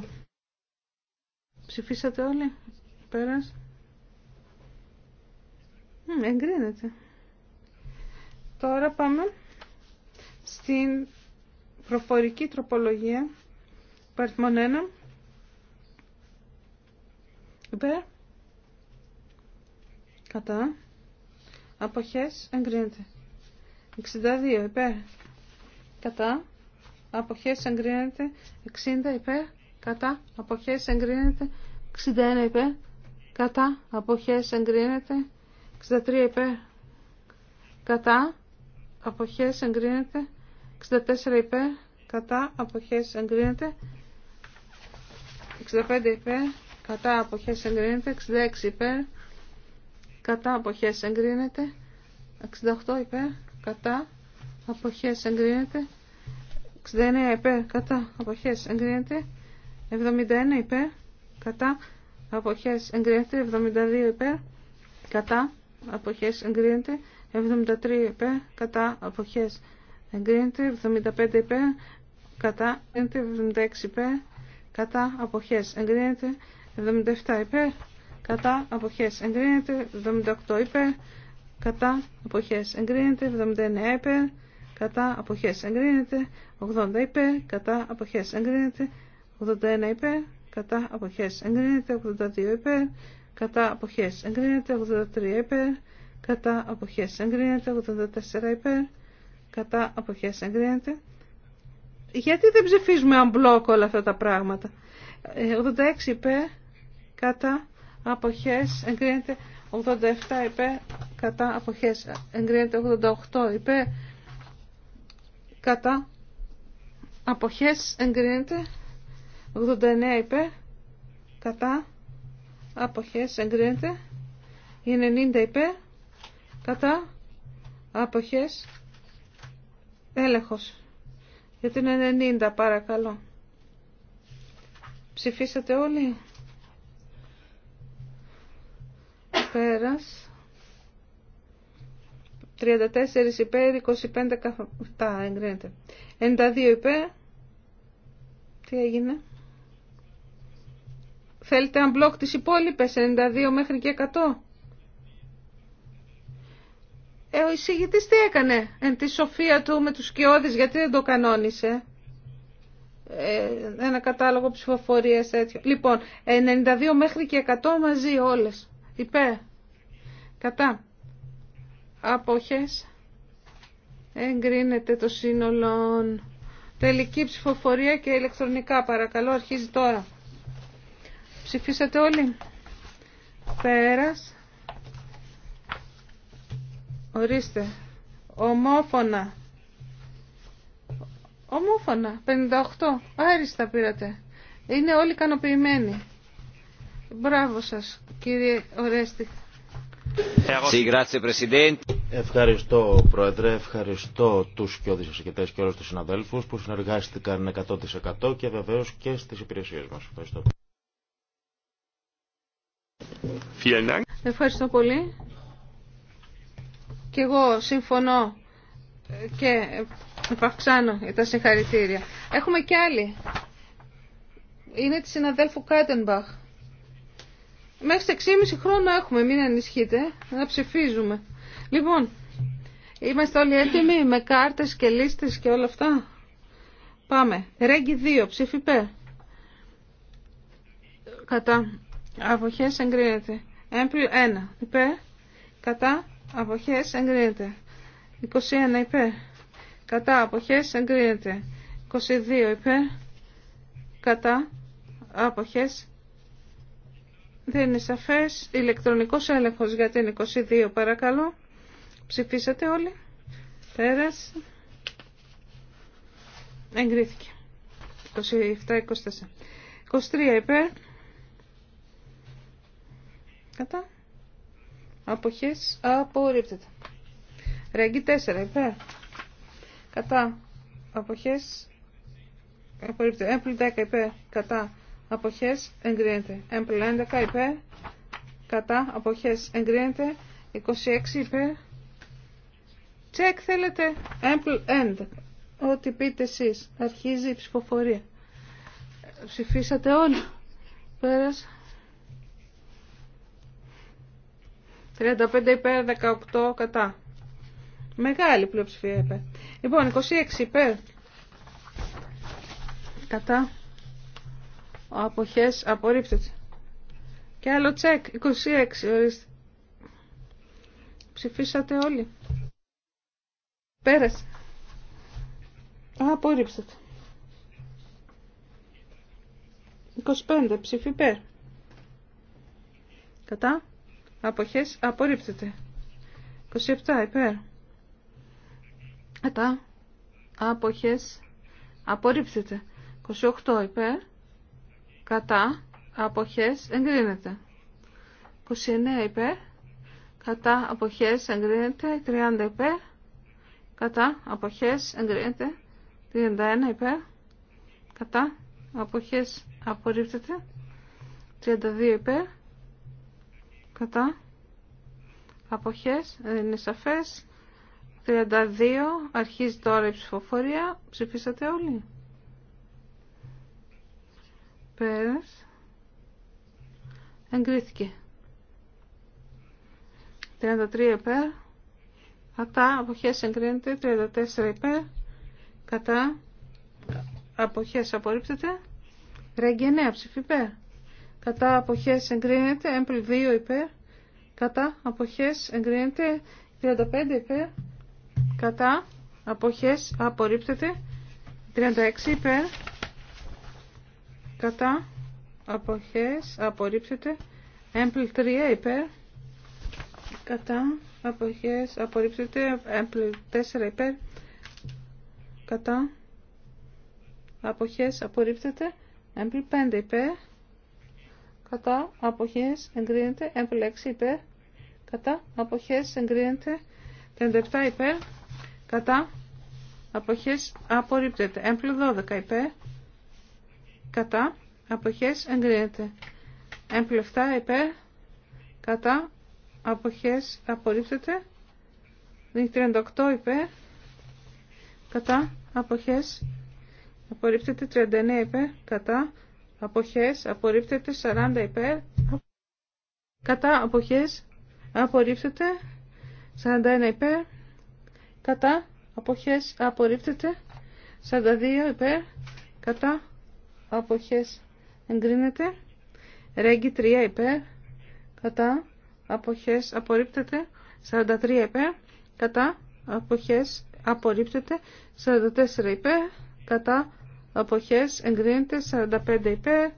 Ψηφίσατε όλοι. Πέρας. Μ, εγκρίνεται. Τώρα πάμε στην προφορική τροπολογία. Παρθμόν 1 Είπε. Κατά. Αποχές εγκρίνεται. 62 είπε, Κατά. Αποχές εγκρίνεται. 60 υπέρ. Κατά. Αποχές εγκρίνεται. 61 είπε, Κατά. Αποχές εγκρίνεται. 63 είπε, Κατά. Αποχές εγκρίνεται. 64 είπε, Κατά. Αποχές εγκρίνεται. 65 υπέρ κατά αποχές εγκρίνεται, 66 υπέρ, κατά αποχές εγκρίνεται, 68 υπέρ, κατά αποχές εγκρίνεται, 69 υπέρ, κατά αποχές εγκρίνεται, 71 υπέρ, κατά αποχές εγκρίνεται, 72 υπέρ, κατά αποχές εγκρίνεται, 73 υπέρ, κατά αποχές εγκρίνεται, 75 υπέρ, κατά 76 υπέρ, κατά αποχές εγκρίνεται, 77 υπέρ κατά αποχές εγκρίνεται 78 υπέρ κατά αποχές εγκρίνεται 79 υπέρ κατά αποχές εγκρίνεται 80 υπέρ κατά αποχές εγκρίνεται 81 υπέρ κατά αποχές εγκρίνεται 82 υπέρ κατά αποχές εγκρίνεται 83 υπέρ κατά αποχές εγκρίνεται 84 υπέρ κατά αποχές εγκρίνεται γιατί δεν ψηφίζουμε αν μπλοκ όλα αυτά τα πράγματα 86 ε, υπέρ κατά αποχές εγκρίνεται 87 υπέρ κατά αποχές εγκρίνεται 88 υπε, κατά αποχές εγκρίνεται 89 υπέρ κατά αποχές εγκρίνεται 90 υπέ, κατά αποχές έλεγχος για την 90 παρακαλώ ψηφίσατε όλοι Πέρας. 34 υπέρ, 25 κατά, εγκρίνεται. 92 υπέρ. Τι έγινε. Θέλετε να μπλοκ τις υπόλοιπες, 92 μέχρι και 100. Ε, ο εισηγητής τι έκανε, εν τη σοφία του με τους σκιώδεις, γιατί δεν το κανόνισε. Ε, ένα κατάλογο ψηφοφορίας έτσι. Λοιπόν, 92 μέχρι και 100 μαζί όλες υπέ κατά, αποχές, εγκρίνεται το σύνολο. Τελική ψηφοφορία και ηλεκτρονικά παρακαλώ αρχίζει τώρα. Ψηφίσατε όλοι. Πέρας. Ορίστε. Ομόφωνα. Ομόφωνα. 58. Άριστα πήρατε. Είναι όλοι ικανοποιημένοι. Μπράβο σα, κύριε Ορέστη. Ευχαριστώ, Πρόεδρε. Ευχαριστώ του και οδησιακητέ και όλου του συναδέλφου που συνεργάστηκαν 100% και βεβαίω και στι υπηρεσίε μα. Ευχαριστώ. Ευχαριστώ πολύ. Και εγώ συμφωνώ και επαυξάνω τα συγχαρητήρια. Έχουμε και άλλη. Είναι τη συναδέλφου Κάτενμπαχ. Μέχρι 6,5 χρόνο έχουμε, μην ανησυχείτε, να ψηφίζουμε. Λοιπόν, είμαστε όλοι έτοιμοι με κάρτες και λίστες και όλα αυτά. Πάμε. Ρέγγι 2, ψήφι πέ. Κατά. Αποχές εγκρίνεται. Έμπλ 1, υπέ. Κατά. Αποχές εγκρίνεται. 21, υπέ. Κατά. Αποχές εγκρίνεται. 22, υπέ. Κατά. Αποχές δεν είναι σαφές. Ηλεκτρονικός έλεγχος για την 22 παρακαλώ. Ψηφίσατε όλοι. Πέρας. Εγκρίθηκε. 27-24. 23 υπέρ. Κατά. Αποχές. Απορρίπτεται. Ρέγγι 4 υπέρ. Κατά. Αποχές. Απορρίπτεται. Έμπλη 10 υπέρ. Κατά αποχές εγκρίνεται. Έμπλ 11 υπέρ, κατά αποχές εγκρίνεται. 26 υπέρ. Τσεκ θέλετε. Έμπλ end. Ό,τι πείτε εσείς. Αρχίζει η ψηφοφορία. Ψηφίσατε όλοι. Πέρας. 35 υπέρ, 18 κατά. Μεγάλη πλειοψηφία υπέρ. Λοιπόν, 26 υπέρ. Κατά. Αποχές απορρίπτεται. Και άλλο τσεκ. 26 ορίστε. Ψηφίσατε όλοι. Πέρασε. Απορρίψατε. 25 ψήφι περ. Κατά. Αποχές απορρίπτεται. 27 υπέρ. Κατά. Αποχές απορρίπτεται. 28 υπέρ κατά, αποχές, εγκρίνεται. 29 υπέρ, κατά, αποχές, εγκρίνεται. 30 υπέρ, κατά, αποχές, εγκρίνεται. 31 υπέρ, κατά, αποχές, απορρίπτεται. 32 υπέρ, κατά, αποχές, είναι σαφές. 32, αρχίζει τώρα η ψηφοφορία, ψηφίσατε όλοι. Πέρας. Εγκρίθηκε. 33 υπέρ. Κατά. Αποχές εγκρίνεται. 34 υπέρ. Κατά. Αποχές απορρίπτεται. Ρέγγι υπέρ. Κατά. Αποχές εγκρίνεται. έμπλη 2 υπέρ. Κατά. Αποχές εγκρίνεται. 35 υπέρ. Κατά. Αποχές απορρίπτεται. 36 υπέρ κατά αποχές απορρίπτεται έμπλ 3 υπέρ κατά αποχές απορρίπτεται έμπλ 4 υπέρ κατά αποχές απορρίπτεται εμπλέ, 5 υπέρ κατά αποχές εγκρίνεται έμπλ 6 υπέρ κατά αποχές εγκρίνεται 57 υπέρ κατά αποχές απορρίπτεται έμπλ 12 υπέρ κατά, αποχές εγκρίνεται. Έμπλευτα υπέρ, κατά, αποχές απορρίπτεται. 38 υπέρ, κατά, αποχές απορρίπτεται. 39 υπέρ, κατά, αποχές απορρίπτεται. 40 υπέρ, κατά, αποχές απορρίπτεται. 41 υπέρ, κατά, αποχές απορρίπτεται. 42 υπέρ, κατά, αποχές εγκρίνεται. Ρέγγι 3 υπέρ, κατά, αποχές απορρίπτεται. 43 υπέρ, κατά, αποχές απορρίπτεται. 44 υπέρ, κατά, αποχές εγκρίνεται. 45 υπέρ,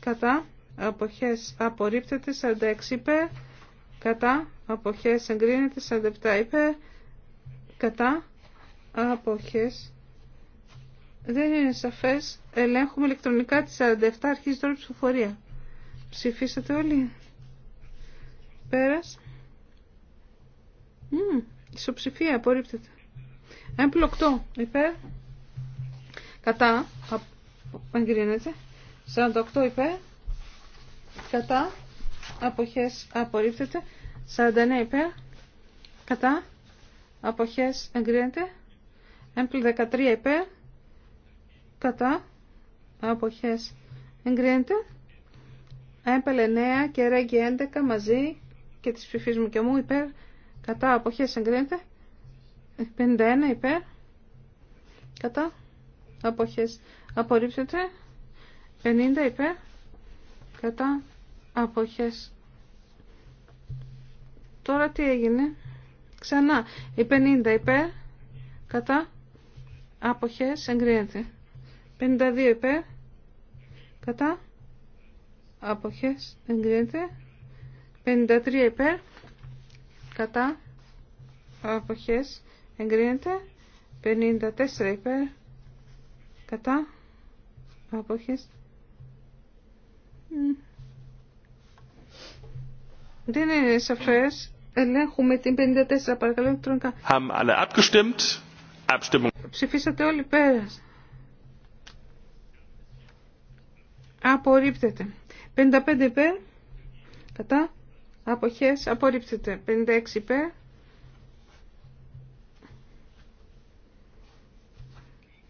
κατά, αποχές απορρίπτεται. 46 υπέρ, κατά, αποχές εγκρίνεται. 47 υπέρ, κατά, αποχές δεν είναι σαφές. Ελέγχουμε ηλεκτρονικά τη 47 Αρχίζει τώρα ψηφοφορία. Ψηφίσατε όλοι. Πέρας. Mm, ισοψηφία απορρίπτεται. Έμπλο 8 υπέρ. Κατά. Εγκρίνεται. 48 υπέρ. Κατά. Αποχές απορρίπτεται. 49 υπέρ. Κατά. Αποχές εγκρίνεται. Έμπλο 13 υπέρ κατά αποχές εγκρίνεται έμπελε 9 και ρέγγι 11 μαζί και τις μου και μου υπέρ κατά αποχές εγκρίνεται 51 υπέρ κατά αποχές απορρίψεται. 50 υπέρ κατά αποχές τώρα τι έγινε ξανά η 50 υπέρ κατά αποχές εγκρίνεται 52 υπέρ. Κατά. Αποχές. Εγκρίνεται. 53 υπέρ. Κατά. Αποχές. Εγκρίνεται. 54 υπέρ. Κατά. Αποχές. Δεν είναι σαφές. Ελέγχουμε την 54 παρακαλώ Ψηφίσατε όλοι πέρας. απορρίπτεται. 55 υπέρ, κατά, αποχές, απορρίπτεται. 56 υπέρ,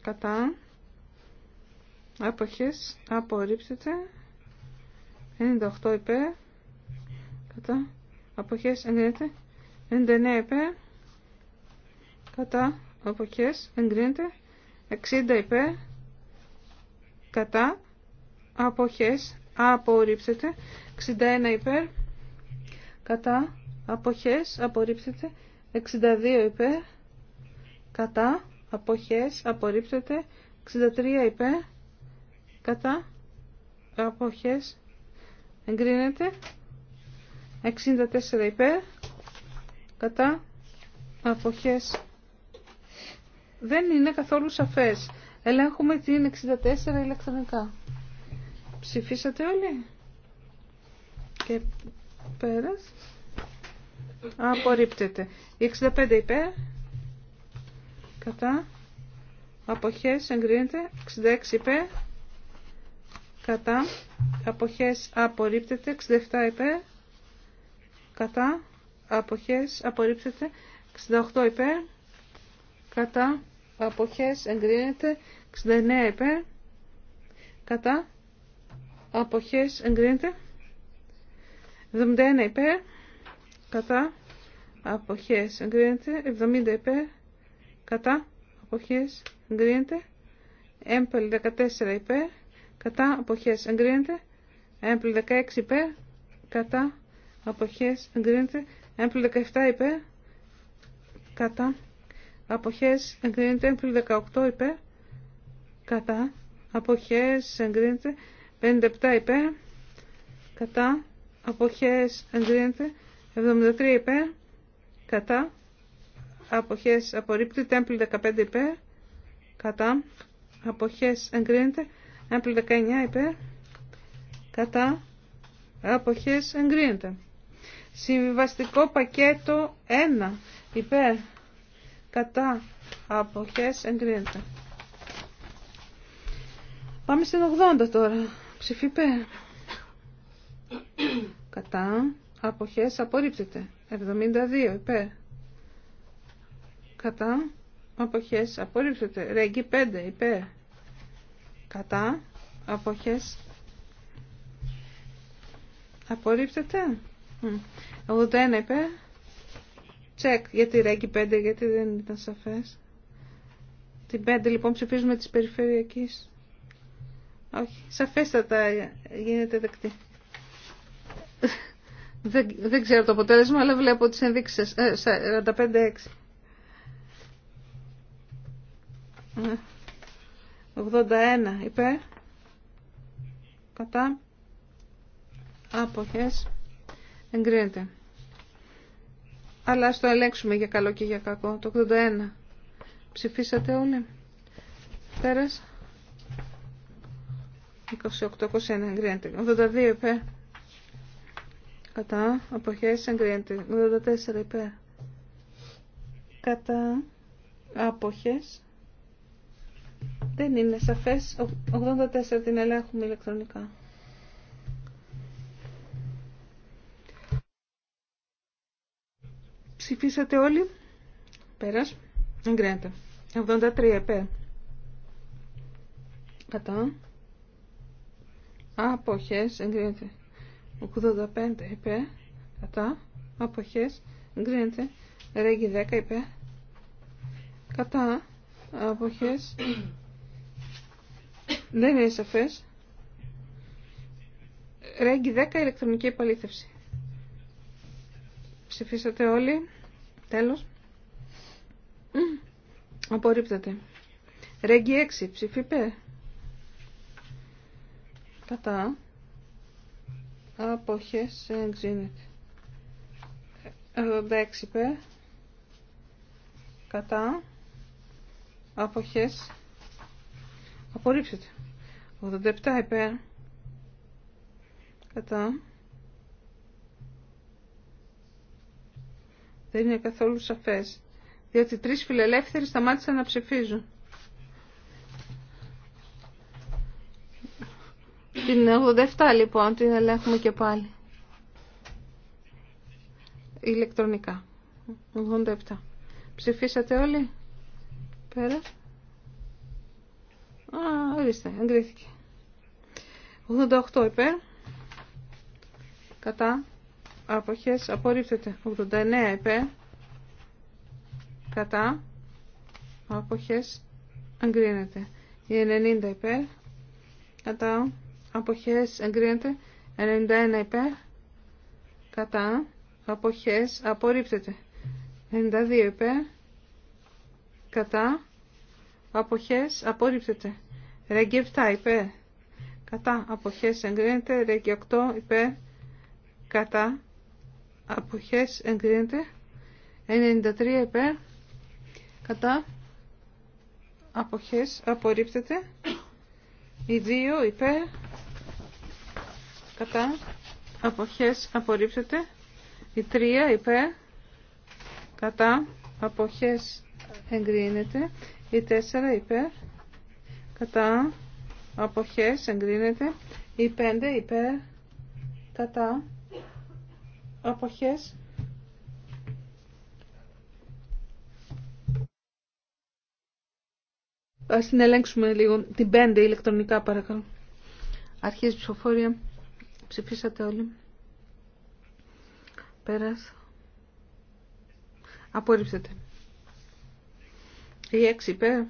κατά, αποχές, απορρίπτεται. 98 υπέρ, κατά, αποχές, εγκρίνεται. 59 υπέρ, κατά, αποχές, εγκρίνεται. 60 υπέρ, κατά, αποχές απορρίψετε 61 υπέρ κατά αποχές απορρίψετε 62 υπέρ κατά αποχές απορρίψετε 63 υπέρ κατά αποχές εγκρίνεται 64 υπέρ κατά αποχές δεν είναι καθόλου σαφές ελέγχουμε την 64 ηλεκτρονικά Ψηφίσατε όλοι. Και πέρας. Απορρίπτεται. 65 υπέρ. Κατά. Αποχές εγκρίνεται. 66 υπέρ. Κατά. Αποχές απορρίπτεται. 67 υπέρ. Κατά. Αποχές απορρίπτεται. 68 υπέρ. Κατά. Αποχές εγκρίνεται. 69 υπέρ. Κατά αποχές εγκρίνεται 71 υπέρ κατά αποχές εγκρίνεται 70 υπέρ κατά αποχές εγκρίνεται έμπλη 14 υπέρ κατά αποχές εγκρίνεται έμπλη 16 υπέρ κατά αποχές εγκρίνεται έμπλη 17 υπέρ κατά αποχές εγκρίνεται έμπλη 18 υπέρ κατά αποχές εγκρίνεται 57 υπέρ, κατά, αποχές εγκρίνεται. 73 υπέρ, κατά, αποχές απορρίπτει. Τέμπλ 15 υπέρ, κατά, αποχές εγκρίνεται. έμπλ 19 υπέρ, κατά, αποχές εγκρίνεται. Συμβιβαστικό πακέτο 1 υπέρ, κατά, αποχές εγκρίνεται. Πάμε στην 80 τώρα ψηφίπε. Κατά. Αποχές απορρίπτεται. 72 υπέρ. Κατά. Αποχές απορρίπτεται. Ρέγγι 5 υπέρ. Κατά. Αποχές απορρίπτεται. 81 υπέρ. Τσεκ γιατί ρέγγι 5 γιατί δεν ήταν σαφές. Την 5 λοιπόν ψηφίζουμε της περιφερειακής. Όχι, σαφέστατα γίνεται δεκτή. Δεν, δεν ξέρω το αποτέλεσμα, αλλά βλέπω τις ενδείξεις σας. Ε, 45-6. 81 ναι. Είπε. Κατά. Άποχες. Εγκρίνεται. Αλλά ας το ελέγξουμε για καλό και για κακό. Το 81. Ψηφίσατε όλοι. Πέρασα. 28-21 εγκρίνεται. 82 υπέρ. Κατά. Αποχές εγκρίνεται. 84 υπέρ. Κατά. Αποχές. Δεν είναι σαφέ, 84 την ελέγχουμε ηλεκτρονικά. Ψηφίσατε όλοι. Πέρα, Εγκρίνεται. 83 επέ. Κατά. Αποχές εγκρίνεται. 85 είπε Κατά. Αποχές εγκρίνεται. Ρέγγι 10 υπέ Κατά. Αποχές. Δεν είναι σαφές. Ρέγγι 10 ηλεκτρονική επαλήθευση. Ψηφίσατε όλοι. Τέλος. Απορρίπτεται. Ρέγγι 6 ψηφίπε κατά αποχές εγκρίνεται 86 υπέρ κατά αποχές απορρίψετε 87 είπε. κατά δεν είναι καθόλου σαφές διότι τρεις φιλελεύθεροι σταμάτησαν να ψηφίζουν Την 87 λοιπόν την ελέγχουμε και πάλι. Ηλεκτρονικά. 87. Ψηφίσατε όλοι. Πέρα. Α, ορίστε, εγκρίθηκε. 88 υπέρ. Κατά. Αποχές απορρίπτεται. 89 υπέρ. Κατά. Αποχές εγκρίνεται. 90 υπέρ. Κατά αποχές εγκρίνεται 91 υπέρ κατά αποχές απορρίπτεται 92 υπέρ κατά αποχές απορρίπτεται ρέγγι 7 υπέρ κατά αποχές εγκρίνεται ρέγγι 8 υπέρ κατά αποχές εγκρίνεται 93 υπέρ κατά αποχές απορρίπτεται οι δύο υπέρ κατά αποχές απορρίπτεται η 3 υπέρ κατά αποχές εγκρίνεται η 4 υπέρ κατά αποχές εγκρίνεται η 5 υπέρ κατά αποχές Θα την ελέγξουμε λίγο την 5 ηλεκτρονικά παρακαλώ. Αρχίζει η ψηφοφορία. Ψηφίσατε όλοι. Πέρας. Απορρίψετε. Η 6 υπέρ.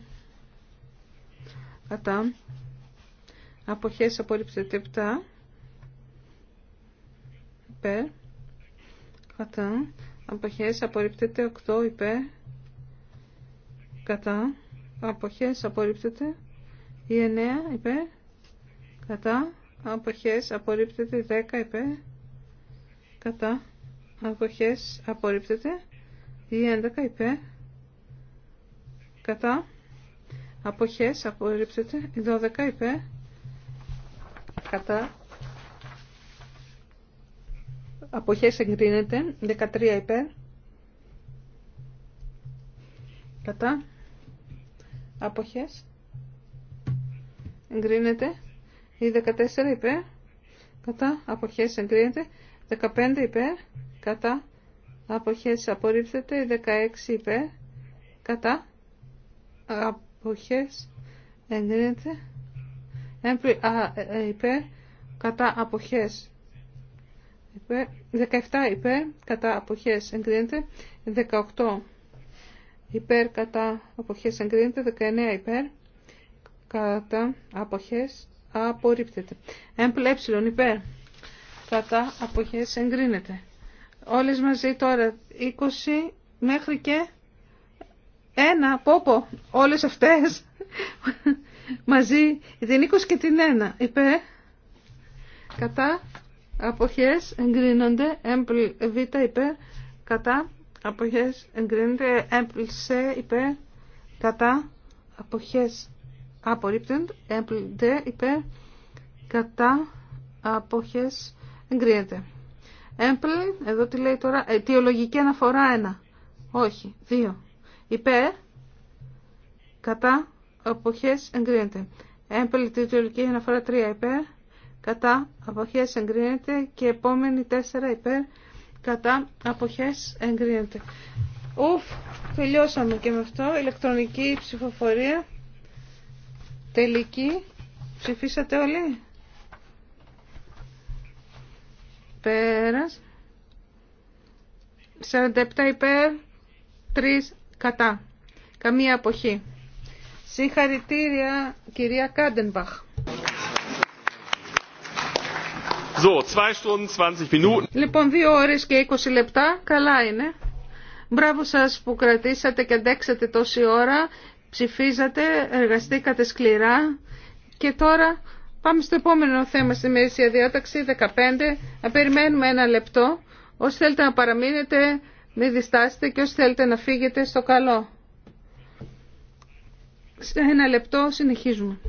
Κατά. Αποχές απορρίψετε 7. Υπέρ. Κατά. Αποχές απορρίπτεται 8 υπέρ. Κατά. αποχέ απορρίπτεται. Η 9 υπέρ. Κατά αποχές απορρίπτεται 10 υπέρ κατά αποχές απορρίπτεται ή 11 υπέρ κατά αποχές απορρίπτεται 12 είπε, κατά αποχές εγκρίνεται 13 υπέρ κατά αποχές εγκρίνεται η 14 υπέρ, κατά, αποχές εγκρίνεται. 15 υπέρ, κατά, αποχές απορρίπτεται. Η 16 υπέρ, κατά, αποχές εγκρίνεται. Έμπρι, ε, ε, υπέρ, κατά, αποχές 17 υπέρ, κατά, αποχές εγκρίνεται. 18 υπέρ, κατά, αποχές εγκρίνεται. 19 υπέρ, κατά, αποχές απορρίπτεται. Έμπλε ε υπέρ κατά αποχές εγκρίνεται. Όλες μαζί τώρα 20 μέχρι και ένα πόπο όλες αυτές μαζί την 20 και την 1 υπέρ κατά αποχές εγκρίνονται έμπλ β υπέρ κατά αποχές εγκρίνεται έμπλ σε υπέρ κατά αποχές απορρίπτεται υπέρ κατά αποχές εγκρίνεται. Έμπλ, εδώ τι λέει τώρα, ε, αιτιολογική αναφορά ένα. Όχι, δύο. Υπέρ, κατά, αποχές εγκρίνεται. Έμπλ, αιτιολογική αναφορά τρία υπέρ, κατά, αποχές εγκρίνεται και επόμενη τέσσερα υπέρ, κατά, αποχές εγκρίνεται. Ουφ, τελειώσαμε και με αυτό, ηλεκτρονική ψηφοφορία. Τελική. Ψηφίσατε όλοι. Πέρας. 47 υπέρ, 3 κατά. Καμία αποχή. Συγχαρητήρια κυρία Κάντενμπαχ. So, Stunden 20 Minuten. Λοιπόν, 2 ώρες και 20 λεπτά, καλά είναι. Μπράβο σας που κρατήσατε και αντέξατε τόση ώρα ψηφίζατε, εργαστήκατε σκληρά και τώρα πάμε στο επόμενο θέμα στη Μέση διάταξη 15. Να περιμένουμε ένα λεπτό. Όσοι θέλετε να παραμείνετε, μην διστάσετε και όσοι θέλετε να φύγετε στο καλό. Σε ένα λεπτό συνεχίζουμε.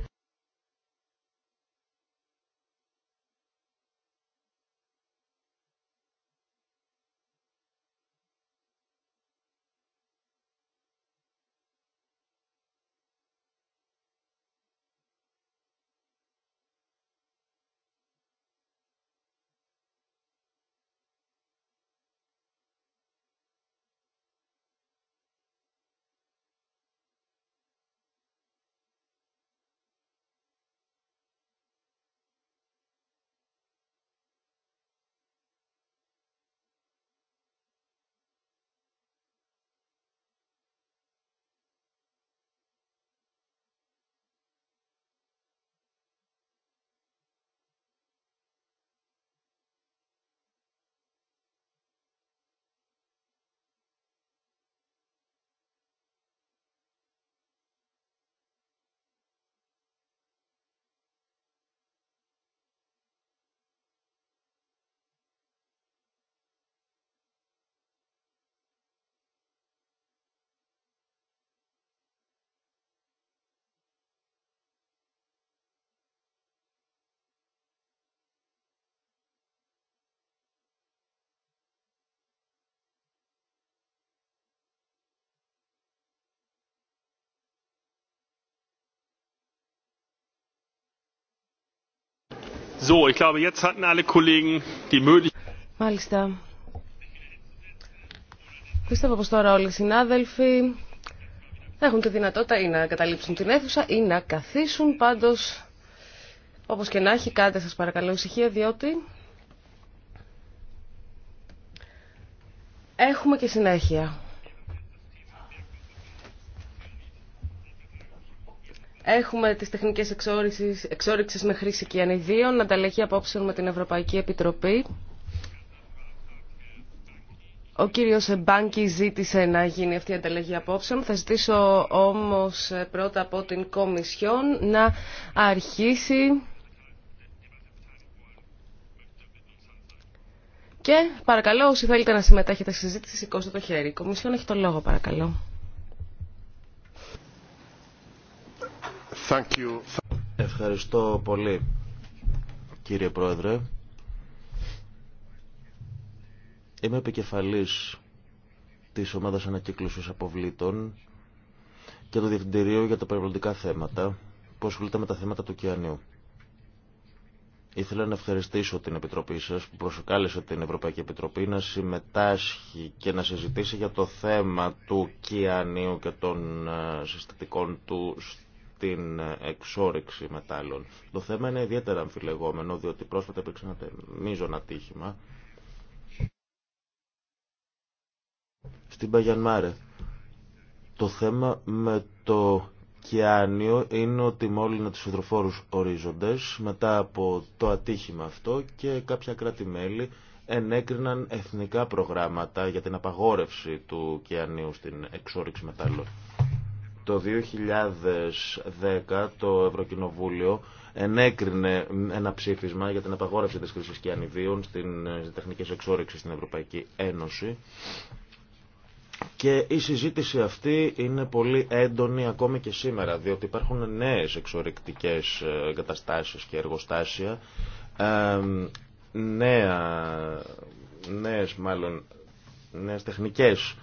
So, ich Πιστεύω πως τώρα όλοι οι συνάδελφοι έχουν τη δυνατότητα ή να καταλήψουν την αίθουσα ή να καθίσουν πάντως όπως και να έχει κάντε σας παρακαλώ ησυχία διότι έχουμε και συνέχεια. Έχουμε τις τεχνικές εξόρυξης με χρήση και κιανιδίων, ανταλλαγή απόψεων με την Ευρωπαϊκή Επιτροπή. Ο κύριος Μπάνκι ζήτησε να γίνει αυτή η ανταλλαγή απόψεων. Θα ζητήσω όμως πρώτα από την Κομισιόν να αρχίσει και παρακαλώ όσοι θέλετε να συμμετέχετε στη συζήτηση σηκώστε το χέρι. Η Κομισιόν έχει το λόγο παρακαλώ. Ευχαριστώ πολύ κύριε Πρόεδρε. Είμαι επικεφαλής της ομάδας ανακύκλωσης αποβλήτων και το Διευθυντηρίου για τα περιβαλλοντικά θέματα που ασχολείται με τα θέματα του Κιάνιου. Ήθελα να ευχαριστήσω την Επιτροπή σας που προσκάλεσε την Ευρωπαϊκή Επιτροπή να συμμετάσχει και να συζητήσει για το θέμα του Κιάνιου και των ε, συστατικών του την εξόρυξη μετάλλων. Το θέμα είναι ιδιαίτερα αμφιλεγόμενο, διότι πρόσφατα υπήρξε ένα μείζον ατύχημα στην Παγιανμάρε. Το θέμα με το κιάνιο είναι ότι μόλυνε τους υδροφόρους ορίζοντες μετά από το ατύχημα αυτό και κάποια κράτη-μέλη ενέκριναν εθνικά προγράμματα για την απαγόρευση του κιανίου στην εξόρυξη μετάλλων. Το 2010 το Ευρωκοινοβούλιο ενέκρινε ένα ψήφισμα για την απαγόρευση της χρήσης και ανιδίων στην τεχνική εξόρυξη στην Ευρωπαϊκή Ένωση και η συζήτηση αυτή είναι πολύ έντονη ακόμη και σήμερα διότι υπάρχουν νέες εξορυκτικές ε, εγκαταστάσεις και εργοστάσια ε, νέα, νέες μάλλον νέες τεχνικές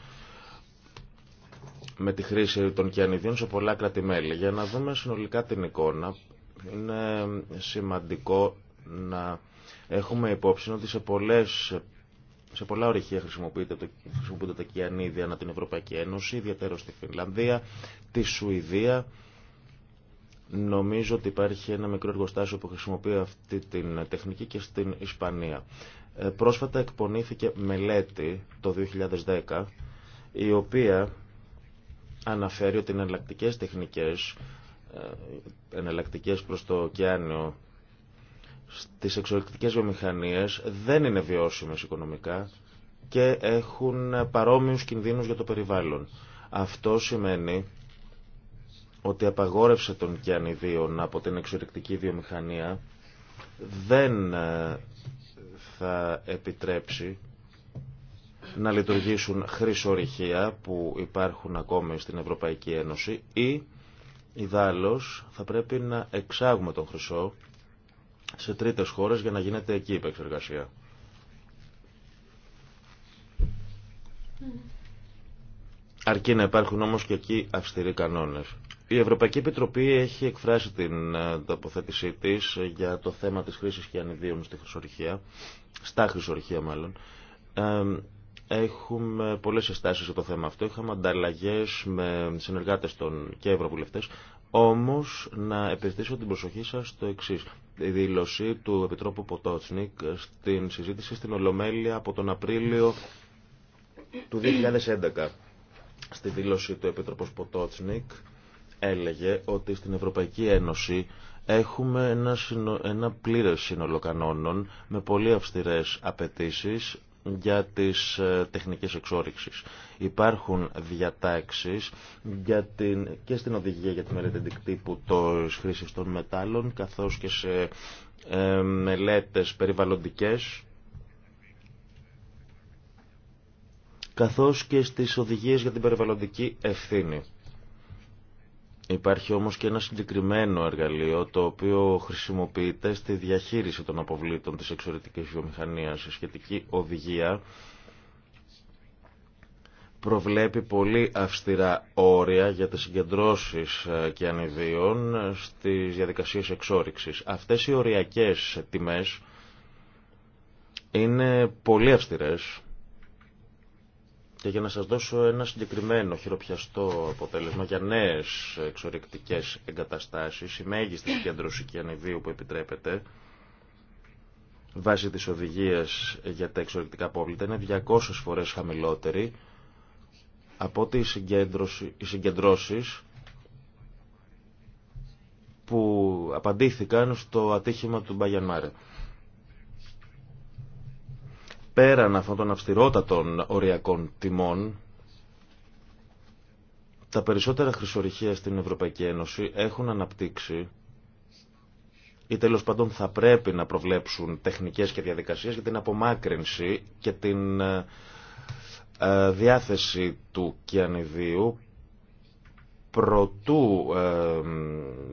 με τη χρήση των κιανιδίων σε πολλά κράτη-μέλη. Για να δούμε συνολικά την εικόνα, είναι σημαντικό να έχουμε υπόψη ότι σε, πολλές, σε πολλά ορυχεία χρησιμοποιούνται, χρησιμοποιούνται τα κιανίδια ανά την Ευρωπαϊκή Ένωση, ιδιαίτερα στη Φινλανδία, τη Σουηδία. Νομίζω ότι υπάρχει ένα μικρό εργοστάσιο που χρησιμοποιεί αυτή την τεχνική και στην Ισπανία. Ε, πρόσφατα εκπονήθηκε μελέτη το 2010, η οποία αναφέρει ότι οι εναλλακτικές τεχνικές, ε, εναλλακτικές προς το ωκεάνιο στις εξορυκτικές βιομηχανίες δεν είναι βιώσιμες οικονομικά και έχουν παρόμοιους κινδύνους για το περιβάλλον. Αυτό σημαίνει ότι η τον των κιανιδίων από την εξωτερική βιομηχανία δεν ε, θα επιτρέψει να λειτουργήσουν χρυσορυχεία που υπάρχουν ακόμη στην Ευρωπαϊκή Ένωση ή ιδάλλως θα πρέπει να εξάγουμε τον χρυσό σε τρίτες χώρες για να γίνεται εκεί η επεξεργασία. Αρκεί να υπάρχουν όμως και εκεί αυστηροί κανόνες. Η Ευρωπαϊκή Επιτροπή έχει εκφράσει την ε, τοποθέτησή της για το θέμα της χρήσης και ανιδίων στη χρυσορυχία, στα χρυσορυχία μάλλον. Ε, Έχουμε πολλές συστάσεις για το θέμα αυτό. Είχαμε ανταλλαγές με συνεργάτες των και ευρωβουλευτές. Όμως να επιστήσω την προσοχή σας στο εξή. Η δήλωση του Επιτρόπου Ποτότσνικ στην συζήτηση στην Ολομέλεια από τον Απρίλιο του 2011. Στη δήλωση του επιτρόπου Ποτότσνικ έλεγε ότι στην Ευρωπαϊκή Ένωση έχουμε ένα, συνο... ένα πλήρες σύνολο με πολύ αυστηρές απαιτήσεις για τις ε, τεχνικές εξόριξεις. Υπάρχουν διατάξεις για την, και στην οδηγία για τη μελέτη αντικτύπου της των μετάλλων καθώς και σε ε, μελέτες περιβαλλοντικές καθώς και στις οδηγίες για την περιβαλλοντική ευθύνη. Υπάρχει όμως και ένα συγκεκριμένο εργαλείο το οποίο χρησιμοποιείται στη διαχείριση των αποβλήτων της εξωτερική βιομηχανίας. Η σχετική οδηγία προβλέπει πολύ αυστηρά όρια για τις συγκεντρώσεις ε, και ανιδίων στις διαδικασίες εξόριξης. Αυτές οι οριακές τιμές είναι πολύ αυστηρές και για να σας δώσω ένα συγκεκριμένο χειροπιαστό αποτέλεσμα για νέες εξορρυκτικές εγκαταστάσεις, η μέγιστη συγκέντρωση και ανεδίου που επιτρέπεται, βάσει της οδηγίας για τα εξορρυκτικά πόβλητα, είναι 200 φορές χαμηλότερη από ότι οι συγκεντρώσεις που απαντήθηκαν στο ατύχημα του Μπαγιαν πέραν αυτών των αυστηρότατων οριακών τιμών, τα περισσότερα χρυσορυχεία στην Ευρωπαϊκή Ένωση έχουν αναπτύξει ή τέλος πάντων θα πρέπει να προβλέψουν τεχνικές και διαδικασίες για την απομάκρυνση και την ε, ε, διάθεση του κιανιδίου προτού ε,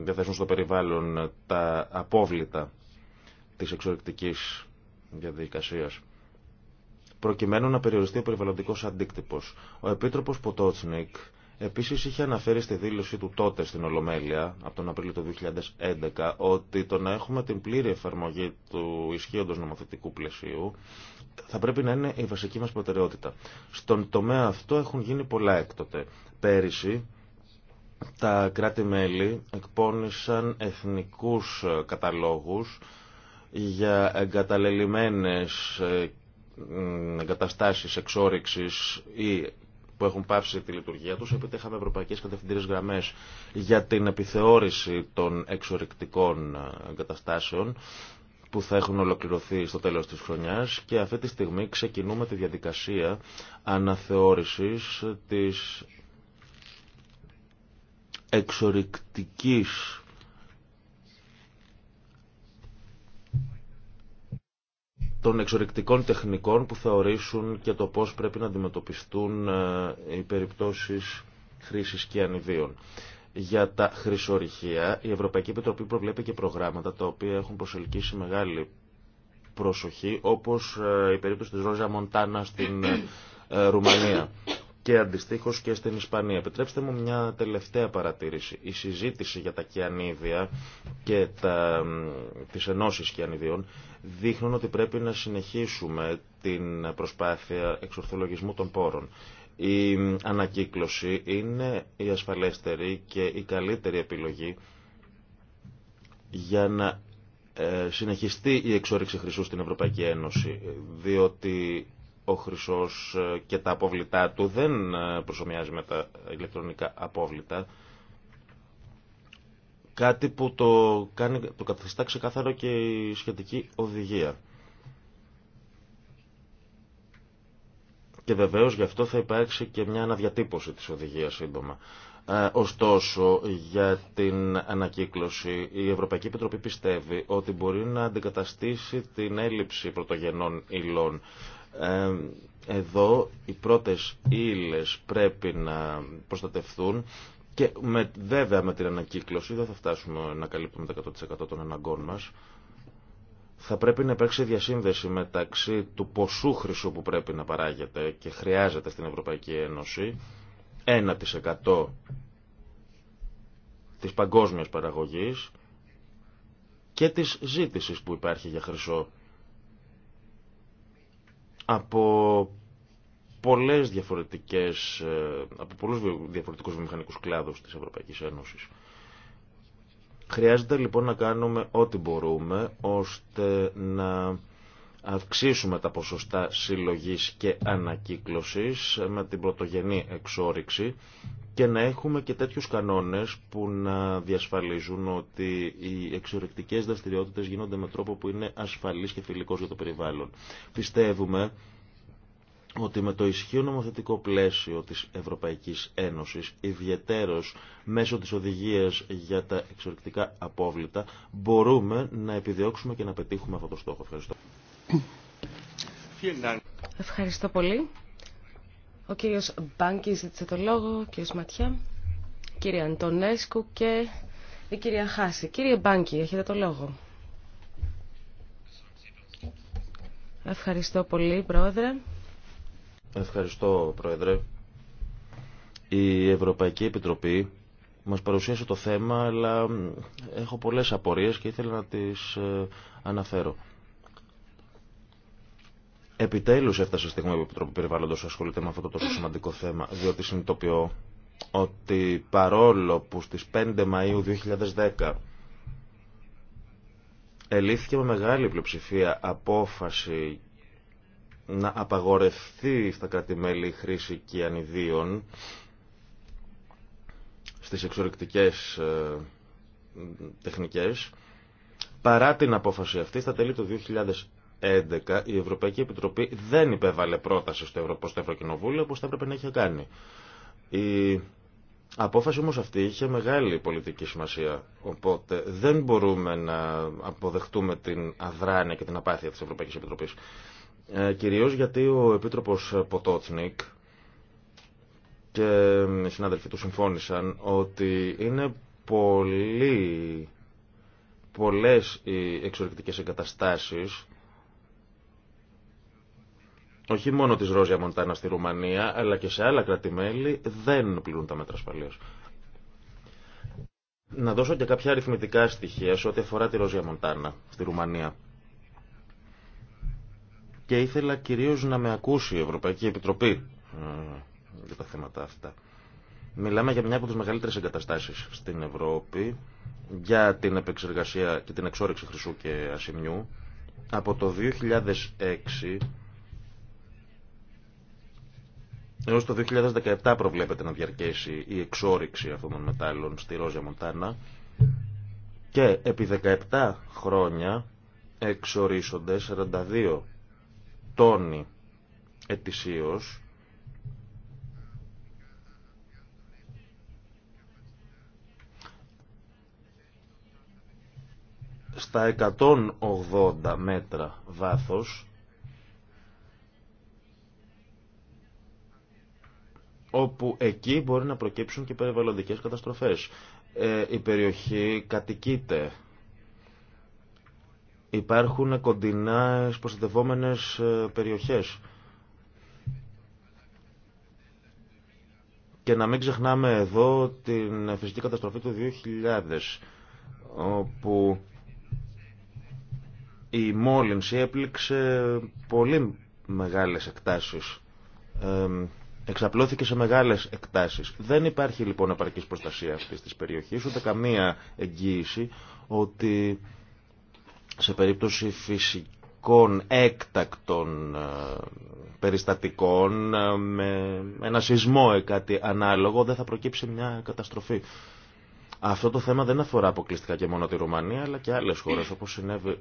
διαθέσουν στο περιβάλλον τα απόβλητα της εξορρυκτικής διαδικασίας προκειμένου να περιοριστεί ο περιβαλλοντικό αντίκτυπο. Ο Επίτροπος Ποτότσνικ επίσης είχε αναφέρει στη δήλωση του τότε στην Ολομέλεια, από τον Απρίλιο του 2011, ότι το να έχουμε την πλήρη εφαρμογή του ισχύοντος νομοθετικού πλαισίου θα πρέπει να είναι η βασική μας προτεραιότητα. Στον τομέα αυτό έχουν γίνει πολλά έκτοτε. Πέρυσι, τα κράτη-μέλη εκπώνησαν εθνικούς καταλόγους για εγκαταλελειμμένες εγκαταστάσεις εξόρυξης ή που έχουν πάψει τη λειτουργία τους, επειδή είχαμε ευρωπαϊκές κατευθυντήρες γραμμές για την επιθεώρηση των εξορυκτικών ε, εγκαταστάσεων που θα έχουν ολοκληρωθεί στο τέλος της χρονιάς και αυτή τη στιγμή ξεκινούμε τη διαδικασία αναθεώρησης της εξορυκτικής των εξορρυκτικών τεχνικών που θα ορίσουν και το πώς πρέπει να αντιμετωπιστούν ε, οι περιπτώσεις χρήσης και ανιδίων. Για τα χρυσορυχεία, η Ευρωπαϊκή Επιτροπή προβλέπει και προγράμματα τα οποία έχουν προσελκύσει μεγάλη προσοχή, όπως ε, η περίπτωση της Ρόζα Μοντάνα στην ε, Ρουμανία και αντιστοίχω και στην Ισπανία. Επιτρέψτε μου μια τελευταία παρατήρηση. Η συζήτηση για τα κιανίδια και τα, τις ενώσεις κιανιδιών δείχνουν ότι πρέπει να συνεχίσουμε την προσπάθεια εξορθολογισμού των πόρων. Η ανακύκλωση είναι η ασφαλέστερη και η καλύτερη επιλογή για να ε, συνεχιστεί η εξόριξη χρυσού στην Ευρωπαϊκή Ένωση, διότι ο χρυσός ε, και τα απόβλητά του δεν ε, προσωμιάζει με τα ηλεκτρονικά απόβλητα. Κάτι που το, κάνει, το καθιστά ξεκάθαρο και η σχετική οδηγία. Και βεβαίως γι' αυτό θα υπάρξει και μια αναδιατύπωση της οδηγίας σύντομα. Ε, ωστόσο, για την ανακύκλωση, η Ευρωπαϊκή Επιτροπή πιστεύει ότι μπορεί να αντικαταστήσει την έλλειψη πρωτογενών υλών εδώ οι πρώτες ύλες πρέπει να προστατευθούν και με, βέβαια με την ανακύκλωση δεν θα φτάσουμε να καλύπτουμε 100% των αναγκών μας. Θα πρέπει να υπάρξει διασύνδεση μεταξύ του ποσού χρυσού που πρέπει να παράγεται και χρειάζεται στην Ευρωπαϊκή Ένωση 1% της παγκόσμιας παραγωγής και της ζήτησης που υπάρχει για χρυσό από πολλές διαφορετικές, ε, από πολλούς διαφορετικούς βιομηχανικούς κλάδους της Ευρωπαϊκής Ένωσης. Χρειάζεται λοιπόν να κάνουμε ό,τι μπορούμε ώστε να αυξήσουμε τα ποσοστά συλλογής και ανακύκλωσης με την πρωτογενή εξόριξη και να έχουμε και τέτοιους κανόνες που να διασφαλίζουν ότι οι εξορρεκτικές δραστηριότητες γίνονται με τρόπο που είναι ασφαλής και φιλικός για το περιβάλλον. Πιστεύουμε ότι με το ισχύο νομοθετικό πλαίσιο της Ευρωπαϊκής Ένωσης, ιδιαιτέρως μέσω της οδηγίας για τα εξορρυκτικά απόβλητα, μπορούμε να επιδιώξουμε και να πετύχουμε αυτό το στόχο. Ευχαριστώ. Ευχαριστώ πολύ. Ο κύριος Μπάνκι ζήτησε το λόγο, ο κύριος Ματιά, κύριε κυρία Αντωνέσκου και η κυρία Χάση. Κύριε Μπάνκι, έχετε το λόγο. Ευχαριστώ πολύ, Πρόεδρε. Ευχαριστώ, Πρόεδρε. Η Ευρωπαϊκή Επιτροπή μας παρουσίασε το θέμα, αλλά έχω πολλές απορίες και ήθελα να τις ε, αναφέρω. Επιτέλου έφτασε η στιγμή που η Επιτροπή Περιβάλλοντος ασχολείται με αυτό το τόσο σημαντικό θέμα, διότι συνειδητοποιώ ότι παρόλο που στις 5 Μαΐου 2010 ελήφθηκε με μεγάλη πλειοψηφία απόφαση να απαγορευτεί στα κρατημέλη η χρήση κυανιδίων στις εξορρυκτικές ε, τεχνικές, παρά την απόφαση αυτή στα τέλη του 2011 η Ευρωπαϊκή Επιτροπή δεν υπέβαλε πρόταση στο, ευρωπαϊκό Ευρωκοινοβούλιο όπως θα έπρεπε να είχε κάνει. Η απόφαση όμως αυτή είχε μεγάλη πολιτική σημασία. Οπότε δεν μπορούμε να αποδεχτούμε την αδράνεια και την απάθεια της Ευρωπαϊκής Επιτροπής. Ε, κυρίως γιατί ο Επίτροπος Ποτότσνικ και οι συνάδελφοι του συμφώνησαν ότι είναι πολύ πολλές οι εξορρυκτικές εγκαταστάσεις όχι μόνο τη Ρόζια Μοντάνα στη Ρουμανία, αλλά και σε άλλα κρατημέλη δεν πληρούν τα μέτρα ασφαλεία. Να δώσω και κάποια αριθμητικά στοιχεία σε ό,τι αφορά τη Ρόζια Μοντάνα στη Ρουμανία. Και ήθελα κυρίως να με ακούσει η Ευρωπαϊκή Επιτροπή ε, για τα θέματα αυτά. Μιλάμε για μια από τις μεγαλύτερες εγκαταστάσει στην Ευρώπη για την επεξεργασία και την εξόρυξη χρυσού και ασημιού. Από το 2006 Έως το 2017 προβλέπεται να διαρκέσει η εξόριξη αυτών των μετάλλων στη Ρόζια Μοντάνα και επί 17 χρόνια εξορίσονται 42 τόνοι ετησίως στα 180 μέτρα βάθος όπου εκεί μπορεί να προκύψουν και περιβαλλοντικές καταστροφές. Ε, η περιοχή κατοικείται. Υπάρχουν κοντινά προστατευόμενες ε, περιοχές. Και να μην ξεχνάμε εδώ την φυσική καταστροφή του 2000, όπου η μόλυνση έπληξε πολύ μεγάλες εκτάσεις. Εξαπλώθηκε σε μεγάλες εκτάσεις. Δεν υπάρχει λοιπόν επαρκής προστασία αυτή της περιοχής, ούτε καμία εγγύηση ότι σε περίπτωση φυσικών έκτακτων ε, περιστατικών ε, με ένα σεισμό ή κάτι ανάλογο δεν θα προκύψει μια καταστροφή. Αυτό το θέμα δεν αφορά αποκλειστικά και μόνο τη Ρουμανία αλλά και άλλες χώρες όπως συνέβη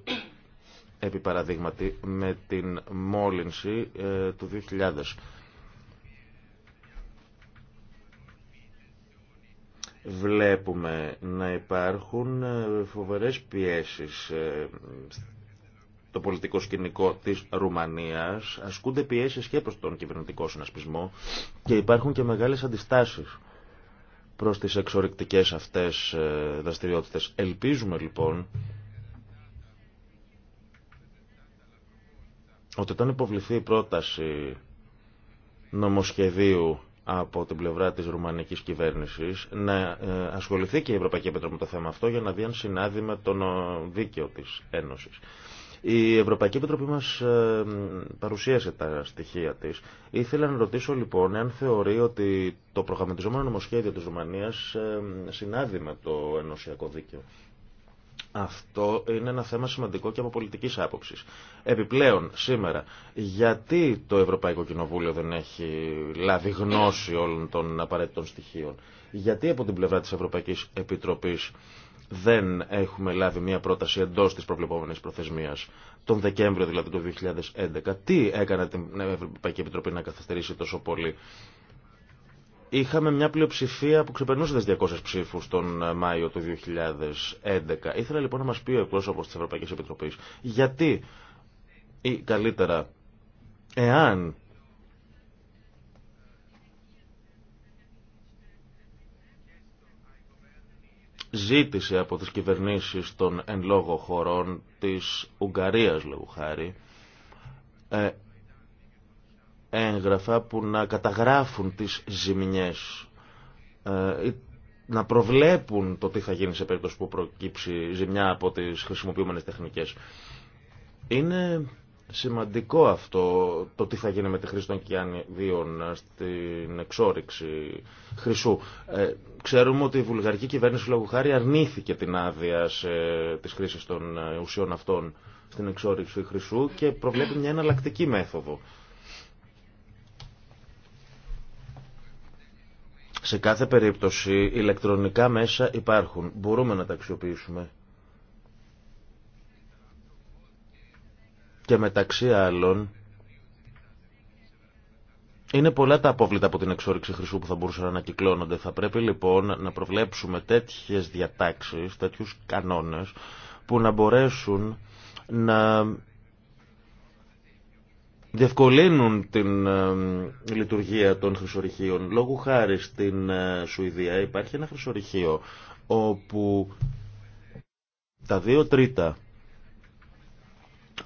επί παραδείγματι με την μόλυνση ε, του 2000 βλέπουμε να υπάρχουν ε, φοβερές πιέσεις ε, το πολιτικό σκηνικό της Ρουμανίας, ασκούνται πιέσεις και προς τον κυβερνητικό συνασπισμό και υπάρχουν και μεγάλες αντιστάσεις προς τις εξορρυκτικές αυτές ε, δραστηριότητες. Ελπίζουμε λοιπόν ότι όταν υποβληθεί η πρόταση νομοσχεδίου από την πλευρά της ρουμανικής κυβέρνησης να ε, ασχοληθεί και η Ευρωπαϊκή Επιτροπή με το θέμα αυτό για να δει αν συνάδει με τον ε, δίκαιο της Ένωσης. Η Ευρωπαϊκή Επιτροπή μας ε, παρουσίασε τα στοιχεία της. Ήθελα να ρωτήσω λοιπόν αν θεωρεί ότι το προγραμματιζόμενο νομοσχέδιο της Ρουμανίας συνάδει με το ενωσιακό δίκαιο. Αυτό είναι ένα θέμα σημαντικό και από πολιτική άποψη. Επιπλέον, σήμερα, γιατί το Ευρωπαϊκό Κοινοβούλιο δεν έχει λάβει γνώση όλων των απαραίτητων στοιχείων. Γιατί από την πλευρά τη Ευρωπαϊκή Επιτροπή δεν έχουμε λάβει μια πρόταση εντό τη προβλεπόμενη προθεσμία, τον Δεκέμβριο δηλαδή του 2011. Τι έκανε την Ευρωπαϊκή Επιτροπή να καθυστερήσει τόσο πολύ Είχαμε μια πλειοψηφία που ξεπερνούσε τι 200 ψήφου τον ε, Μάιο του 2011. Ήθελα λοιπόν να μα πει ο εκπρόσωπο τη Ευρωπαϊκή Επιτροπή γιατί ή καλύτερα εάν ζήτησε από τις κυβερνήσεις των εν λόγω χωρών της Ουγγαρίας λόγου χάρη ε, έγγραφα που να καταγράφουν τις ζημιές ε, να προβλέπουν το τι θα γίνει σε περίπτωση που προκύψει ζημιά από τις χρησιμοποιούμενες τεχνικές. Είναι σημαντικό αυτό το τι θα γίνει με τη χρήση των κυανιδίων στην εξόριξη χρυσού. Ε, ξέρουμε ότι η βουλγαρική κυβέρνηση λόγω χάρη αρνήθηκε την άδεια σε, της χρήσης των ε, ουσιών αυτών στην εξόριξη χρυσού και προβλέπει μια εναλλακτική μέθοδο Σε κάθε περίπτωση ηλεκτρονικά μέσα υπάρχουν. Μπορούμε να τα αξιοποιήσουμε. Και μεταξύ άλλων είναι πολλά τα απόβλητα από την εξόριξη χρυσού που θα μπορούσαν να ανακυκλώνονται. Θα πρέπει λοιπόν να προβλέψουμε τέτοιες διατάξεις, τέτοιους κανόνες που να μπορέσουν να διευκολύνουν την λειτουργία των χρυσορυχείων. Λόγω χάρη στην ε, Σουηδία υπάρχει ένα χρυσορυχείο όπου τα δύο τρίτα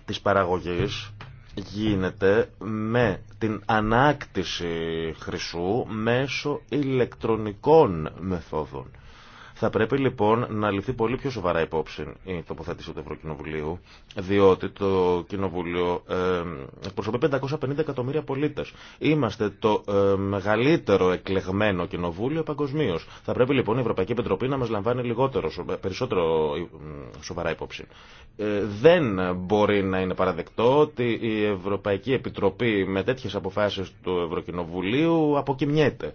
της παραγωγής γίνεται με την ανάκτηση χρυσού μέσω ηλεκτρονικών μεθόδων. Θα πρέπει λοιπόν να ληφθεί πολύ πιο σοβαρά υπόψη η τοποθέτηση του Ευρωκοινοβουλίου, διότι το Κοινοβούλιο Προσωπεί 550 εκατομμύρια πολίτε. Είμαστε το μεγαλύτερο εκλεγμένο κοινοβούλιο παγκοσμίω. Θα πρέπει λοιπόν η Ευρωπαϊκή Επιτροπή να μα λαμβάνει λιγότερο, περισσότερο σοβαρά υπόψη. Ε, δεν μπορεί να είναι παραδεκτό ότι η Ευρωπαϊκή Επιτροπή με τέτοιε αποφάσει του Ευρωκοινοβουλίου αποκοιμιέται.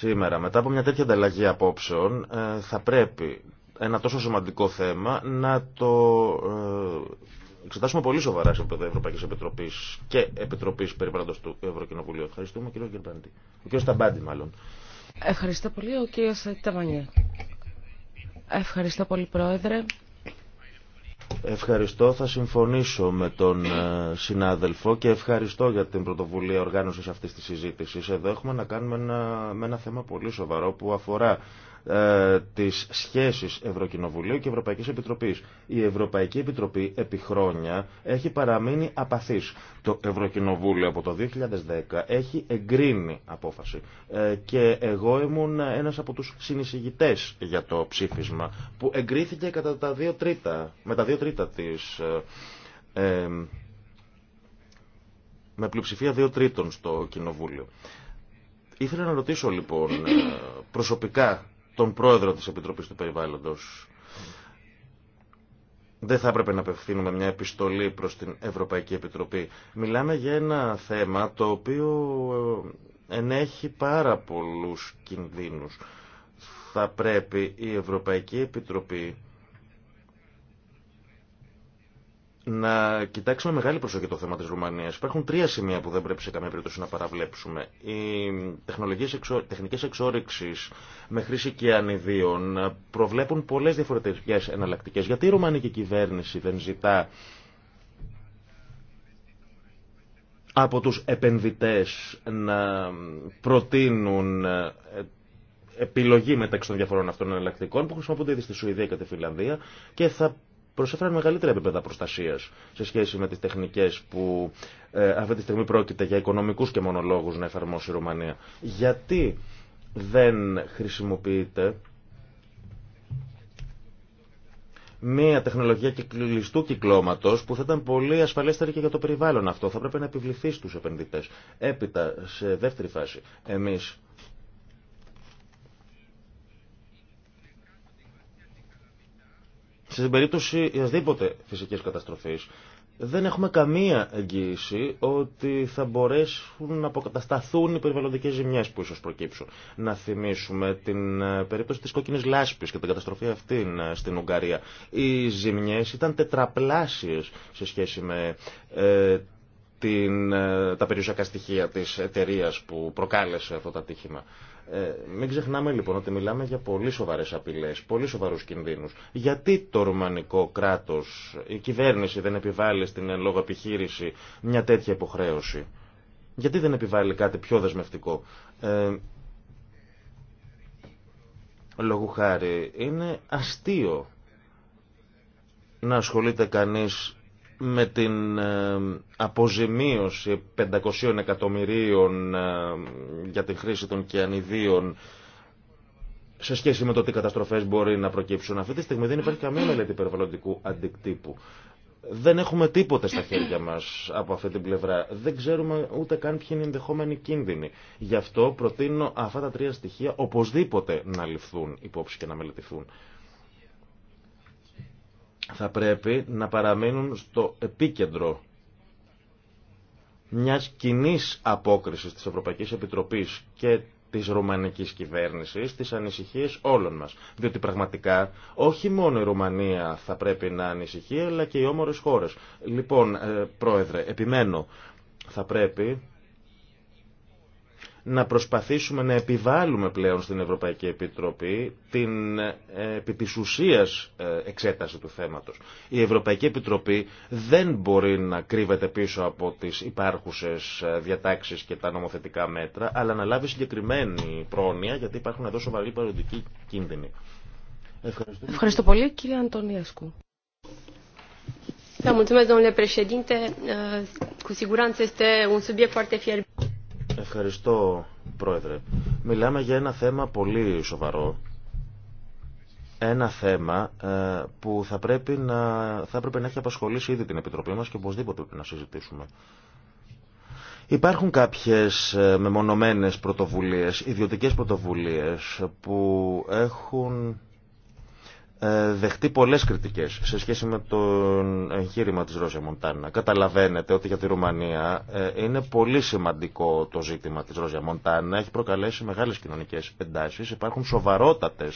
Σήμερα, μετά από μια τέτοια ανταλλαγή απόψεων, ε, θα πρέπει ένα τόσο σημαντικό θέμα να το ε, εξετάσουμε πολύ σοβαρά σε επίπεδο Ευρωπαϊκή Επιτροπή και Επιτροπή Περιβάλλοντο του Ευρωκοινοβουλίου. Ευχαριστούμε, κύριο Γκερμπάντη. Ο κύριο Σταμπάντη, μάλλον. Ευχαριστώ πολύ, ο κύριο Ταμπάντη. Ευχαριστώ πολύ, Πρόεδρε. Ευχαριστώ. Θα συμφωνήσω με τον ε, συνάδελφο και ευχαριστώ για την πρωτοβουλία οργάνωσης αυτής της συζήτησης. Εδώ έχουμε να κάνουμε ένα, με ένα θέμα πολύ σοβαρό που αφορά ε, τις σχέσεις Ευρωκοινοβουλίου και Ευρωπαϊκής Επιτροπής. Η Ευρωπαϊκή Επιτροπή επί χρόνια έχει παραμείνει απαθής. Το Ευρωκοινοβούλιο από το 2010 έχει εγκρίνει απόφαση ε, και εγώ ήμουν ένας από τους συνεισηγητές για το ψήφισμα που εγκρίθηκε κατά τα δύο τρίτα, με τα δύο τρίτα της... Ε, ε, με πλειοψηφία δύο τρίτων στο Κοινοβούλιο. Ήθελα να ρωτήσω λοιπόν προσωπικά τον πρόεδρο της Επιτροπής του Περιβάλλοντος. Δεν θα έπρεπε να απευθύνουμε μια επιστολή προς την Ευρωπαϊκή Επιτροπή. Μιλάμε για ένα θέμα το οποίο ε, ενέχει πάρα πολλούς κινδύνους. Θα πρέπει η Ευρωπαϊκή Επιτροπή να κοιτάξουμε μεγάλη προσοχή το θέμα τη Ρουμανίας. Υπάρχουν τρία σημεία που δεν πρέπει σε καμία περίπτωση να παραβλέψουμε. Οι τεχνικέ εξο... με χρήση και ανιδίων προβλέπουν πολλέ διαφορετικέ εναλλακτικέ. Γιατί η ρουμανική κυβέρνηση δεν ζητά από τους επενδυτές να προτείνουν ε, επιλογή μεταξύ των διαφορών αυτών εναλλακτικών που χρησιμοποιούνται ήδη στη Σουηδία και τη Φιλανδία και θα προσέφεραν μεγαλύτερα επίπεδα προστασία σε σχέση με τι τεχνικέ που ε, αυτή τη στιγμή πρόκειται για οικονομικού και μονολόγου να εφαρμόσει η Ρουμανία. Γιατί δεν χρησιμοποιείται μια τεχνολογία κυκλιστού κυκλώματο που θα ήταν πολύ ασφαλέστερη και για το περιβάλλον αυτό. Θα πρέπει να επιβληθεί στου επενδυτέ. Έπειτα, σε δεύτερη φάση, εμεί στην περίπτωση οποιασδήποτε φυσική καταστροφή δεν έχουμε καμία εγγύηση ότι θα μπορέσουν να αποκατασταθούν οι περιβαλλοντικές ζημιές που ίσω προκύψουν. Να θυμίσουμε την ε, περίπτωση της κόκκινη λάσπης και την καταστροφή αυτή ε, στην Ουγγαρία. Οι ζημιές ήταν τετραπλάσιες σε σχέση με ε, την, τα περιουσιακά στοιχεία της εταιρεία που προκάλεσε αυτό το ατύχημα. Ε, μην ξεχνάμε λοιπόν ότι μιλάμε για πολύ σοβαρέ απειλέ, πολύ σοβαρού κινδύνου. Γιατί το ρουμανικό κράτο, η κυβέρνηση δεν επιβάλλει στην εν λόγω επιχείρηση μια τέτοια υποχρέωση. Γιατί δεν επιβάλλει κάτι πιο δεσμευτικό. Ε, λόγου χάρη, είναι αστείο να ασχολείται κανείς με την ε, αποζημίωση 500 εκατομμυρίων ε, για τη χρήση των κιανιδίων σε σχέση με το τι καταστροφές μπορεί να προκύψουν. Αυτή τη στιγμή δεν υπάρχει καμία μελέτη περιβαλλοντικού αντικτύπου. Δεν έχουμε τίποτε στα χέρια μας από αυτή την πλευρά. Δεν ξέρουμε ούτε καν ποιοι είναι ενδεχόμενοι κίνδυνοι. Γι' αυτό προτείνω αυτά τα τρία στοιχεία οπωσδήποτε να ληφθούν υπόψη και να μελετηθούν θα πρέπει να παραμείνουν στο επίκεντρο μιας κοινή απόκρισης της Ευρωπαϊκής Επιτροπής και της ρουμανικής κυβέρνησης, τις ανησυχίες όλων μας. Διότι πραγματικά όχι μόνο η Ρουμανία θα πρέπει να ανησυχεί, αλλά και οι όμορες χώρες. Λοιπόν, ε, Πρόεδρε, επιμένω, θα πρέπει να προσπαθήσουμε να επιβάλλουμε πλέον στην Ευρωπαϊκή Επιτροπή την ε, επί ε, εξέταση του θέματος. Η Ευρωπαϊκή Επιτροπή δεν μπορεί να κρύβεται πίσω από τις υπάρχουσες ε, διατάξεις και τα νομοθετικά μέτρα, αλλά να λάβει συγκεκριμένη πρόνοια, γιατί υπάρχουν εδώ σοβαροί παροδικοί κίνδυνοι. Ευχαριστώ. πολύ, κύριε Αντωνίασκου. mulțumesc, domnule președinte. Cu siguranță este un subiect foarte Ευχαριστώ, Πρόεδρε. Μιλάμε για ένα θέμα πολύ σοβαρό. Ένα θέμα ε, που θα, πρέπει να, θα έπρεπε να έχει απασχολήσει ήδη την Επιτροπή μας και οπωσδήποτε πρέπει να συζητήσουμε. Υπάρχουν κάποιες ε, μεμονωμένες πρωτοβουλίες, ιδιωτικές πρωτοβουλίες που έχουν ε, δεχτεί πολλέ κριτικέ σε σχέση με το εγχείρημα τη Ρώσια Μοντάνα. Καταλαβαίνετε ότι για τη Ρουμανία ε, είναι πολύ σημαντικό το ζήτημα τη Ρώσια Μοντάνα. Έχει προκαλέσει μεγάλε κοινωνικέ εντάσει. Υπάρχουν σοβαρότατε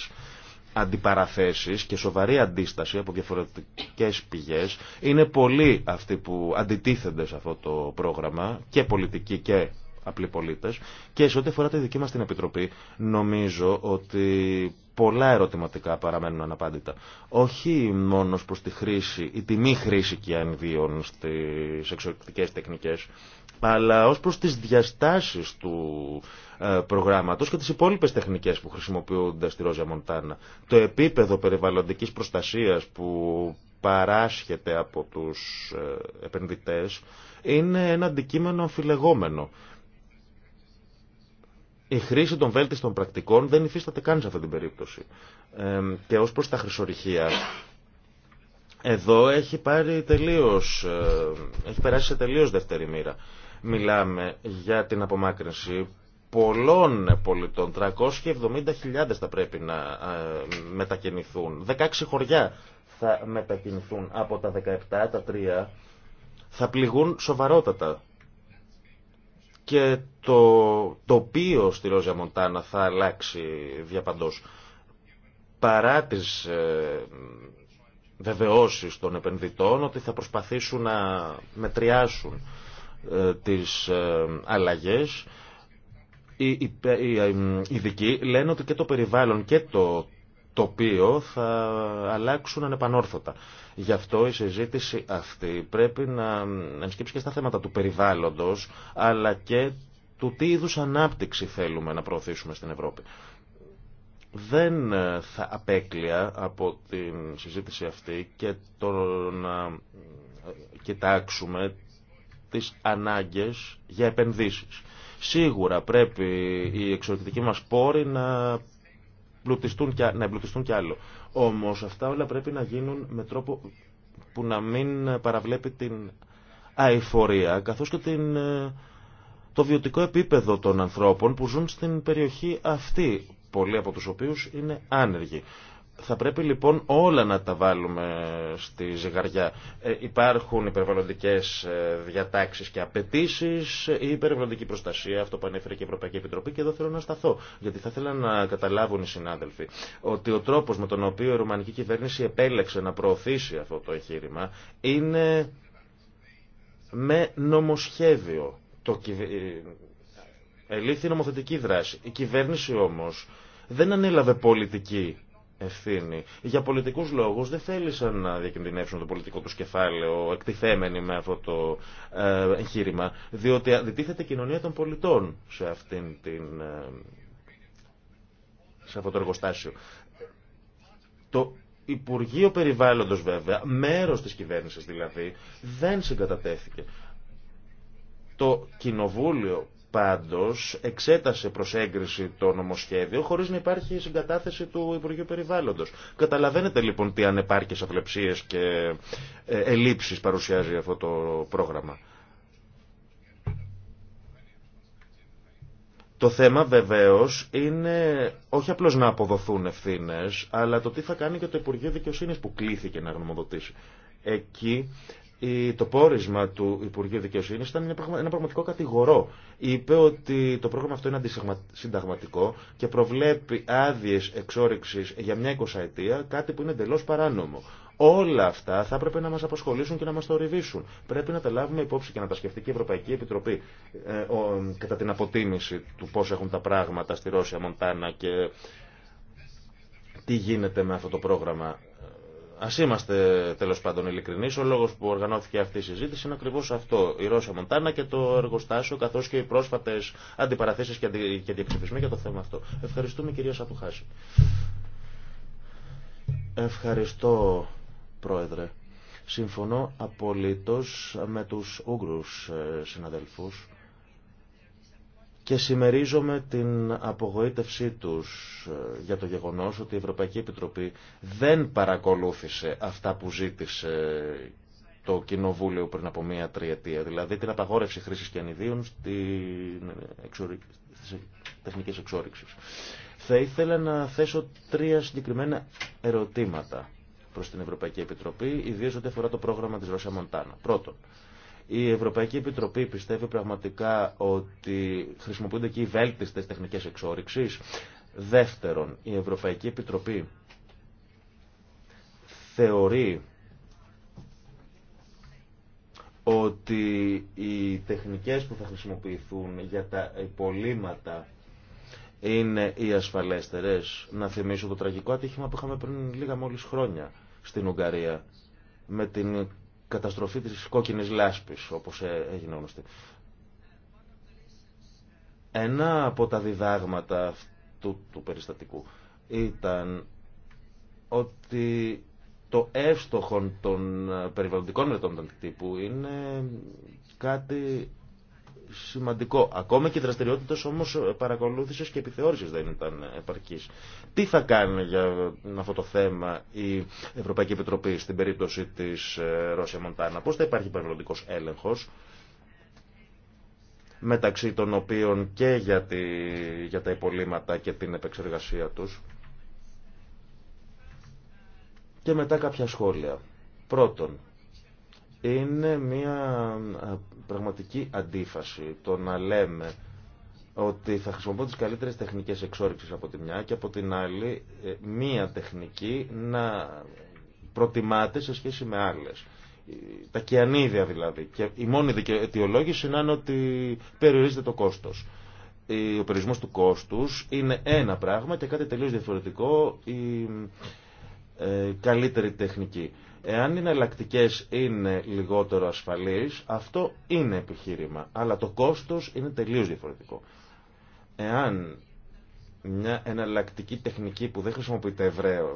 αντιπαραθέσεις και σοβαρή αντίσταση από διαφορετικές πηγές. Είναι πολλοί αυτοί που αντιτίθενται σε αυτό το πρόγραμμα και πολιτικοί και απλοί πολίτες. Και σε ό,τι αφορά τη δική μας την Επιτροπή, νομίζω ότι πολλά ερωτηματικά παραμένουν αναπάντητα. Όχι μόνο προς τη χρήση ή τη μη χρήση και στις εξωτερικέ τεχνικές, αλλά ως προς τις διαστάσεις του ε, προγράμματος και τις υπόλοιπε τεχνικές που χρησιμοποιούνται στη Ρόζα Μοντάνα. Το επίπεδο περιβαλλοντικής προστασίας που παράσχεται από τους ε, επενδυτέ είναι ένα αντικείμενο αμφιλεγόμενο η χρήση των βέλτιστων πρακτικών δεν υφίσταται καν σε αυτή την περίπτωση. Ε, και ως προς τα χρυσορυχεία, εδώ έχει, πάρει τελείως, ε, έχει περάσει σε τελείως δεύτερη μοίρα. Μιλάμε για την απομάκρυνση πολλών πολιτών, 370.000 θα πρέπει να ε, μετακινηθούν, 16 χωριά θα μετακινηθούν από τα 17, τα 3, θα πληγούν σοβαρότατα και το τοπίο στη Ρόζια Μοντάνα θα αλλάξει διαπαντός. Παρά τις ε, βεβαιώσεις των επενδυτών ότι θα προσπαθήσουν να μετριάσουν ε, τις ε, αλλαγές, οι ειδικοί λένε ότι και το περιβάλλον και το τοπίο θα αλλάξουν ανεπανόρθωτα. Γι' αυτό η συζήτηση αυτή πρέπει να ενσκύψει και στα θέματα του περιβάλλοντος, αλλά και του τι είδου ανάπτυξη θέλουμε να προωθήσουμε στην Ευρώπη. Δεν ε, θα απέκλεια από τη συζήτηση αυτή και το να ε, κοιτάξουμε τις ανάγκες για επενδύσεις. Σίγουρα πρέπει οι εξωτερική μας πόροι να εμπλουτιστούν και, να εμπλουτιστούν κι άλλο. Όμω αυτά όλα πρέπει να γίνουν με τρόπο που να μην παραβλέπει την αηφορία καθώς και την, ε, το βιωτικό επίπεδο των ανθρώπων που ζουν στην περιοχή αυτή πολλοί από τους οποίους είναι άνεργοι. Θα πρέπει λοιπόν όλα να τα βάλουμε στη ζυγαριά. Ε, υπάρχουν υπερβαλλοντικές ε, διατάξεις και απαιτήσει, ε, η υπερβαλλοντική προστασία, αυτό που ανέφερε και η Ευρωπαϊκή Επιτροπή και εδώ θέλω να σταθώ. Γιατί θα ήθελα να καταλάβουν οι συνάδελφοι ότι ο τρόπος με τον οποίο η ρουμανική κυβέρνηση επέλεξε να προωθήσει αυτό το εγχείρημα είναι με νομοσχέδιο. Το Ελήθη νομοθετική δράση. Η κυβέρνηση όμως δεν ανέλαβε πολιτική ευθύνη. Για πολιτικούς λόγους δεν θέλησαν να διακινδυνεύσουν το πολιτικό τους κεφάλαιο εκτιθέμενοι με αυτό το ε, εγχείρημα, διότι αντιτίθεται η κοινωνία των πολιτών σε, αυτήν την, ε, σε αυτό το εργοστάσιο. Το Υπουργείο Περιβάλλοντος βέβαια, μέρος της κυβέρνησης δηλαδή, δεν συγκατατέθηκε. Το Κοινοβούλιο πάντως εξέτασε προς έγκριση το νομοσχέδιο χωρίς να υπάρχει συγκατάθεση του Υπουργείου Περιβάλλοντος. Καταλαβαίνετε λοιπόν τι ανεπάρκειες αυλεψίες και ε, ελλείψεις παρουσιάζει αυτό το πρόγραμμα. Το θέμα βεβαίω είναι όχι απλώ να αποδοθούν ευθύνε, αλλά το τι θα κάνει και το Υπουργείο Δικαιοσύνη που κλήθηκε να γνωμοδοτήσει. Εκεί το πόρισμα του Υπουργείου Δικαιοσύνη ήταν ένα πραγματικό κατηγορό. Είπε ότι το πρόγραμμα αυτό είναι αντισυνταγματικό και προβλέπει άδειε εξόριξη για μια εικοσαετία, κάτι που είναι εντελώ παράνομο. Όλα αυτά θα έπρεπε να μα απασχολήσουν και να μα το θορυβήσουν. Πρέπει να τα λάβουμε υπόψη και να τα σκεφτεί και η Ευρωπαϊκή Επιτροπή ε, κατά την αποτίμηση του πώ έχουν τα πράγματα στη Ρώσια, Μοντάνα και τι γίνεται με αυτό το πρόγραμμα. Α είμαστε τέλο πάντων ειλικρινεί. Ο λόγο που οργανώθηκε αυτή η συζήτηση είναι ακριβώ αυτό. Η Ρώσα Μοντάνα και το εργοστάσιο, καθώ και οι πρόσφατε αντιπαραθέσει και διεξηφισμοί για το θέμα αυτό. Ευχαριστούμε, κυρία Σατουχάση. Ευχαριστώ, Πρόεδρε. Συμφωνώ απολύτω με του Ούγγρου ε, συναδελφού και συμμερίζομαι την απογοήτευσή τους ε, για το γεγονός ότι η Ευρωπαϊκή Επιτροπή δεν παρακολούθησε αυτά που ζήτησε το Κοινοβούλιο πριν από μία τριετία, δηλαδή την απαγόρευση χρήσης και ανιδίων στις τεχνικές εξόριξεις. Θα ήθελα να θέσω τρία συγκεκριμένα ερωτήματα προς την Ευρωπαϊκή Επιτροπή, ιδίως ό,τι αφορά το πρόγραμμα της Ρωσία Μοντάνα. Πρώτον, η Ευρωπαϊκή Επιτροπή πιστεύει πραγματικά ότι χρησιμοποιούνται εκεί οι βέλτιστες τεχνικές εξόριξης. Δεύτερον, η Ευρωπαϊκή Επιτροπή θεωρεί ότι οι τεχνικές που θα χρησιμοποιηθούν για τα υπολείμματα είναι οι ασφαλέστερες. Να θυμίσω το τραγικό ατύχημα που είχαμε πριν λίγα μόλις χρόνια στην Ουγγαρία με την καταστροφή της κόκκινης λάσπης, όπως ε, έγινε γνωστή. Ένα από τα διδάγματα αυτού του περιστατικού ήταν ότι το εύστοχον των περιβαλλοντικών μελετών τύπου είναι κάτι σημαντικό. Ακόμα και οι δραστηριότητε όμως ε, παρακολούθησης και επιθεώρησης δεν ήταν επαρκής. Τι θα κάνει για αυτό το θέμα η Ευρωπαϊκή Επιτροπή στην περίπτωση της ε, Ρώσια Μοντάνα. πώ θα υπάρχει περιβαλλοντικό έλεγχος μεταξύ των οποίων και για, για τα υπολείμματα και την επεξεργασία τους. Και μετά κάποια σχόλια. Πρώτον, είναι μια πραγματική αντίφαση το να λέμε ότι θα χρησιμοποιώ τις καλύτερες τεχνικές εξόρυξης από τη μια και από την άλλη ε, μία τεχνική να προτιμάται σε σχέση με άλλες. Τα κιανίδια δηλαδή. Και η μόνη αιτιολόγηση είναι ότι περιορίζεται το κόστος. Ο περιορισμός του κόστους είναι ένα πράγμα και κάτι τελείως διαφορετικό η ε, καλύτερη τεχνική. Εάν οι εναλλακτικέ είναι λιγότερο ασφαλείς, αυτό είναι επιχείρημα, αλλά το κόστος είναι τελείως διαφορετικό. Εάν μια εναλλακτική τεχνική που δεν χρησιμοποιείται ευρέω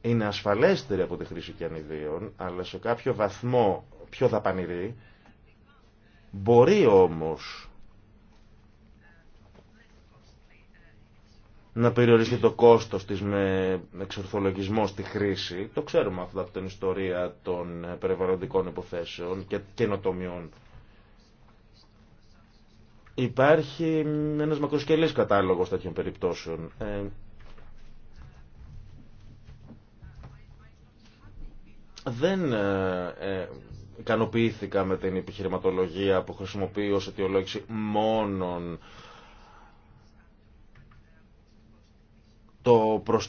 είναι ασφαλέστερη από τη χρήση ανιδίων, αλλά σε κάποιο βαθμό πιο δαπανηρή, μπορεί όμως να περιοριστεί το κόστος της με εξορθολογισμό στη χρήση. Το ξέρουμε αυτό από την ιστορία των ε, περιβαλλοντικών υποθέσεων και καινοτομιών. Υπάρχει ένας μακροσκελής κατάλογος τέτοιων περιπτώσεων. Ε, δεν ε, ε, ικανοποιήθηκα με την επιχειρηματολογία που χρησιμοποιεί ως αιτιολόγηση μόνον το προ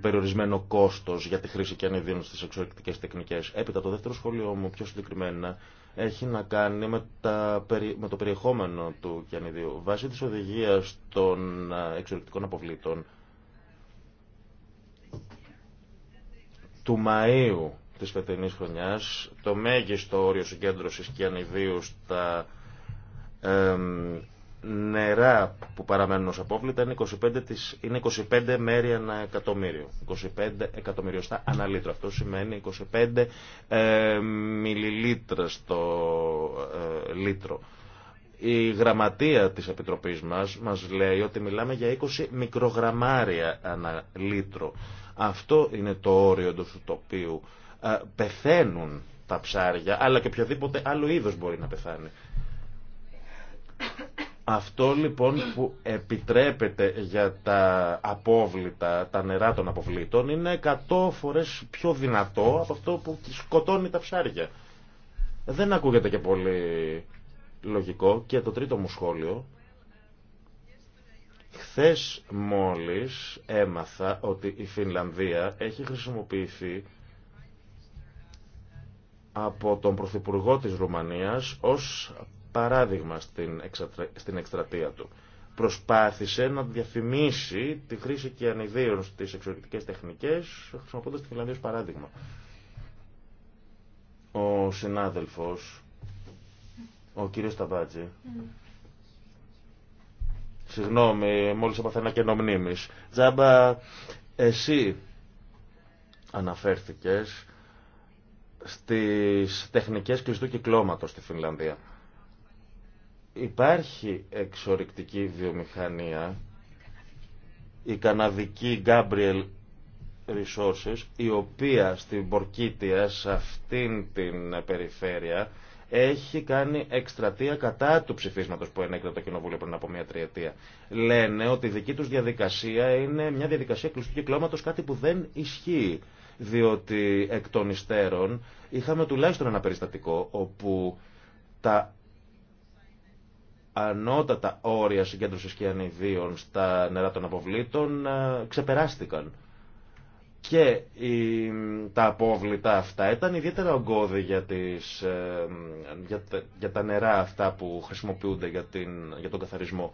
περιορισμένο κόστο για τη χρήση και στις στι τεχνικές. τεχνικέ. Έπειτα, το δεύτερο σχόλιο μου πιο συγκεκριμένα έχει να κάνει με, με το περιεχόμενο του κιανιδίου. Βάσει τη οδηγία των εξορρυκτικών αποβλήτων του Μαΐου της φετινής χρονιάς, το μέγιστο όριο συγκέντρωσης κιανιδίου στα νερά που παραμένουν ως απόβλητα είναι 25, της, είναι 25 μέρη ανά εκατομμύριο. Αυτό σημαίνει 25 ε, μιλιλίτρα στο ε, λίτρο. Η γραμματεία της Επιτροπής μας μας λέει ότι μιλάμε για 20 μικρογραμμάρια ανά λίτρο. Αυτό είναι το όριο εντός του τοπίου. Ε, πεθαίνουν τα ψάρια, αλλά και οποιοδήποτε άλλο είδος μπορεί να πεθάνει. Αυτό λοιπόν που επιτρέπεται για τα απόβλητα, τα νερά των αποβλήτων, είναι 100 φορές πιο δυνατό από αυτό που σκοτώνει τα ψάρια. Δεν ακούγεται και πολύ λογικό. Και το τρίτο μου σχόλιο. Χθες μόλις έμαθα ότι η Φινλανδία έχει χρησιμοποιηθεί από τον Πρωθυπουργό της Ρουμανίας ως παράδειγμα στην, εξατρα... στην εκστρατεία του. Προσπάθησε να διαφημίσει τη χρήση και ανιδίων στι εξωτερικέ τεχνικές, χρησιμοποιώντας τη Φιλανδία ως παράδειγμα. Ο συνάδελφος, ο κύριος mm. συγγνώμη, μόλις έπαθα ένα κενό μνήμης. Τζάμπα, εσύ αναφέρθηκες στις τεχνικές κλειστού κυκλώματος στη Φινλανδία. Υπάρχει εξορρυκτική βιομηχανία, η καναδική Gabriel Resources, η οποία στην Πορκίτια, σε αυτήν την περιφέρεια, έχει κάνει εκστρατεία κατά του ψηφίσματος που ενέκρινε το Κοινοβούλιο πριν από μια τριετία. Λένε ότι η δική τους διαδικασία είναι μια διαδικασία κλειστού κυκλώματο, κάτι που δεν ισχύει. Διότι εκ των υστέρων είχαμε τουλάχιστον ένα περιστατικό όπου τα ανώτατα όρια συγκέντρωσης και ανιδίων στα νερά των αποβλήτων ε, ξεπεράστηκαν. Και τα απόβλητα αυτά ήταν ιδιαίτερα ογκώδη για, τις, ε, για, τα, νερά αυτά που χρησιμοποιούνται για, την, για τον καθαρισμό.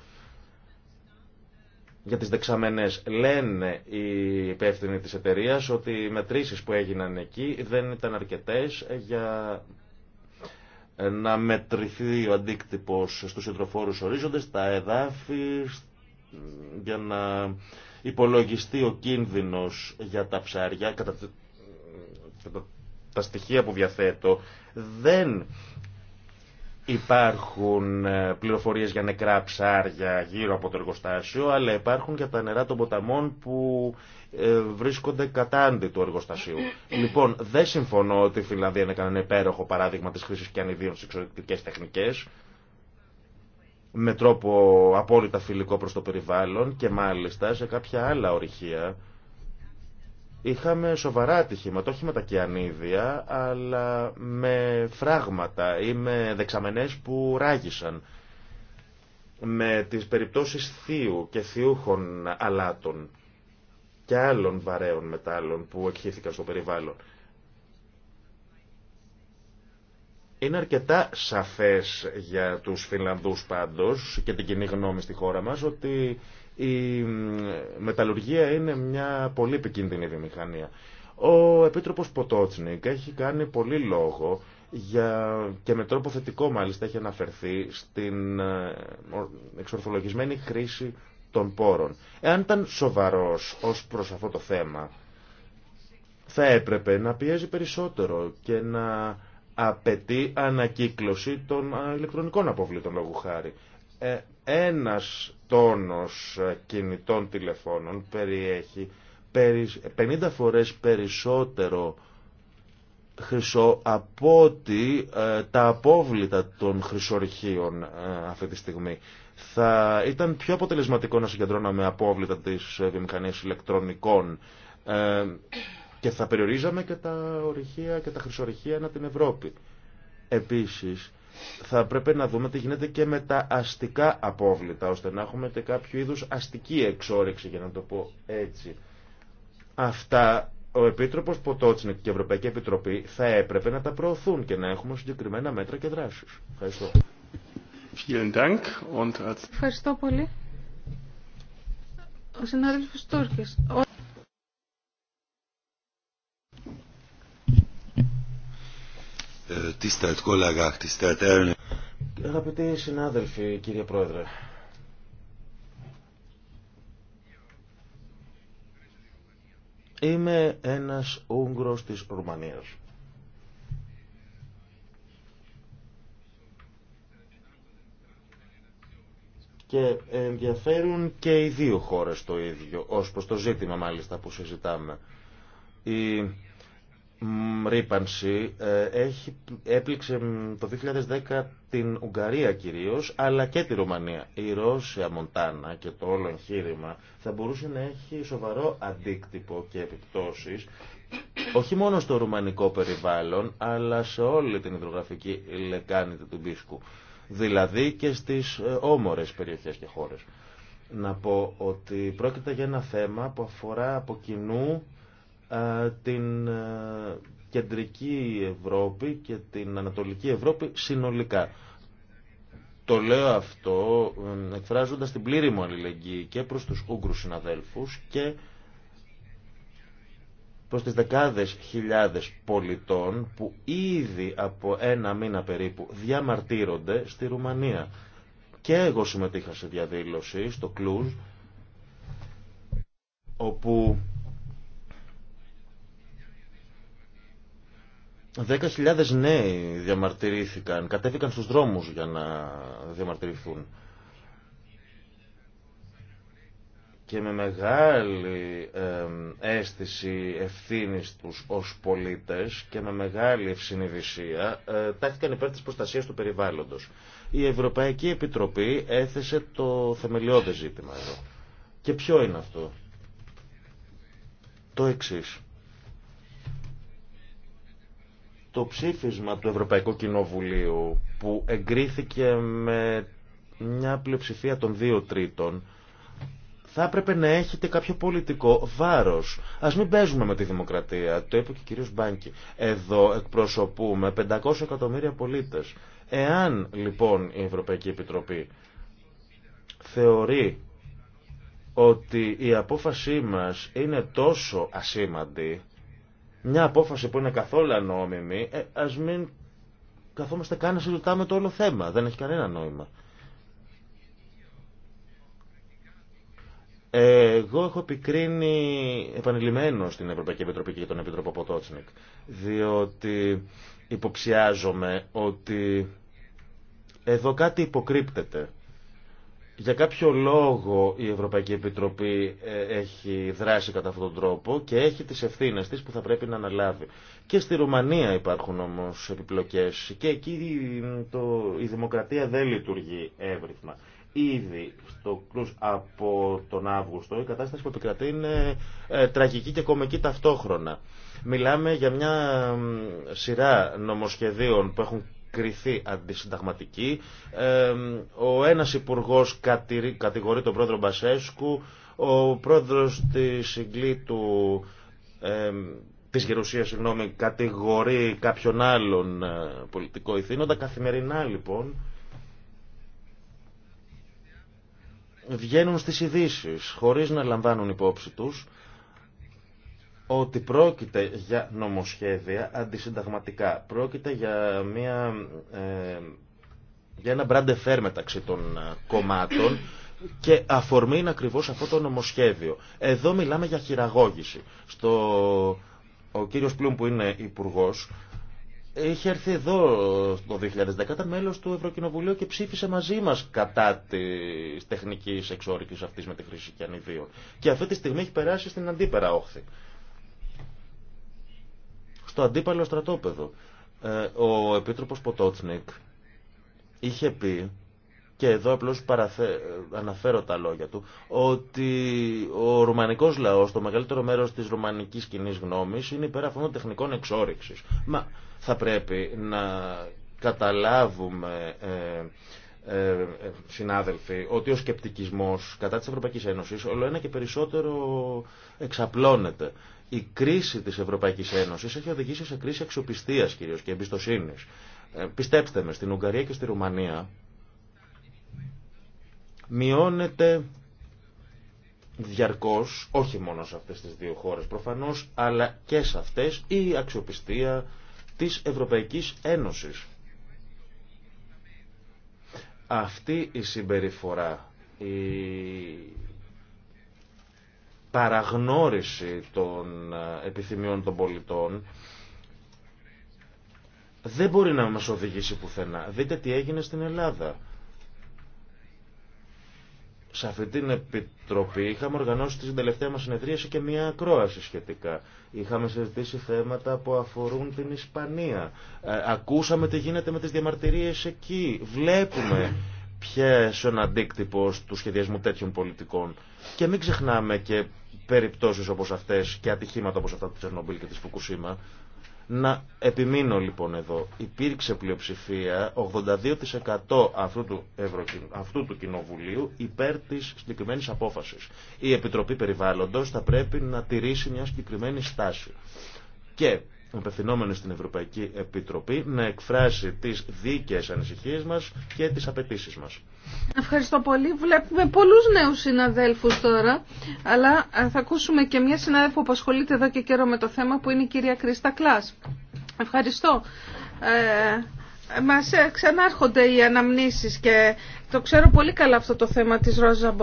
Για τις δεξαμενές λένε οι υπεύθυνοι της εταιρείας ότι οι μετρήσεις που έγιναν εκεί δεν ήταν αρκετές για να μετρηθεί ο αντίκτυπος στους υδροφόρους ορίζοντες, τα εδάφη, για να υπολογιστεί ο κίνδυνος για τα ψάρια, κατά τα στοιχεία που διαθέτω, δεν Υπάρχουν ε, πληροφορίες για νεκρά ψάρια γύρω από το εργοστάσιο, αλλά υπάρχουν και τα νερά των ποταμών που ε, βρίσκονται κατά άντι του εργοστασίου. Λοιπόν, δεν συμφωνώ ότι η Φιλανδία είναι κανένα υπέροχο παράδειγμα της χρήσης και ανιδίων στις εξωτερικές τεχνικές, με τρόπο απόλυτα φιλικό προς το περιβάλλον και μάλιστα σε κάποια άλλα ορυχεία, Είχαμε σοβαρά ατυχήματα, όχι με τα κιανίδια, αλλά με φράγματα ή με δεξαμενές που ράγισαν. Με τις περιπτώσεις θείου και θείουχων αλάτων και άλλων βαρέων μετάλλων που εκχύθηκαν στο περιβάλλον. Είναι αρκετά σαφές για τους Φιλανδούς πάντως και την κοινή γνώμη στη χώρα μας ότι η μεταλλουργία είναι μια πολύ επικίνδυνη βιομηχανία. Ο Επίτροπος Ποτότσνικ έχει κάνει πολύ λόγο για, και με τρόπο θετικό μάλιστα έχει αναφερθεί στην ε, εξορθολογισμένη χρήση των πόρων. Εάν ήταν σοβαρός ως προς αυτό το θέμα, θα έπρεπε να πιέζει περισσότερο και να απαιτεί ανακύκλωση των ε, ηλεκτρονικών αποβλήτων λόγου χάρη. Ε, ένας τόνος ε, κινητών τηλεφώνων περιέχει 50 φορές περισσότερο χρυσό από ότι ε, τα απόβλητα των χρυσορυχείων ε, αυτή τη στιγμή. Θα ήταν πιο αποτελεσματικό να συγκεντρώναμε απόβλητα της ε, βιομηχανίας ηλεκτρονικών και θα περιορίζαμε και τα ορυχεία και τα χρυσορυχεία ανά την Ευρώπη. Επίσης, θα πρέπει να δούμε τι γίνεται και με τα αστικά απόβλητα, ώστε να έχουμε και κάποιο είδους αστική εξόρεξη, για να το πω έτσι. Αυτά ο Επίτροπος Ποτότσνικ και η Ευρωπαϊκή Επιτροπή θα έπρεπε να τα προωθούν και να έχουμε συγκεκριμένα μέτρα και δράσεις. Ευχαριστώ. Ευχαριστώ πολύ. Ο συνάδελφος Τούρκης. Tisztelt Αγαπητοί συνάδελφοι, κύριε Πρόεδρε. Είμαι ένας Ούγγρος της Ρουμανίας. Και ενδιαφέρουν και οι δύο χώρες το ίδιο, ως προς το ζήτημα μάλιστα που συζητάμε. Η ρήπανση ε, έχει, έπληξε το 2010 την Ουγγαρία κυρίως, αλλά και τη Ρουμανία. Η Ρώσια Μοντάνα και το όλο εγχείρημα θα μπορούσε να έχει σοβαρό αντίκτυπο και επιπτώσεις όχι μόνο στο ρουμανικό περιβάλλον, αλλά σε όλη την υδρογραφική λεκάνη του Μπίσκου. Δηλαδή και στις ε, όμορες περιοχές και χώρες. Να πω ότι πρόκειται για ένα θέμα που αφορά από κοινού ε, την ε, κεντρική Ευρώπη και την Ανατολική Ευρώπη συνολικά. Το λέω αυτό ε, εκφράζοντας την πλήρη μου αλληλεγγύη και προς τους Ούγκρους συναδέλφους και προς τις δεκάδες χιλιάδες πολιτών που ήδη από ένα μήνα περίπου διαμαρτύρονται στη Ρουμανία. Και εγώ συμμετείχα σε διαδήλωση στο Κλούζ όπου 10.000 νέοι διαμαρτυρήθηκαν, κατέβηκαν στους δρόμους για να διαμαρτυρηθούν. Και με μεγάλη αίσθηση ευθύνης τους ως πολίτες και με μεγάλη ευσυνειδησία ε, τάχθηκαν υπέρ της προστασίας του περιβάλλοντος. Η Ευρωπαϊκή Επιτροπή έθεσε το θεμελιώδες ζήτημα εδώ. Και ποιο είναι αυτό. Το εξής. Το ψήφισμα του Ευρωπαϊκού Κοινοβουλίου που εγκρίθηκε με μια πλειοψηφία των δύο τρίτων θα έπρεπε να έχετε κάποιο πολιτικό βάρος. Ας μην παίζουμε με τη δημοκρατία, το είπε και ο κ. Μπάνκι. Εδώ εκπροσωπούμε 500 εκατομμύρια πολίτες. Εάν λοιπόν η Ευρωπαϊκή Επιτροπή θεωρεί ότι η απόφασή μας είναι τόσο ασήμαντη μια απόφαση που είναι καθόλου ανόμιμη, ε, ας μην καθόμαστε καν να συζητάμε το όλο θέμα. Δεν έχει κανένα νόημα. Εγώ έχω επικρίνει επανειλημμένο στην Ευρωπαϊκή Επιτροπή και για τον Επίτροπο Ποτότσνικ, διότι υποψιάζομαι ότι εδώ κάτι υποκρύπτεται για κάποιο λόγο η Ευρωπαϊκή Επιτροπή ε, έχει δράσει κατά αυτόν τον τρόπο και έχει τις ευθύνες της που θα πρέπει να αναλάβει. Και στη Ρουμανία υπάρχουν όμως επιπλοκές και εκεί το, η δημοκρατία δεν λειτουργεί εύρυθμα. Ήδη στο από τον Αύγουστο η κατάσταση που επικρατεί είναι ε, τραγική και κομική ταυτόχρονα. Μιλάμε για μια σειρά νομοσχεδίων που έχουν κριθεί αντισυνταγματική. ο ένας υπουργός κατηγορεί τον πρόεδρο Μπασέσκου, ο πρόεδρος της συγκλήτου της Γερουσίας, συγγνώμη, κατηγορεί κάποιον άλλον ε, πολιτικό ηθήνοντα. Καθημερινά, λοιπόν, βγαίνουν στις ειδήσει χωρίς να λαμβάνουν υπόψη τους ότι πρόκειται για νομοσχέδια αντισυνταγματικά. Πρόκειται για, μια, ε, για ένα μπραντεφέρ μεταξύ των ε, κομμάτων και αφορμή είναι ακριβώς αυτό το νομοσχέδιο. Εδώ μιλάμε για χειραγώγηση. Στο... Ο κύριος Πλούμ που είναι υπουργό. Είχε έρθει εδώ το 2010, ήταν μέλος του Ευρωκοινοβουλίου και ψήφισε μαζί μας κατά της τεχνικής εξόρυξης αυτής με τη χρήση και Και αυτή τη στιγμή έχει περάσει στην αντίπερα όχθη στο αντίπαλο στρατόπεδο. Ε, ο Επίτροπος Ποτότσνικ είχε πει και εδώ απλώς αναφέρω τα λόγια του, ότι ο ρουμανικός λαός, το μεγαλύτερο μέρος της ρουμανικής κοινή γνώμης, είναι υπέρ αυτών των τεχνικών εξόριξης. Μα θα πρέπει να καταλάβουμε, ε, ε, ε, συνάδελφοι, ότι ο σκεπτικισμός κατά της Ευρωπαϊκής Ένωσης όλο ένα και περισσότερο εξαπλώνεται. Η κρίση της Ευρωπαϊκής Ένωσης έχει οδηγήσει σε κρίση αξιοπιστίας κυρίως και εμπιστοσύνης. Ε, πιστέψτε με, στην Ουγγαρία και στη Ρουμανία μειώνεται διαρκώς, όχι μόνο σε αυτές τις δύο χώρες προφανώς, αλλά και σε αυτές η αξιοπιστία της Ευρωπαϊκής Ένωσης. Αυτή η συμπεριφορά, η παραγνώριση των ε, επιθυμιών των πολιτών δεν μπορεί να μας οδηγήσει πουθενά. Δείτε τι έγινε στην Ελλάδα. Σε αυτή την επιτροπή είχαμε οργανώσει την τελευταία μας συνεδρίαση και μια ακρόαση σχετικά. Είχαμε συζητήσει θέματα που αφορούν την Ισπανία. Ε, ακούσαμε τι γίνεται με τις διαμαρτυρίες εκεί. Βλέπουμε ποιες είναι ο αντίκτυπος του σχεδιασμού τέτοιων πολιτικών. Και μην ξεχνάμε και περιπτώσεις όπως αυτές και ατυχήματα όπως αυτά του Τσερνομπίλ και της Φουκουσίμα. Να επιμείνω λοιπόν εδώ. Υπήρξε πλειοψηφία 82% αυτού του, Ευρω... αυτού του Κοινοβουλίου υπέρ της συγκεκριμένης απόφασης. Η Επιτροπή Περιβάλλοντος θα πρέπει να τηρήσει μια συγκεκριμένη στάση. Και απευθυνόμενοι στην Ευρωπαϊκή Επιτροπή να εκφράσει τις δίκαιες ανησυχίες μας και τις απαιτήσει μας. Ευχαριστώ πολύ. Βλέπουμε πολλούς νέους συναδέλφους τώρα, αλλά ε, θα ακούσουμε και μια συνάδελφο που ασχολείται εδώ και καιρό με το θέμα που είναι η κυρία Κρίστα Κλάς. Ευχαριστώ. Ε, ε μας ε, ξανάρχονται οι αναμνήσεις και το ξέρω πολύ καλά αυτό το θέμα της Ρόζα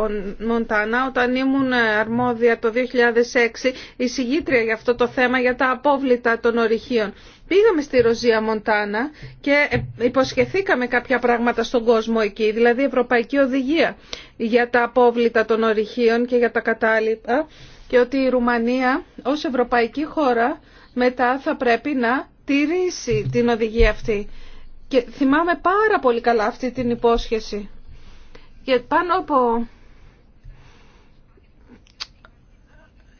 Μοντάνα. Όταν ήμουν ε, αρμόδια το 2006, εισηγήτρια για αυτό το θέμα για τα απόβλητα των ορυχείων. Πήγαμε στη Ροζία Μοντάνα και ε, υποσχεθήκαμε κάποια πράγματα στον κόσμο εκεί, δηλαδή Ευρωπαϊκή Οδηγία για τα απόβλητα των ορυχείων και για τα κατάλληλα και ότι η Ρουμανία ως ευρωπαϊκή χώρα μετά θα πρέπει να τηρήσει την οδηγία αυτή. Και θυμάμαι πάρα πολύ καλά αυτή την υπόσχεση και πάνω από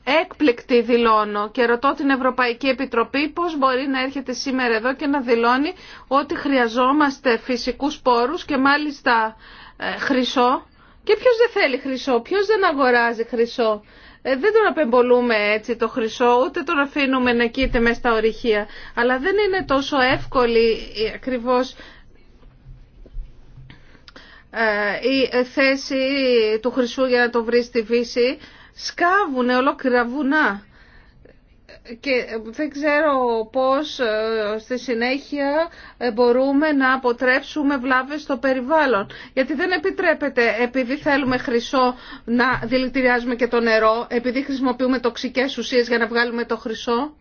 έκπληκτη δηλώνω και ρωτώ την Ευρωπαϊκή Επιτροπή πώς μπορεί να έρχεται σήμερα εδώ και να δηλώνει ότι χρειαζόμαστε φυσικούς πόρους και μάλιστα ε, χρυσό. Και ποιος δεν θέλει χρυσό, ποιος δεν αγοράζει χρυσό. Ε, δεν τον απεμπολούμε έτσι το χρυσό, ούτε τον αφήνουμε να κείται μέσα στα ορυχεία. Αλλά δεν είναι τόσο εύκολη ακριβώς ε, η θέση του χρυσού για να το βρει στη φύση σκάβουν ολόκληρα βουνά και ε, δεν ξέρω πώς ε, στη συνέχεια μπορούμε να αποτρέψουμε βλάβες στο περιβάλλον. Γιατί δεν επιτρέπεται επειδή θέλουμε χρυσό να δηλητηριάζουμε και το νερό, επειδή χρησιμοποιούμε τοξικές ουσίες για να βγάλουμε το χρυσό.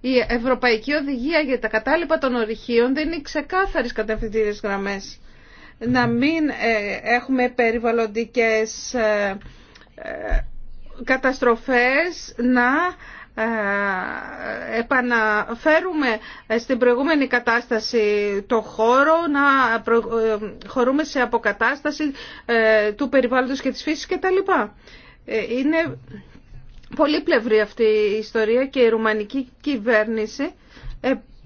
Η Ευρωπαϊκή Οδηγία για τα κατάλοιπα των ορυχείων δεν είναι αυτές κατευθυντήριες γραμμές να μην ε, έχουμε περιβαλλοντικές ε, ε, καταστροφές, να επαναφέρουμε στην προηγούμενη κατάσταση το χώρο, να χωρούμε σε αποκατάσταση του περιβάλλοντος και της φύσης κτλ. Είναι πολύπλευρη αυτή η ιστορία και η ρουμανική κυβέρνηση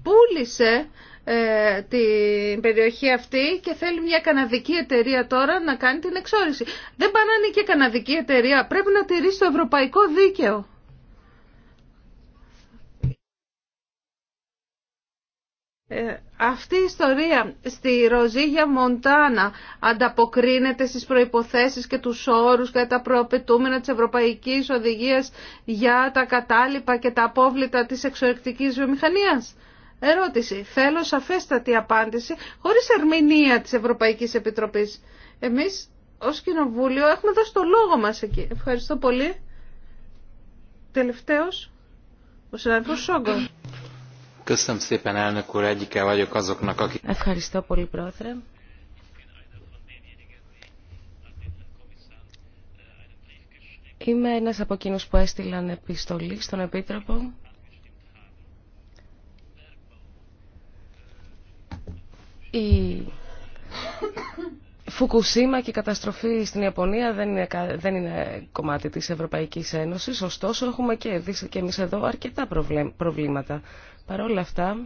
πούλησε ε, την περιοχή αυτή και θέλει μια καναδική εταιρεία τώρα να κάνει την εξόριση. Δεν πάνε να είναι και καναδική εταιρεία. Πρέπει να τηρήσει το ευρωπαϊκό δίκαιο. Ε, αυτή η ιστορία στη Ροζίγια Μοντάνα ανταποκρίνεται στις προϋποθέσεις και τους όρους και τα προαπαιτούμενα της Ευρωπαϊκής Οδηγίας για τα κατάλοιπα και τα απόβλητα της εξορρεκτικής βιομηχανίας ερώτηση. Θέλω σαφέστατη απάντηση χωρίς ερμηνεία της Ευρωπαϊκής Επιτροπής. Εμείς ως Κοινοβούλιο έχουμε δώσει το λόγο μας εκεί. Ευχαριστώ πολύ. Τελευταίος, ο συναδελφός Σόγκο. Ευχαριστώ πολύ, Πρόεδρε. Είμαι ένας από εκείνους που έστειλαν επιστολή στον Επίτροπο Η Φουκουσίμα και η καταστροφή στην Ιαπωνία δεν είναι, δεν είναι κομμάτι της Ευρωπαϊκής Ένωσης, ωστόσο έχουμε και, και εμείς εδώ αρκετά προβλήματα. Παρ' όλα αυτά,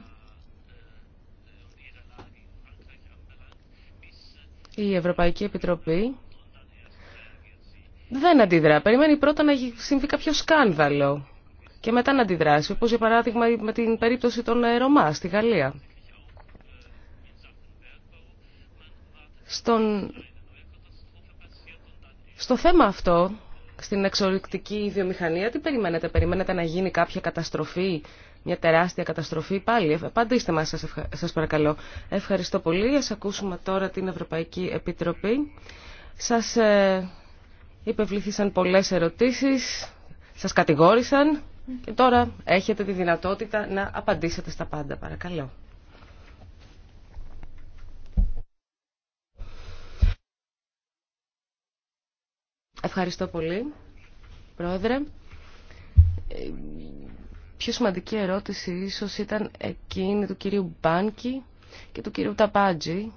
η Ευρωπαϊκή Επιτροπή δεν αντιδρά. Περιμένει πρώτα να συμβεί κάποιο σκάνδαλο και μετά να αντιδράσει, όπως για παράδειγμα με την περίπτωση των ε, Ρωμά στη Γαλλία. στον... στο θέμα αυτό, στην εξορρυκτική βιομηχανία, τι περιμένετε, περιμένετε να γίνει κάποια καταστροφή, μια τεράστια καταστροφή πάλι. Ε, απαντήστε μας, σας, σας παρακαλώ. Ευχαριστώ πολύ. Ας ακούσουμε τώρα την Ευρωπαϊκή Επιτροπή. Σας ε, υπευλήθησαν πολλές ερωτήσεις, σας κατηγόρησαν και τώρα έχετε τη δυνατότητα να απαντήσετε στα πάντα. Παρακαλώ. Ευχαριστώ πολύ, Πρόεδρε. Ε, πιο σημαντική ερώτηση ίσως ήταν εκείνη του κυρίου Μπάνκι και του κυρίου Ταπάντζη.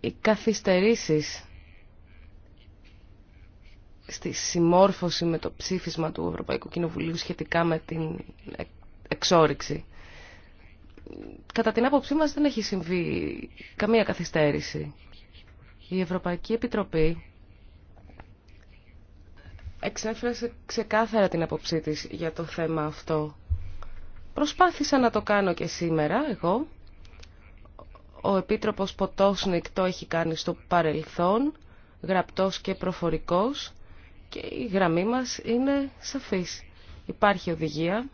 Οι καθυστερήσεις στη συμμόρφωση με το ψήφισμα του Ευρωπαϊκού Κοινοβουλίου σχετικά με την εξόριξη. Κατά την άποψή μας δεν έχει συμβεί καμία καθυστέρηση. Η Ευρωπαϊκή Επιτροπή εξέφρασε ξεκάθαρα την απόψή της για το θέμα αυτό. Προσπάθησα να το κάνω και σήμερα εγώ. Ο Επίτροπος Ποτόσνικ το έχει κάνει στο παρελθόν, γραπτός και προφορικός και η γραμμή μας είναι σαφής. Υπάρχει οδηγία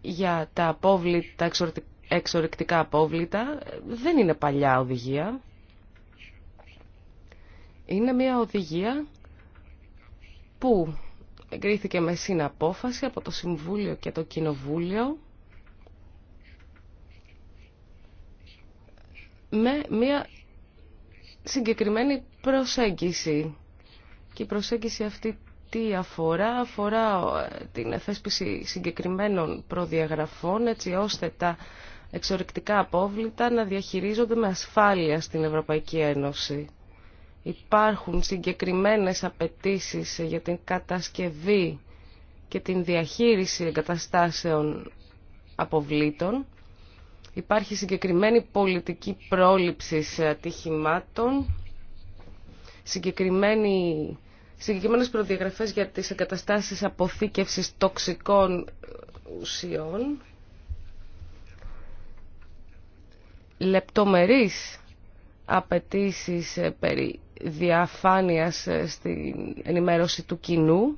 για τα, απόβλητα, τα απόβλητα. Δεν είναι παλιά οδηγία είναι μια οδηγία που εγκρίθηκε με συναπόφαση από το Συμβούλιο και το Κοινοβούλιο με μια συγκεκριμένη προσέγγιση. Και η προσέγγιση αυτή τι αφορά, αφορά ε, την θέσπιση συγκεκριμένων προδιαγραφών έτσι ώστε τα εξορρυκτικά απόβλητα να διαχειρίζονται με ασφάλεια στην Ευρωπαϊκή Ένωση υπάρχουν συγκεκριμένες απαιτήσεις για την κατασκευή και την διαχείριση εγκαταστάσεων αποβλήτων. Υπάρχει συγκεκριμένη πολιτική πρόληψη ατυχημάτων, συγκεκριμένη, συγκεκριμένες προδιαγραφές για τις εγκαταστάσεις αποθήκευσης τοξικών ουσιών, λεπτομερείς απαιτήσει περί διαφάνειας ε, στην ενημέρωση του κοινού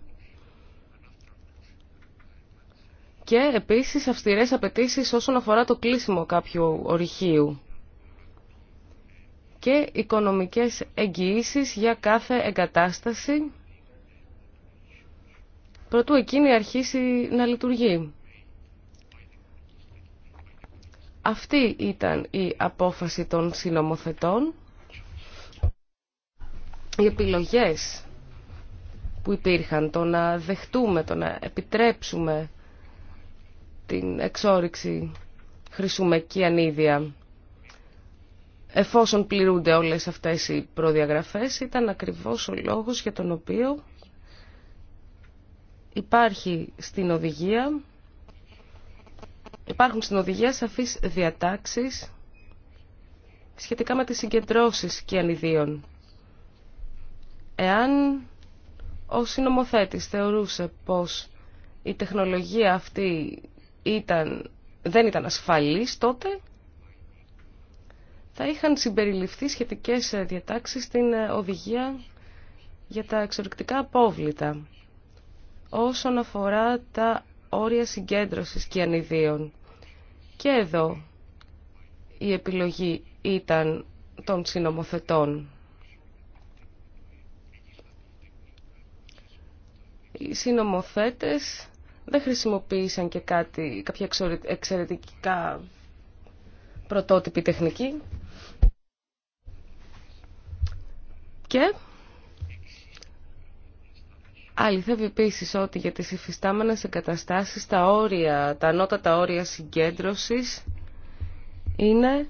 και επίσης αυστηρές απαιτήσεις όσον αφορά το κλείσιμο κάποιου ορυχείου και οικονομικές εγγυήσεις για κάθε εγκατάσταση προτού εκείνη αρχίσει να λειτουργεί. Αυτή ήταν η απόφαση των συνομοθετών οι επιλογές που υπήρχαν, το να δεχτούμε, το να επιτρέψουμε την εξόριξη χρυσουμεκή ανίδια εφόσον πληρούνται όλες αυτές οι προδιαγραφές ήταν ακριβώς ο λόγος για τον οποίο υπάρχει στην οδηγία υπάρχουν στην οδηγία σαφείς διατάξεις σχετικά με τις συγκεντρώσεις και ανιδίων Εάν ο συνομοθέτης θεωρούσε πως η τεχνολογία αυτή ήταν, δεν ήταν ασφαλής τότε, θα είχαν συμπεριληφθεί σχετικές διατάξεις στην οδηγία για τα εξορρυκτικά απόβλητα όσον αφορά τα όρια συγκέντρωσης ανιδίων. Και εδώ η επιλογή ήταν των συνομοθετών. οι συνομοθέτες δεν χρησιμοποίησαν και κάτι, κάποια εξαιρετικά πρωτότυπη τεχνική. Και αληθεύει επίση ότι για τις υφιστάμενες εγκαταστάσεις τα όρια, τα ανώτατα όρια συγκέντρωσης είναι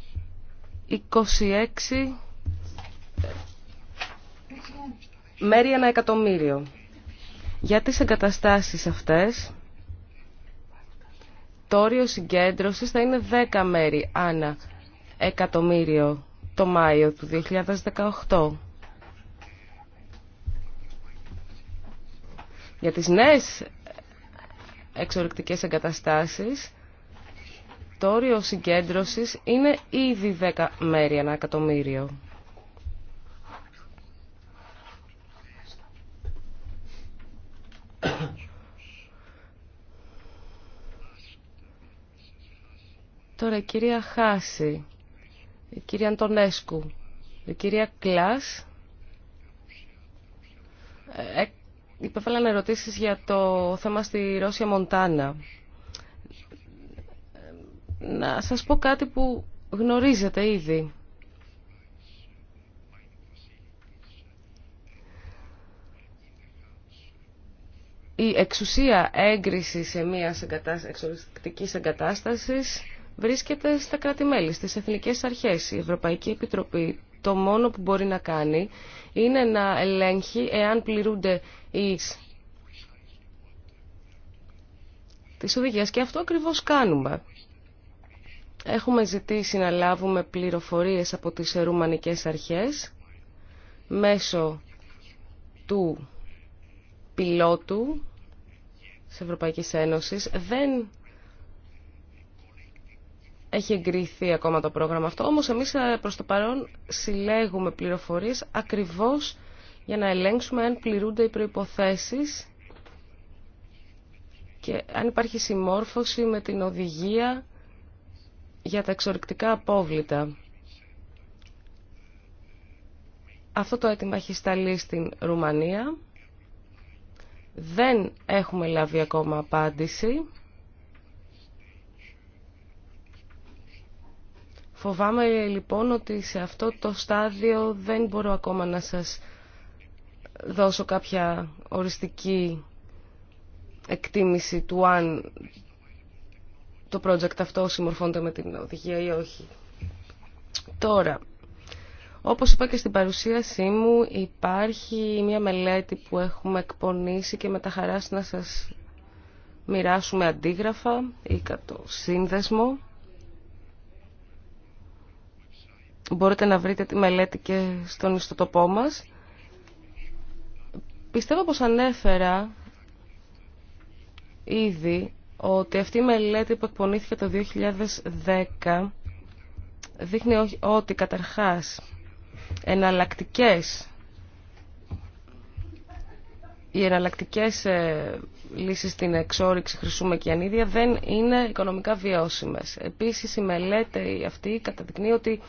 26 μέρη ένα εκατομμύριο. Για τις εγκαταστάσεις αυτές, το όριο συγκέντρωσης θα είναι 10 μέρη ανά εκατομμύριο το Μάιο του 2018. Για τις νέες εξορρυκτικές εγκαταστάσεις, το όριο συγκέντρωσης είναι ήδη 10 μέρη ανά εκατομμύριο. Τώρα η κυρία Χάση, η κυρία Αντωνέσκου, η κυρία Κλάς ε, ε να ερωτήσεις για το θέμα στη Ρώσια Μοντάνα. Να σας πω κάτι που γνωρίζετε ήδη. Η εξουσία έγκριση σε μια εξοριστική εγκατάσταση βρίσκεται στα κράτη-μέλη, στις εθνικές αρχές. Η Ευρωπαϊκή Επιτροπή το μόνο που μπορεί να κάνει είναι να ελέγχει εάν πληρούνται οι τις οδηγίες και αυτό ακριβώς κάνουμε. Έχουμε ζητήσει να λάβουμε πληροφορίες από τις ρουμανικές αρχές μέσω του πιλότου της Ευρωπαϊκής Ένωσης. Δεν έχει εγκριθεί ακόμα το πρόγραμμα αυτό, όμως εμείς ε, προς το παρόν συλλέγουμε πληροφορίες ακριβώς για να ελέγξουμε αν πληρούνται οι προϋποθέσεις και αν υπάρχει συμμόρφωση με την οδηγία για τα εξορρυκτικά απόβλητα. Αυτό το αίτημα έχει σταλεί στην Ρουμανία. Δεν έχουμε λάβει ακόμα απάντηση. Φοβάμαι λοιπόν ότι σε αυτό το στάδιο δεν μπορώ ακόμα να σας δώσω κάποια οριστική εκτίμηση του αν το project αυτό συμμορφώνεται με την οδηγία ή όχι. Τώρα, όπως είπα και στην παρουσίασή μου, υπάρχει μια μελέτη που έχουμε εκπονήσει και με τα χαράς να σας μοιράσουμε αντίγραφα ή κατ' σύνδεσμο. Μπορείτε να βρείτε τη μελέτη και στον ιστοτοπό μας. Πιστεύω πως ανέφερα ήδη ότι αυτή η μελέτη που εκπονήθηκε το 2010 δείχνει ότι καταρχάς εναλλακτικές οι εναλλακτικέ ε, λύσεις στην εξόριξη χρυσού μεκιανίδια δεν είναι οικονομικά βιώσιμες. Επίσης η μελέτη αυτή καταδεικνύει ότι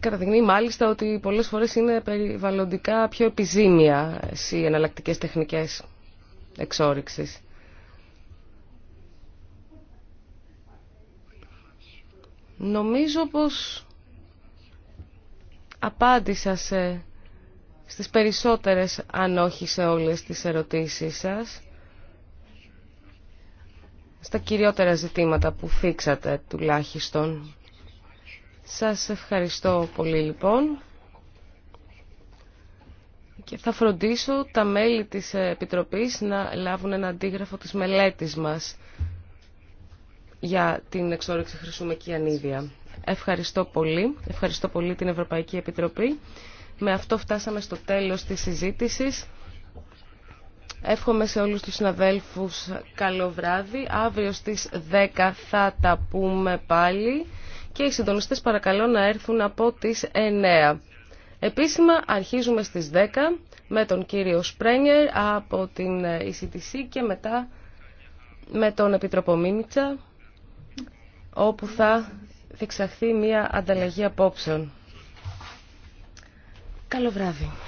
καταδεικνύει μάλιστα ότι πολλές φορές είναι περιβαλλοντικά πιο επιζήμια οι εναλλακτικέ τεχνικές εξόριξης. Νομίζω πως απάντησα σε, στις περισσότερες, αν όχι σε όλες τις ερωτήσεις σας, στα κυριότερα ζητήματα που φίξατε τουλάχιστον. Σας ευχαριστώ πολύ λοιπόν και θα φροντίσω τα μέλη της Επιτροπής να λάβουν ένα αντίγραφο της μελέτης μας για την εξόρυξη χρυσού μεκιανίδια. Ευχαριστώ πολύ. Ευχαριστώ πολύ την Ευρωπαϊκή Επιτροπή. Με αυτό φτάσαμε στο τέλος της συζήτησης. Εύχομαι σε όλους τους συναδέλφους καλό βράδυ. Αύριο στις 10 θα τα πούμε πάλι και οι συντονιστές παρακαλώ να έρθουν από τις 9. Επίσημα αρχίζουμε στις 10 με τον κύριο Σπρένιερ από την ECTC ε και μετά με τον Επιτροπο όπου θα διεξαχθεί μια ανταλλαγή απόψεων. Καλό βράδυ.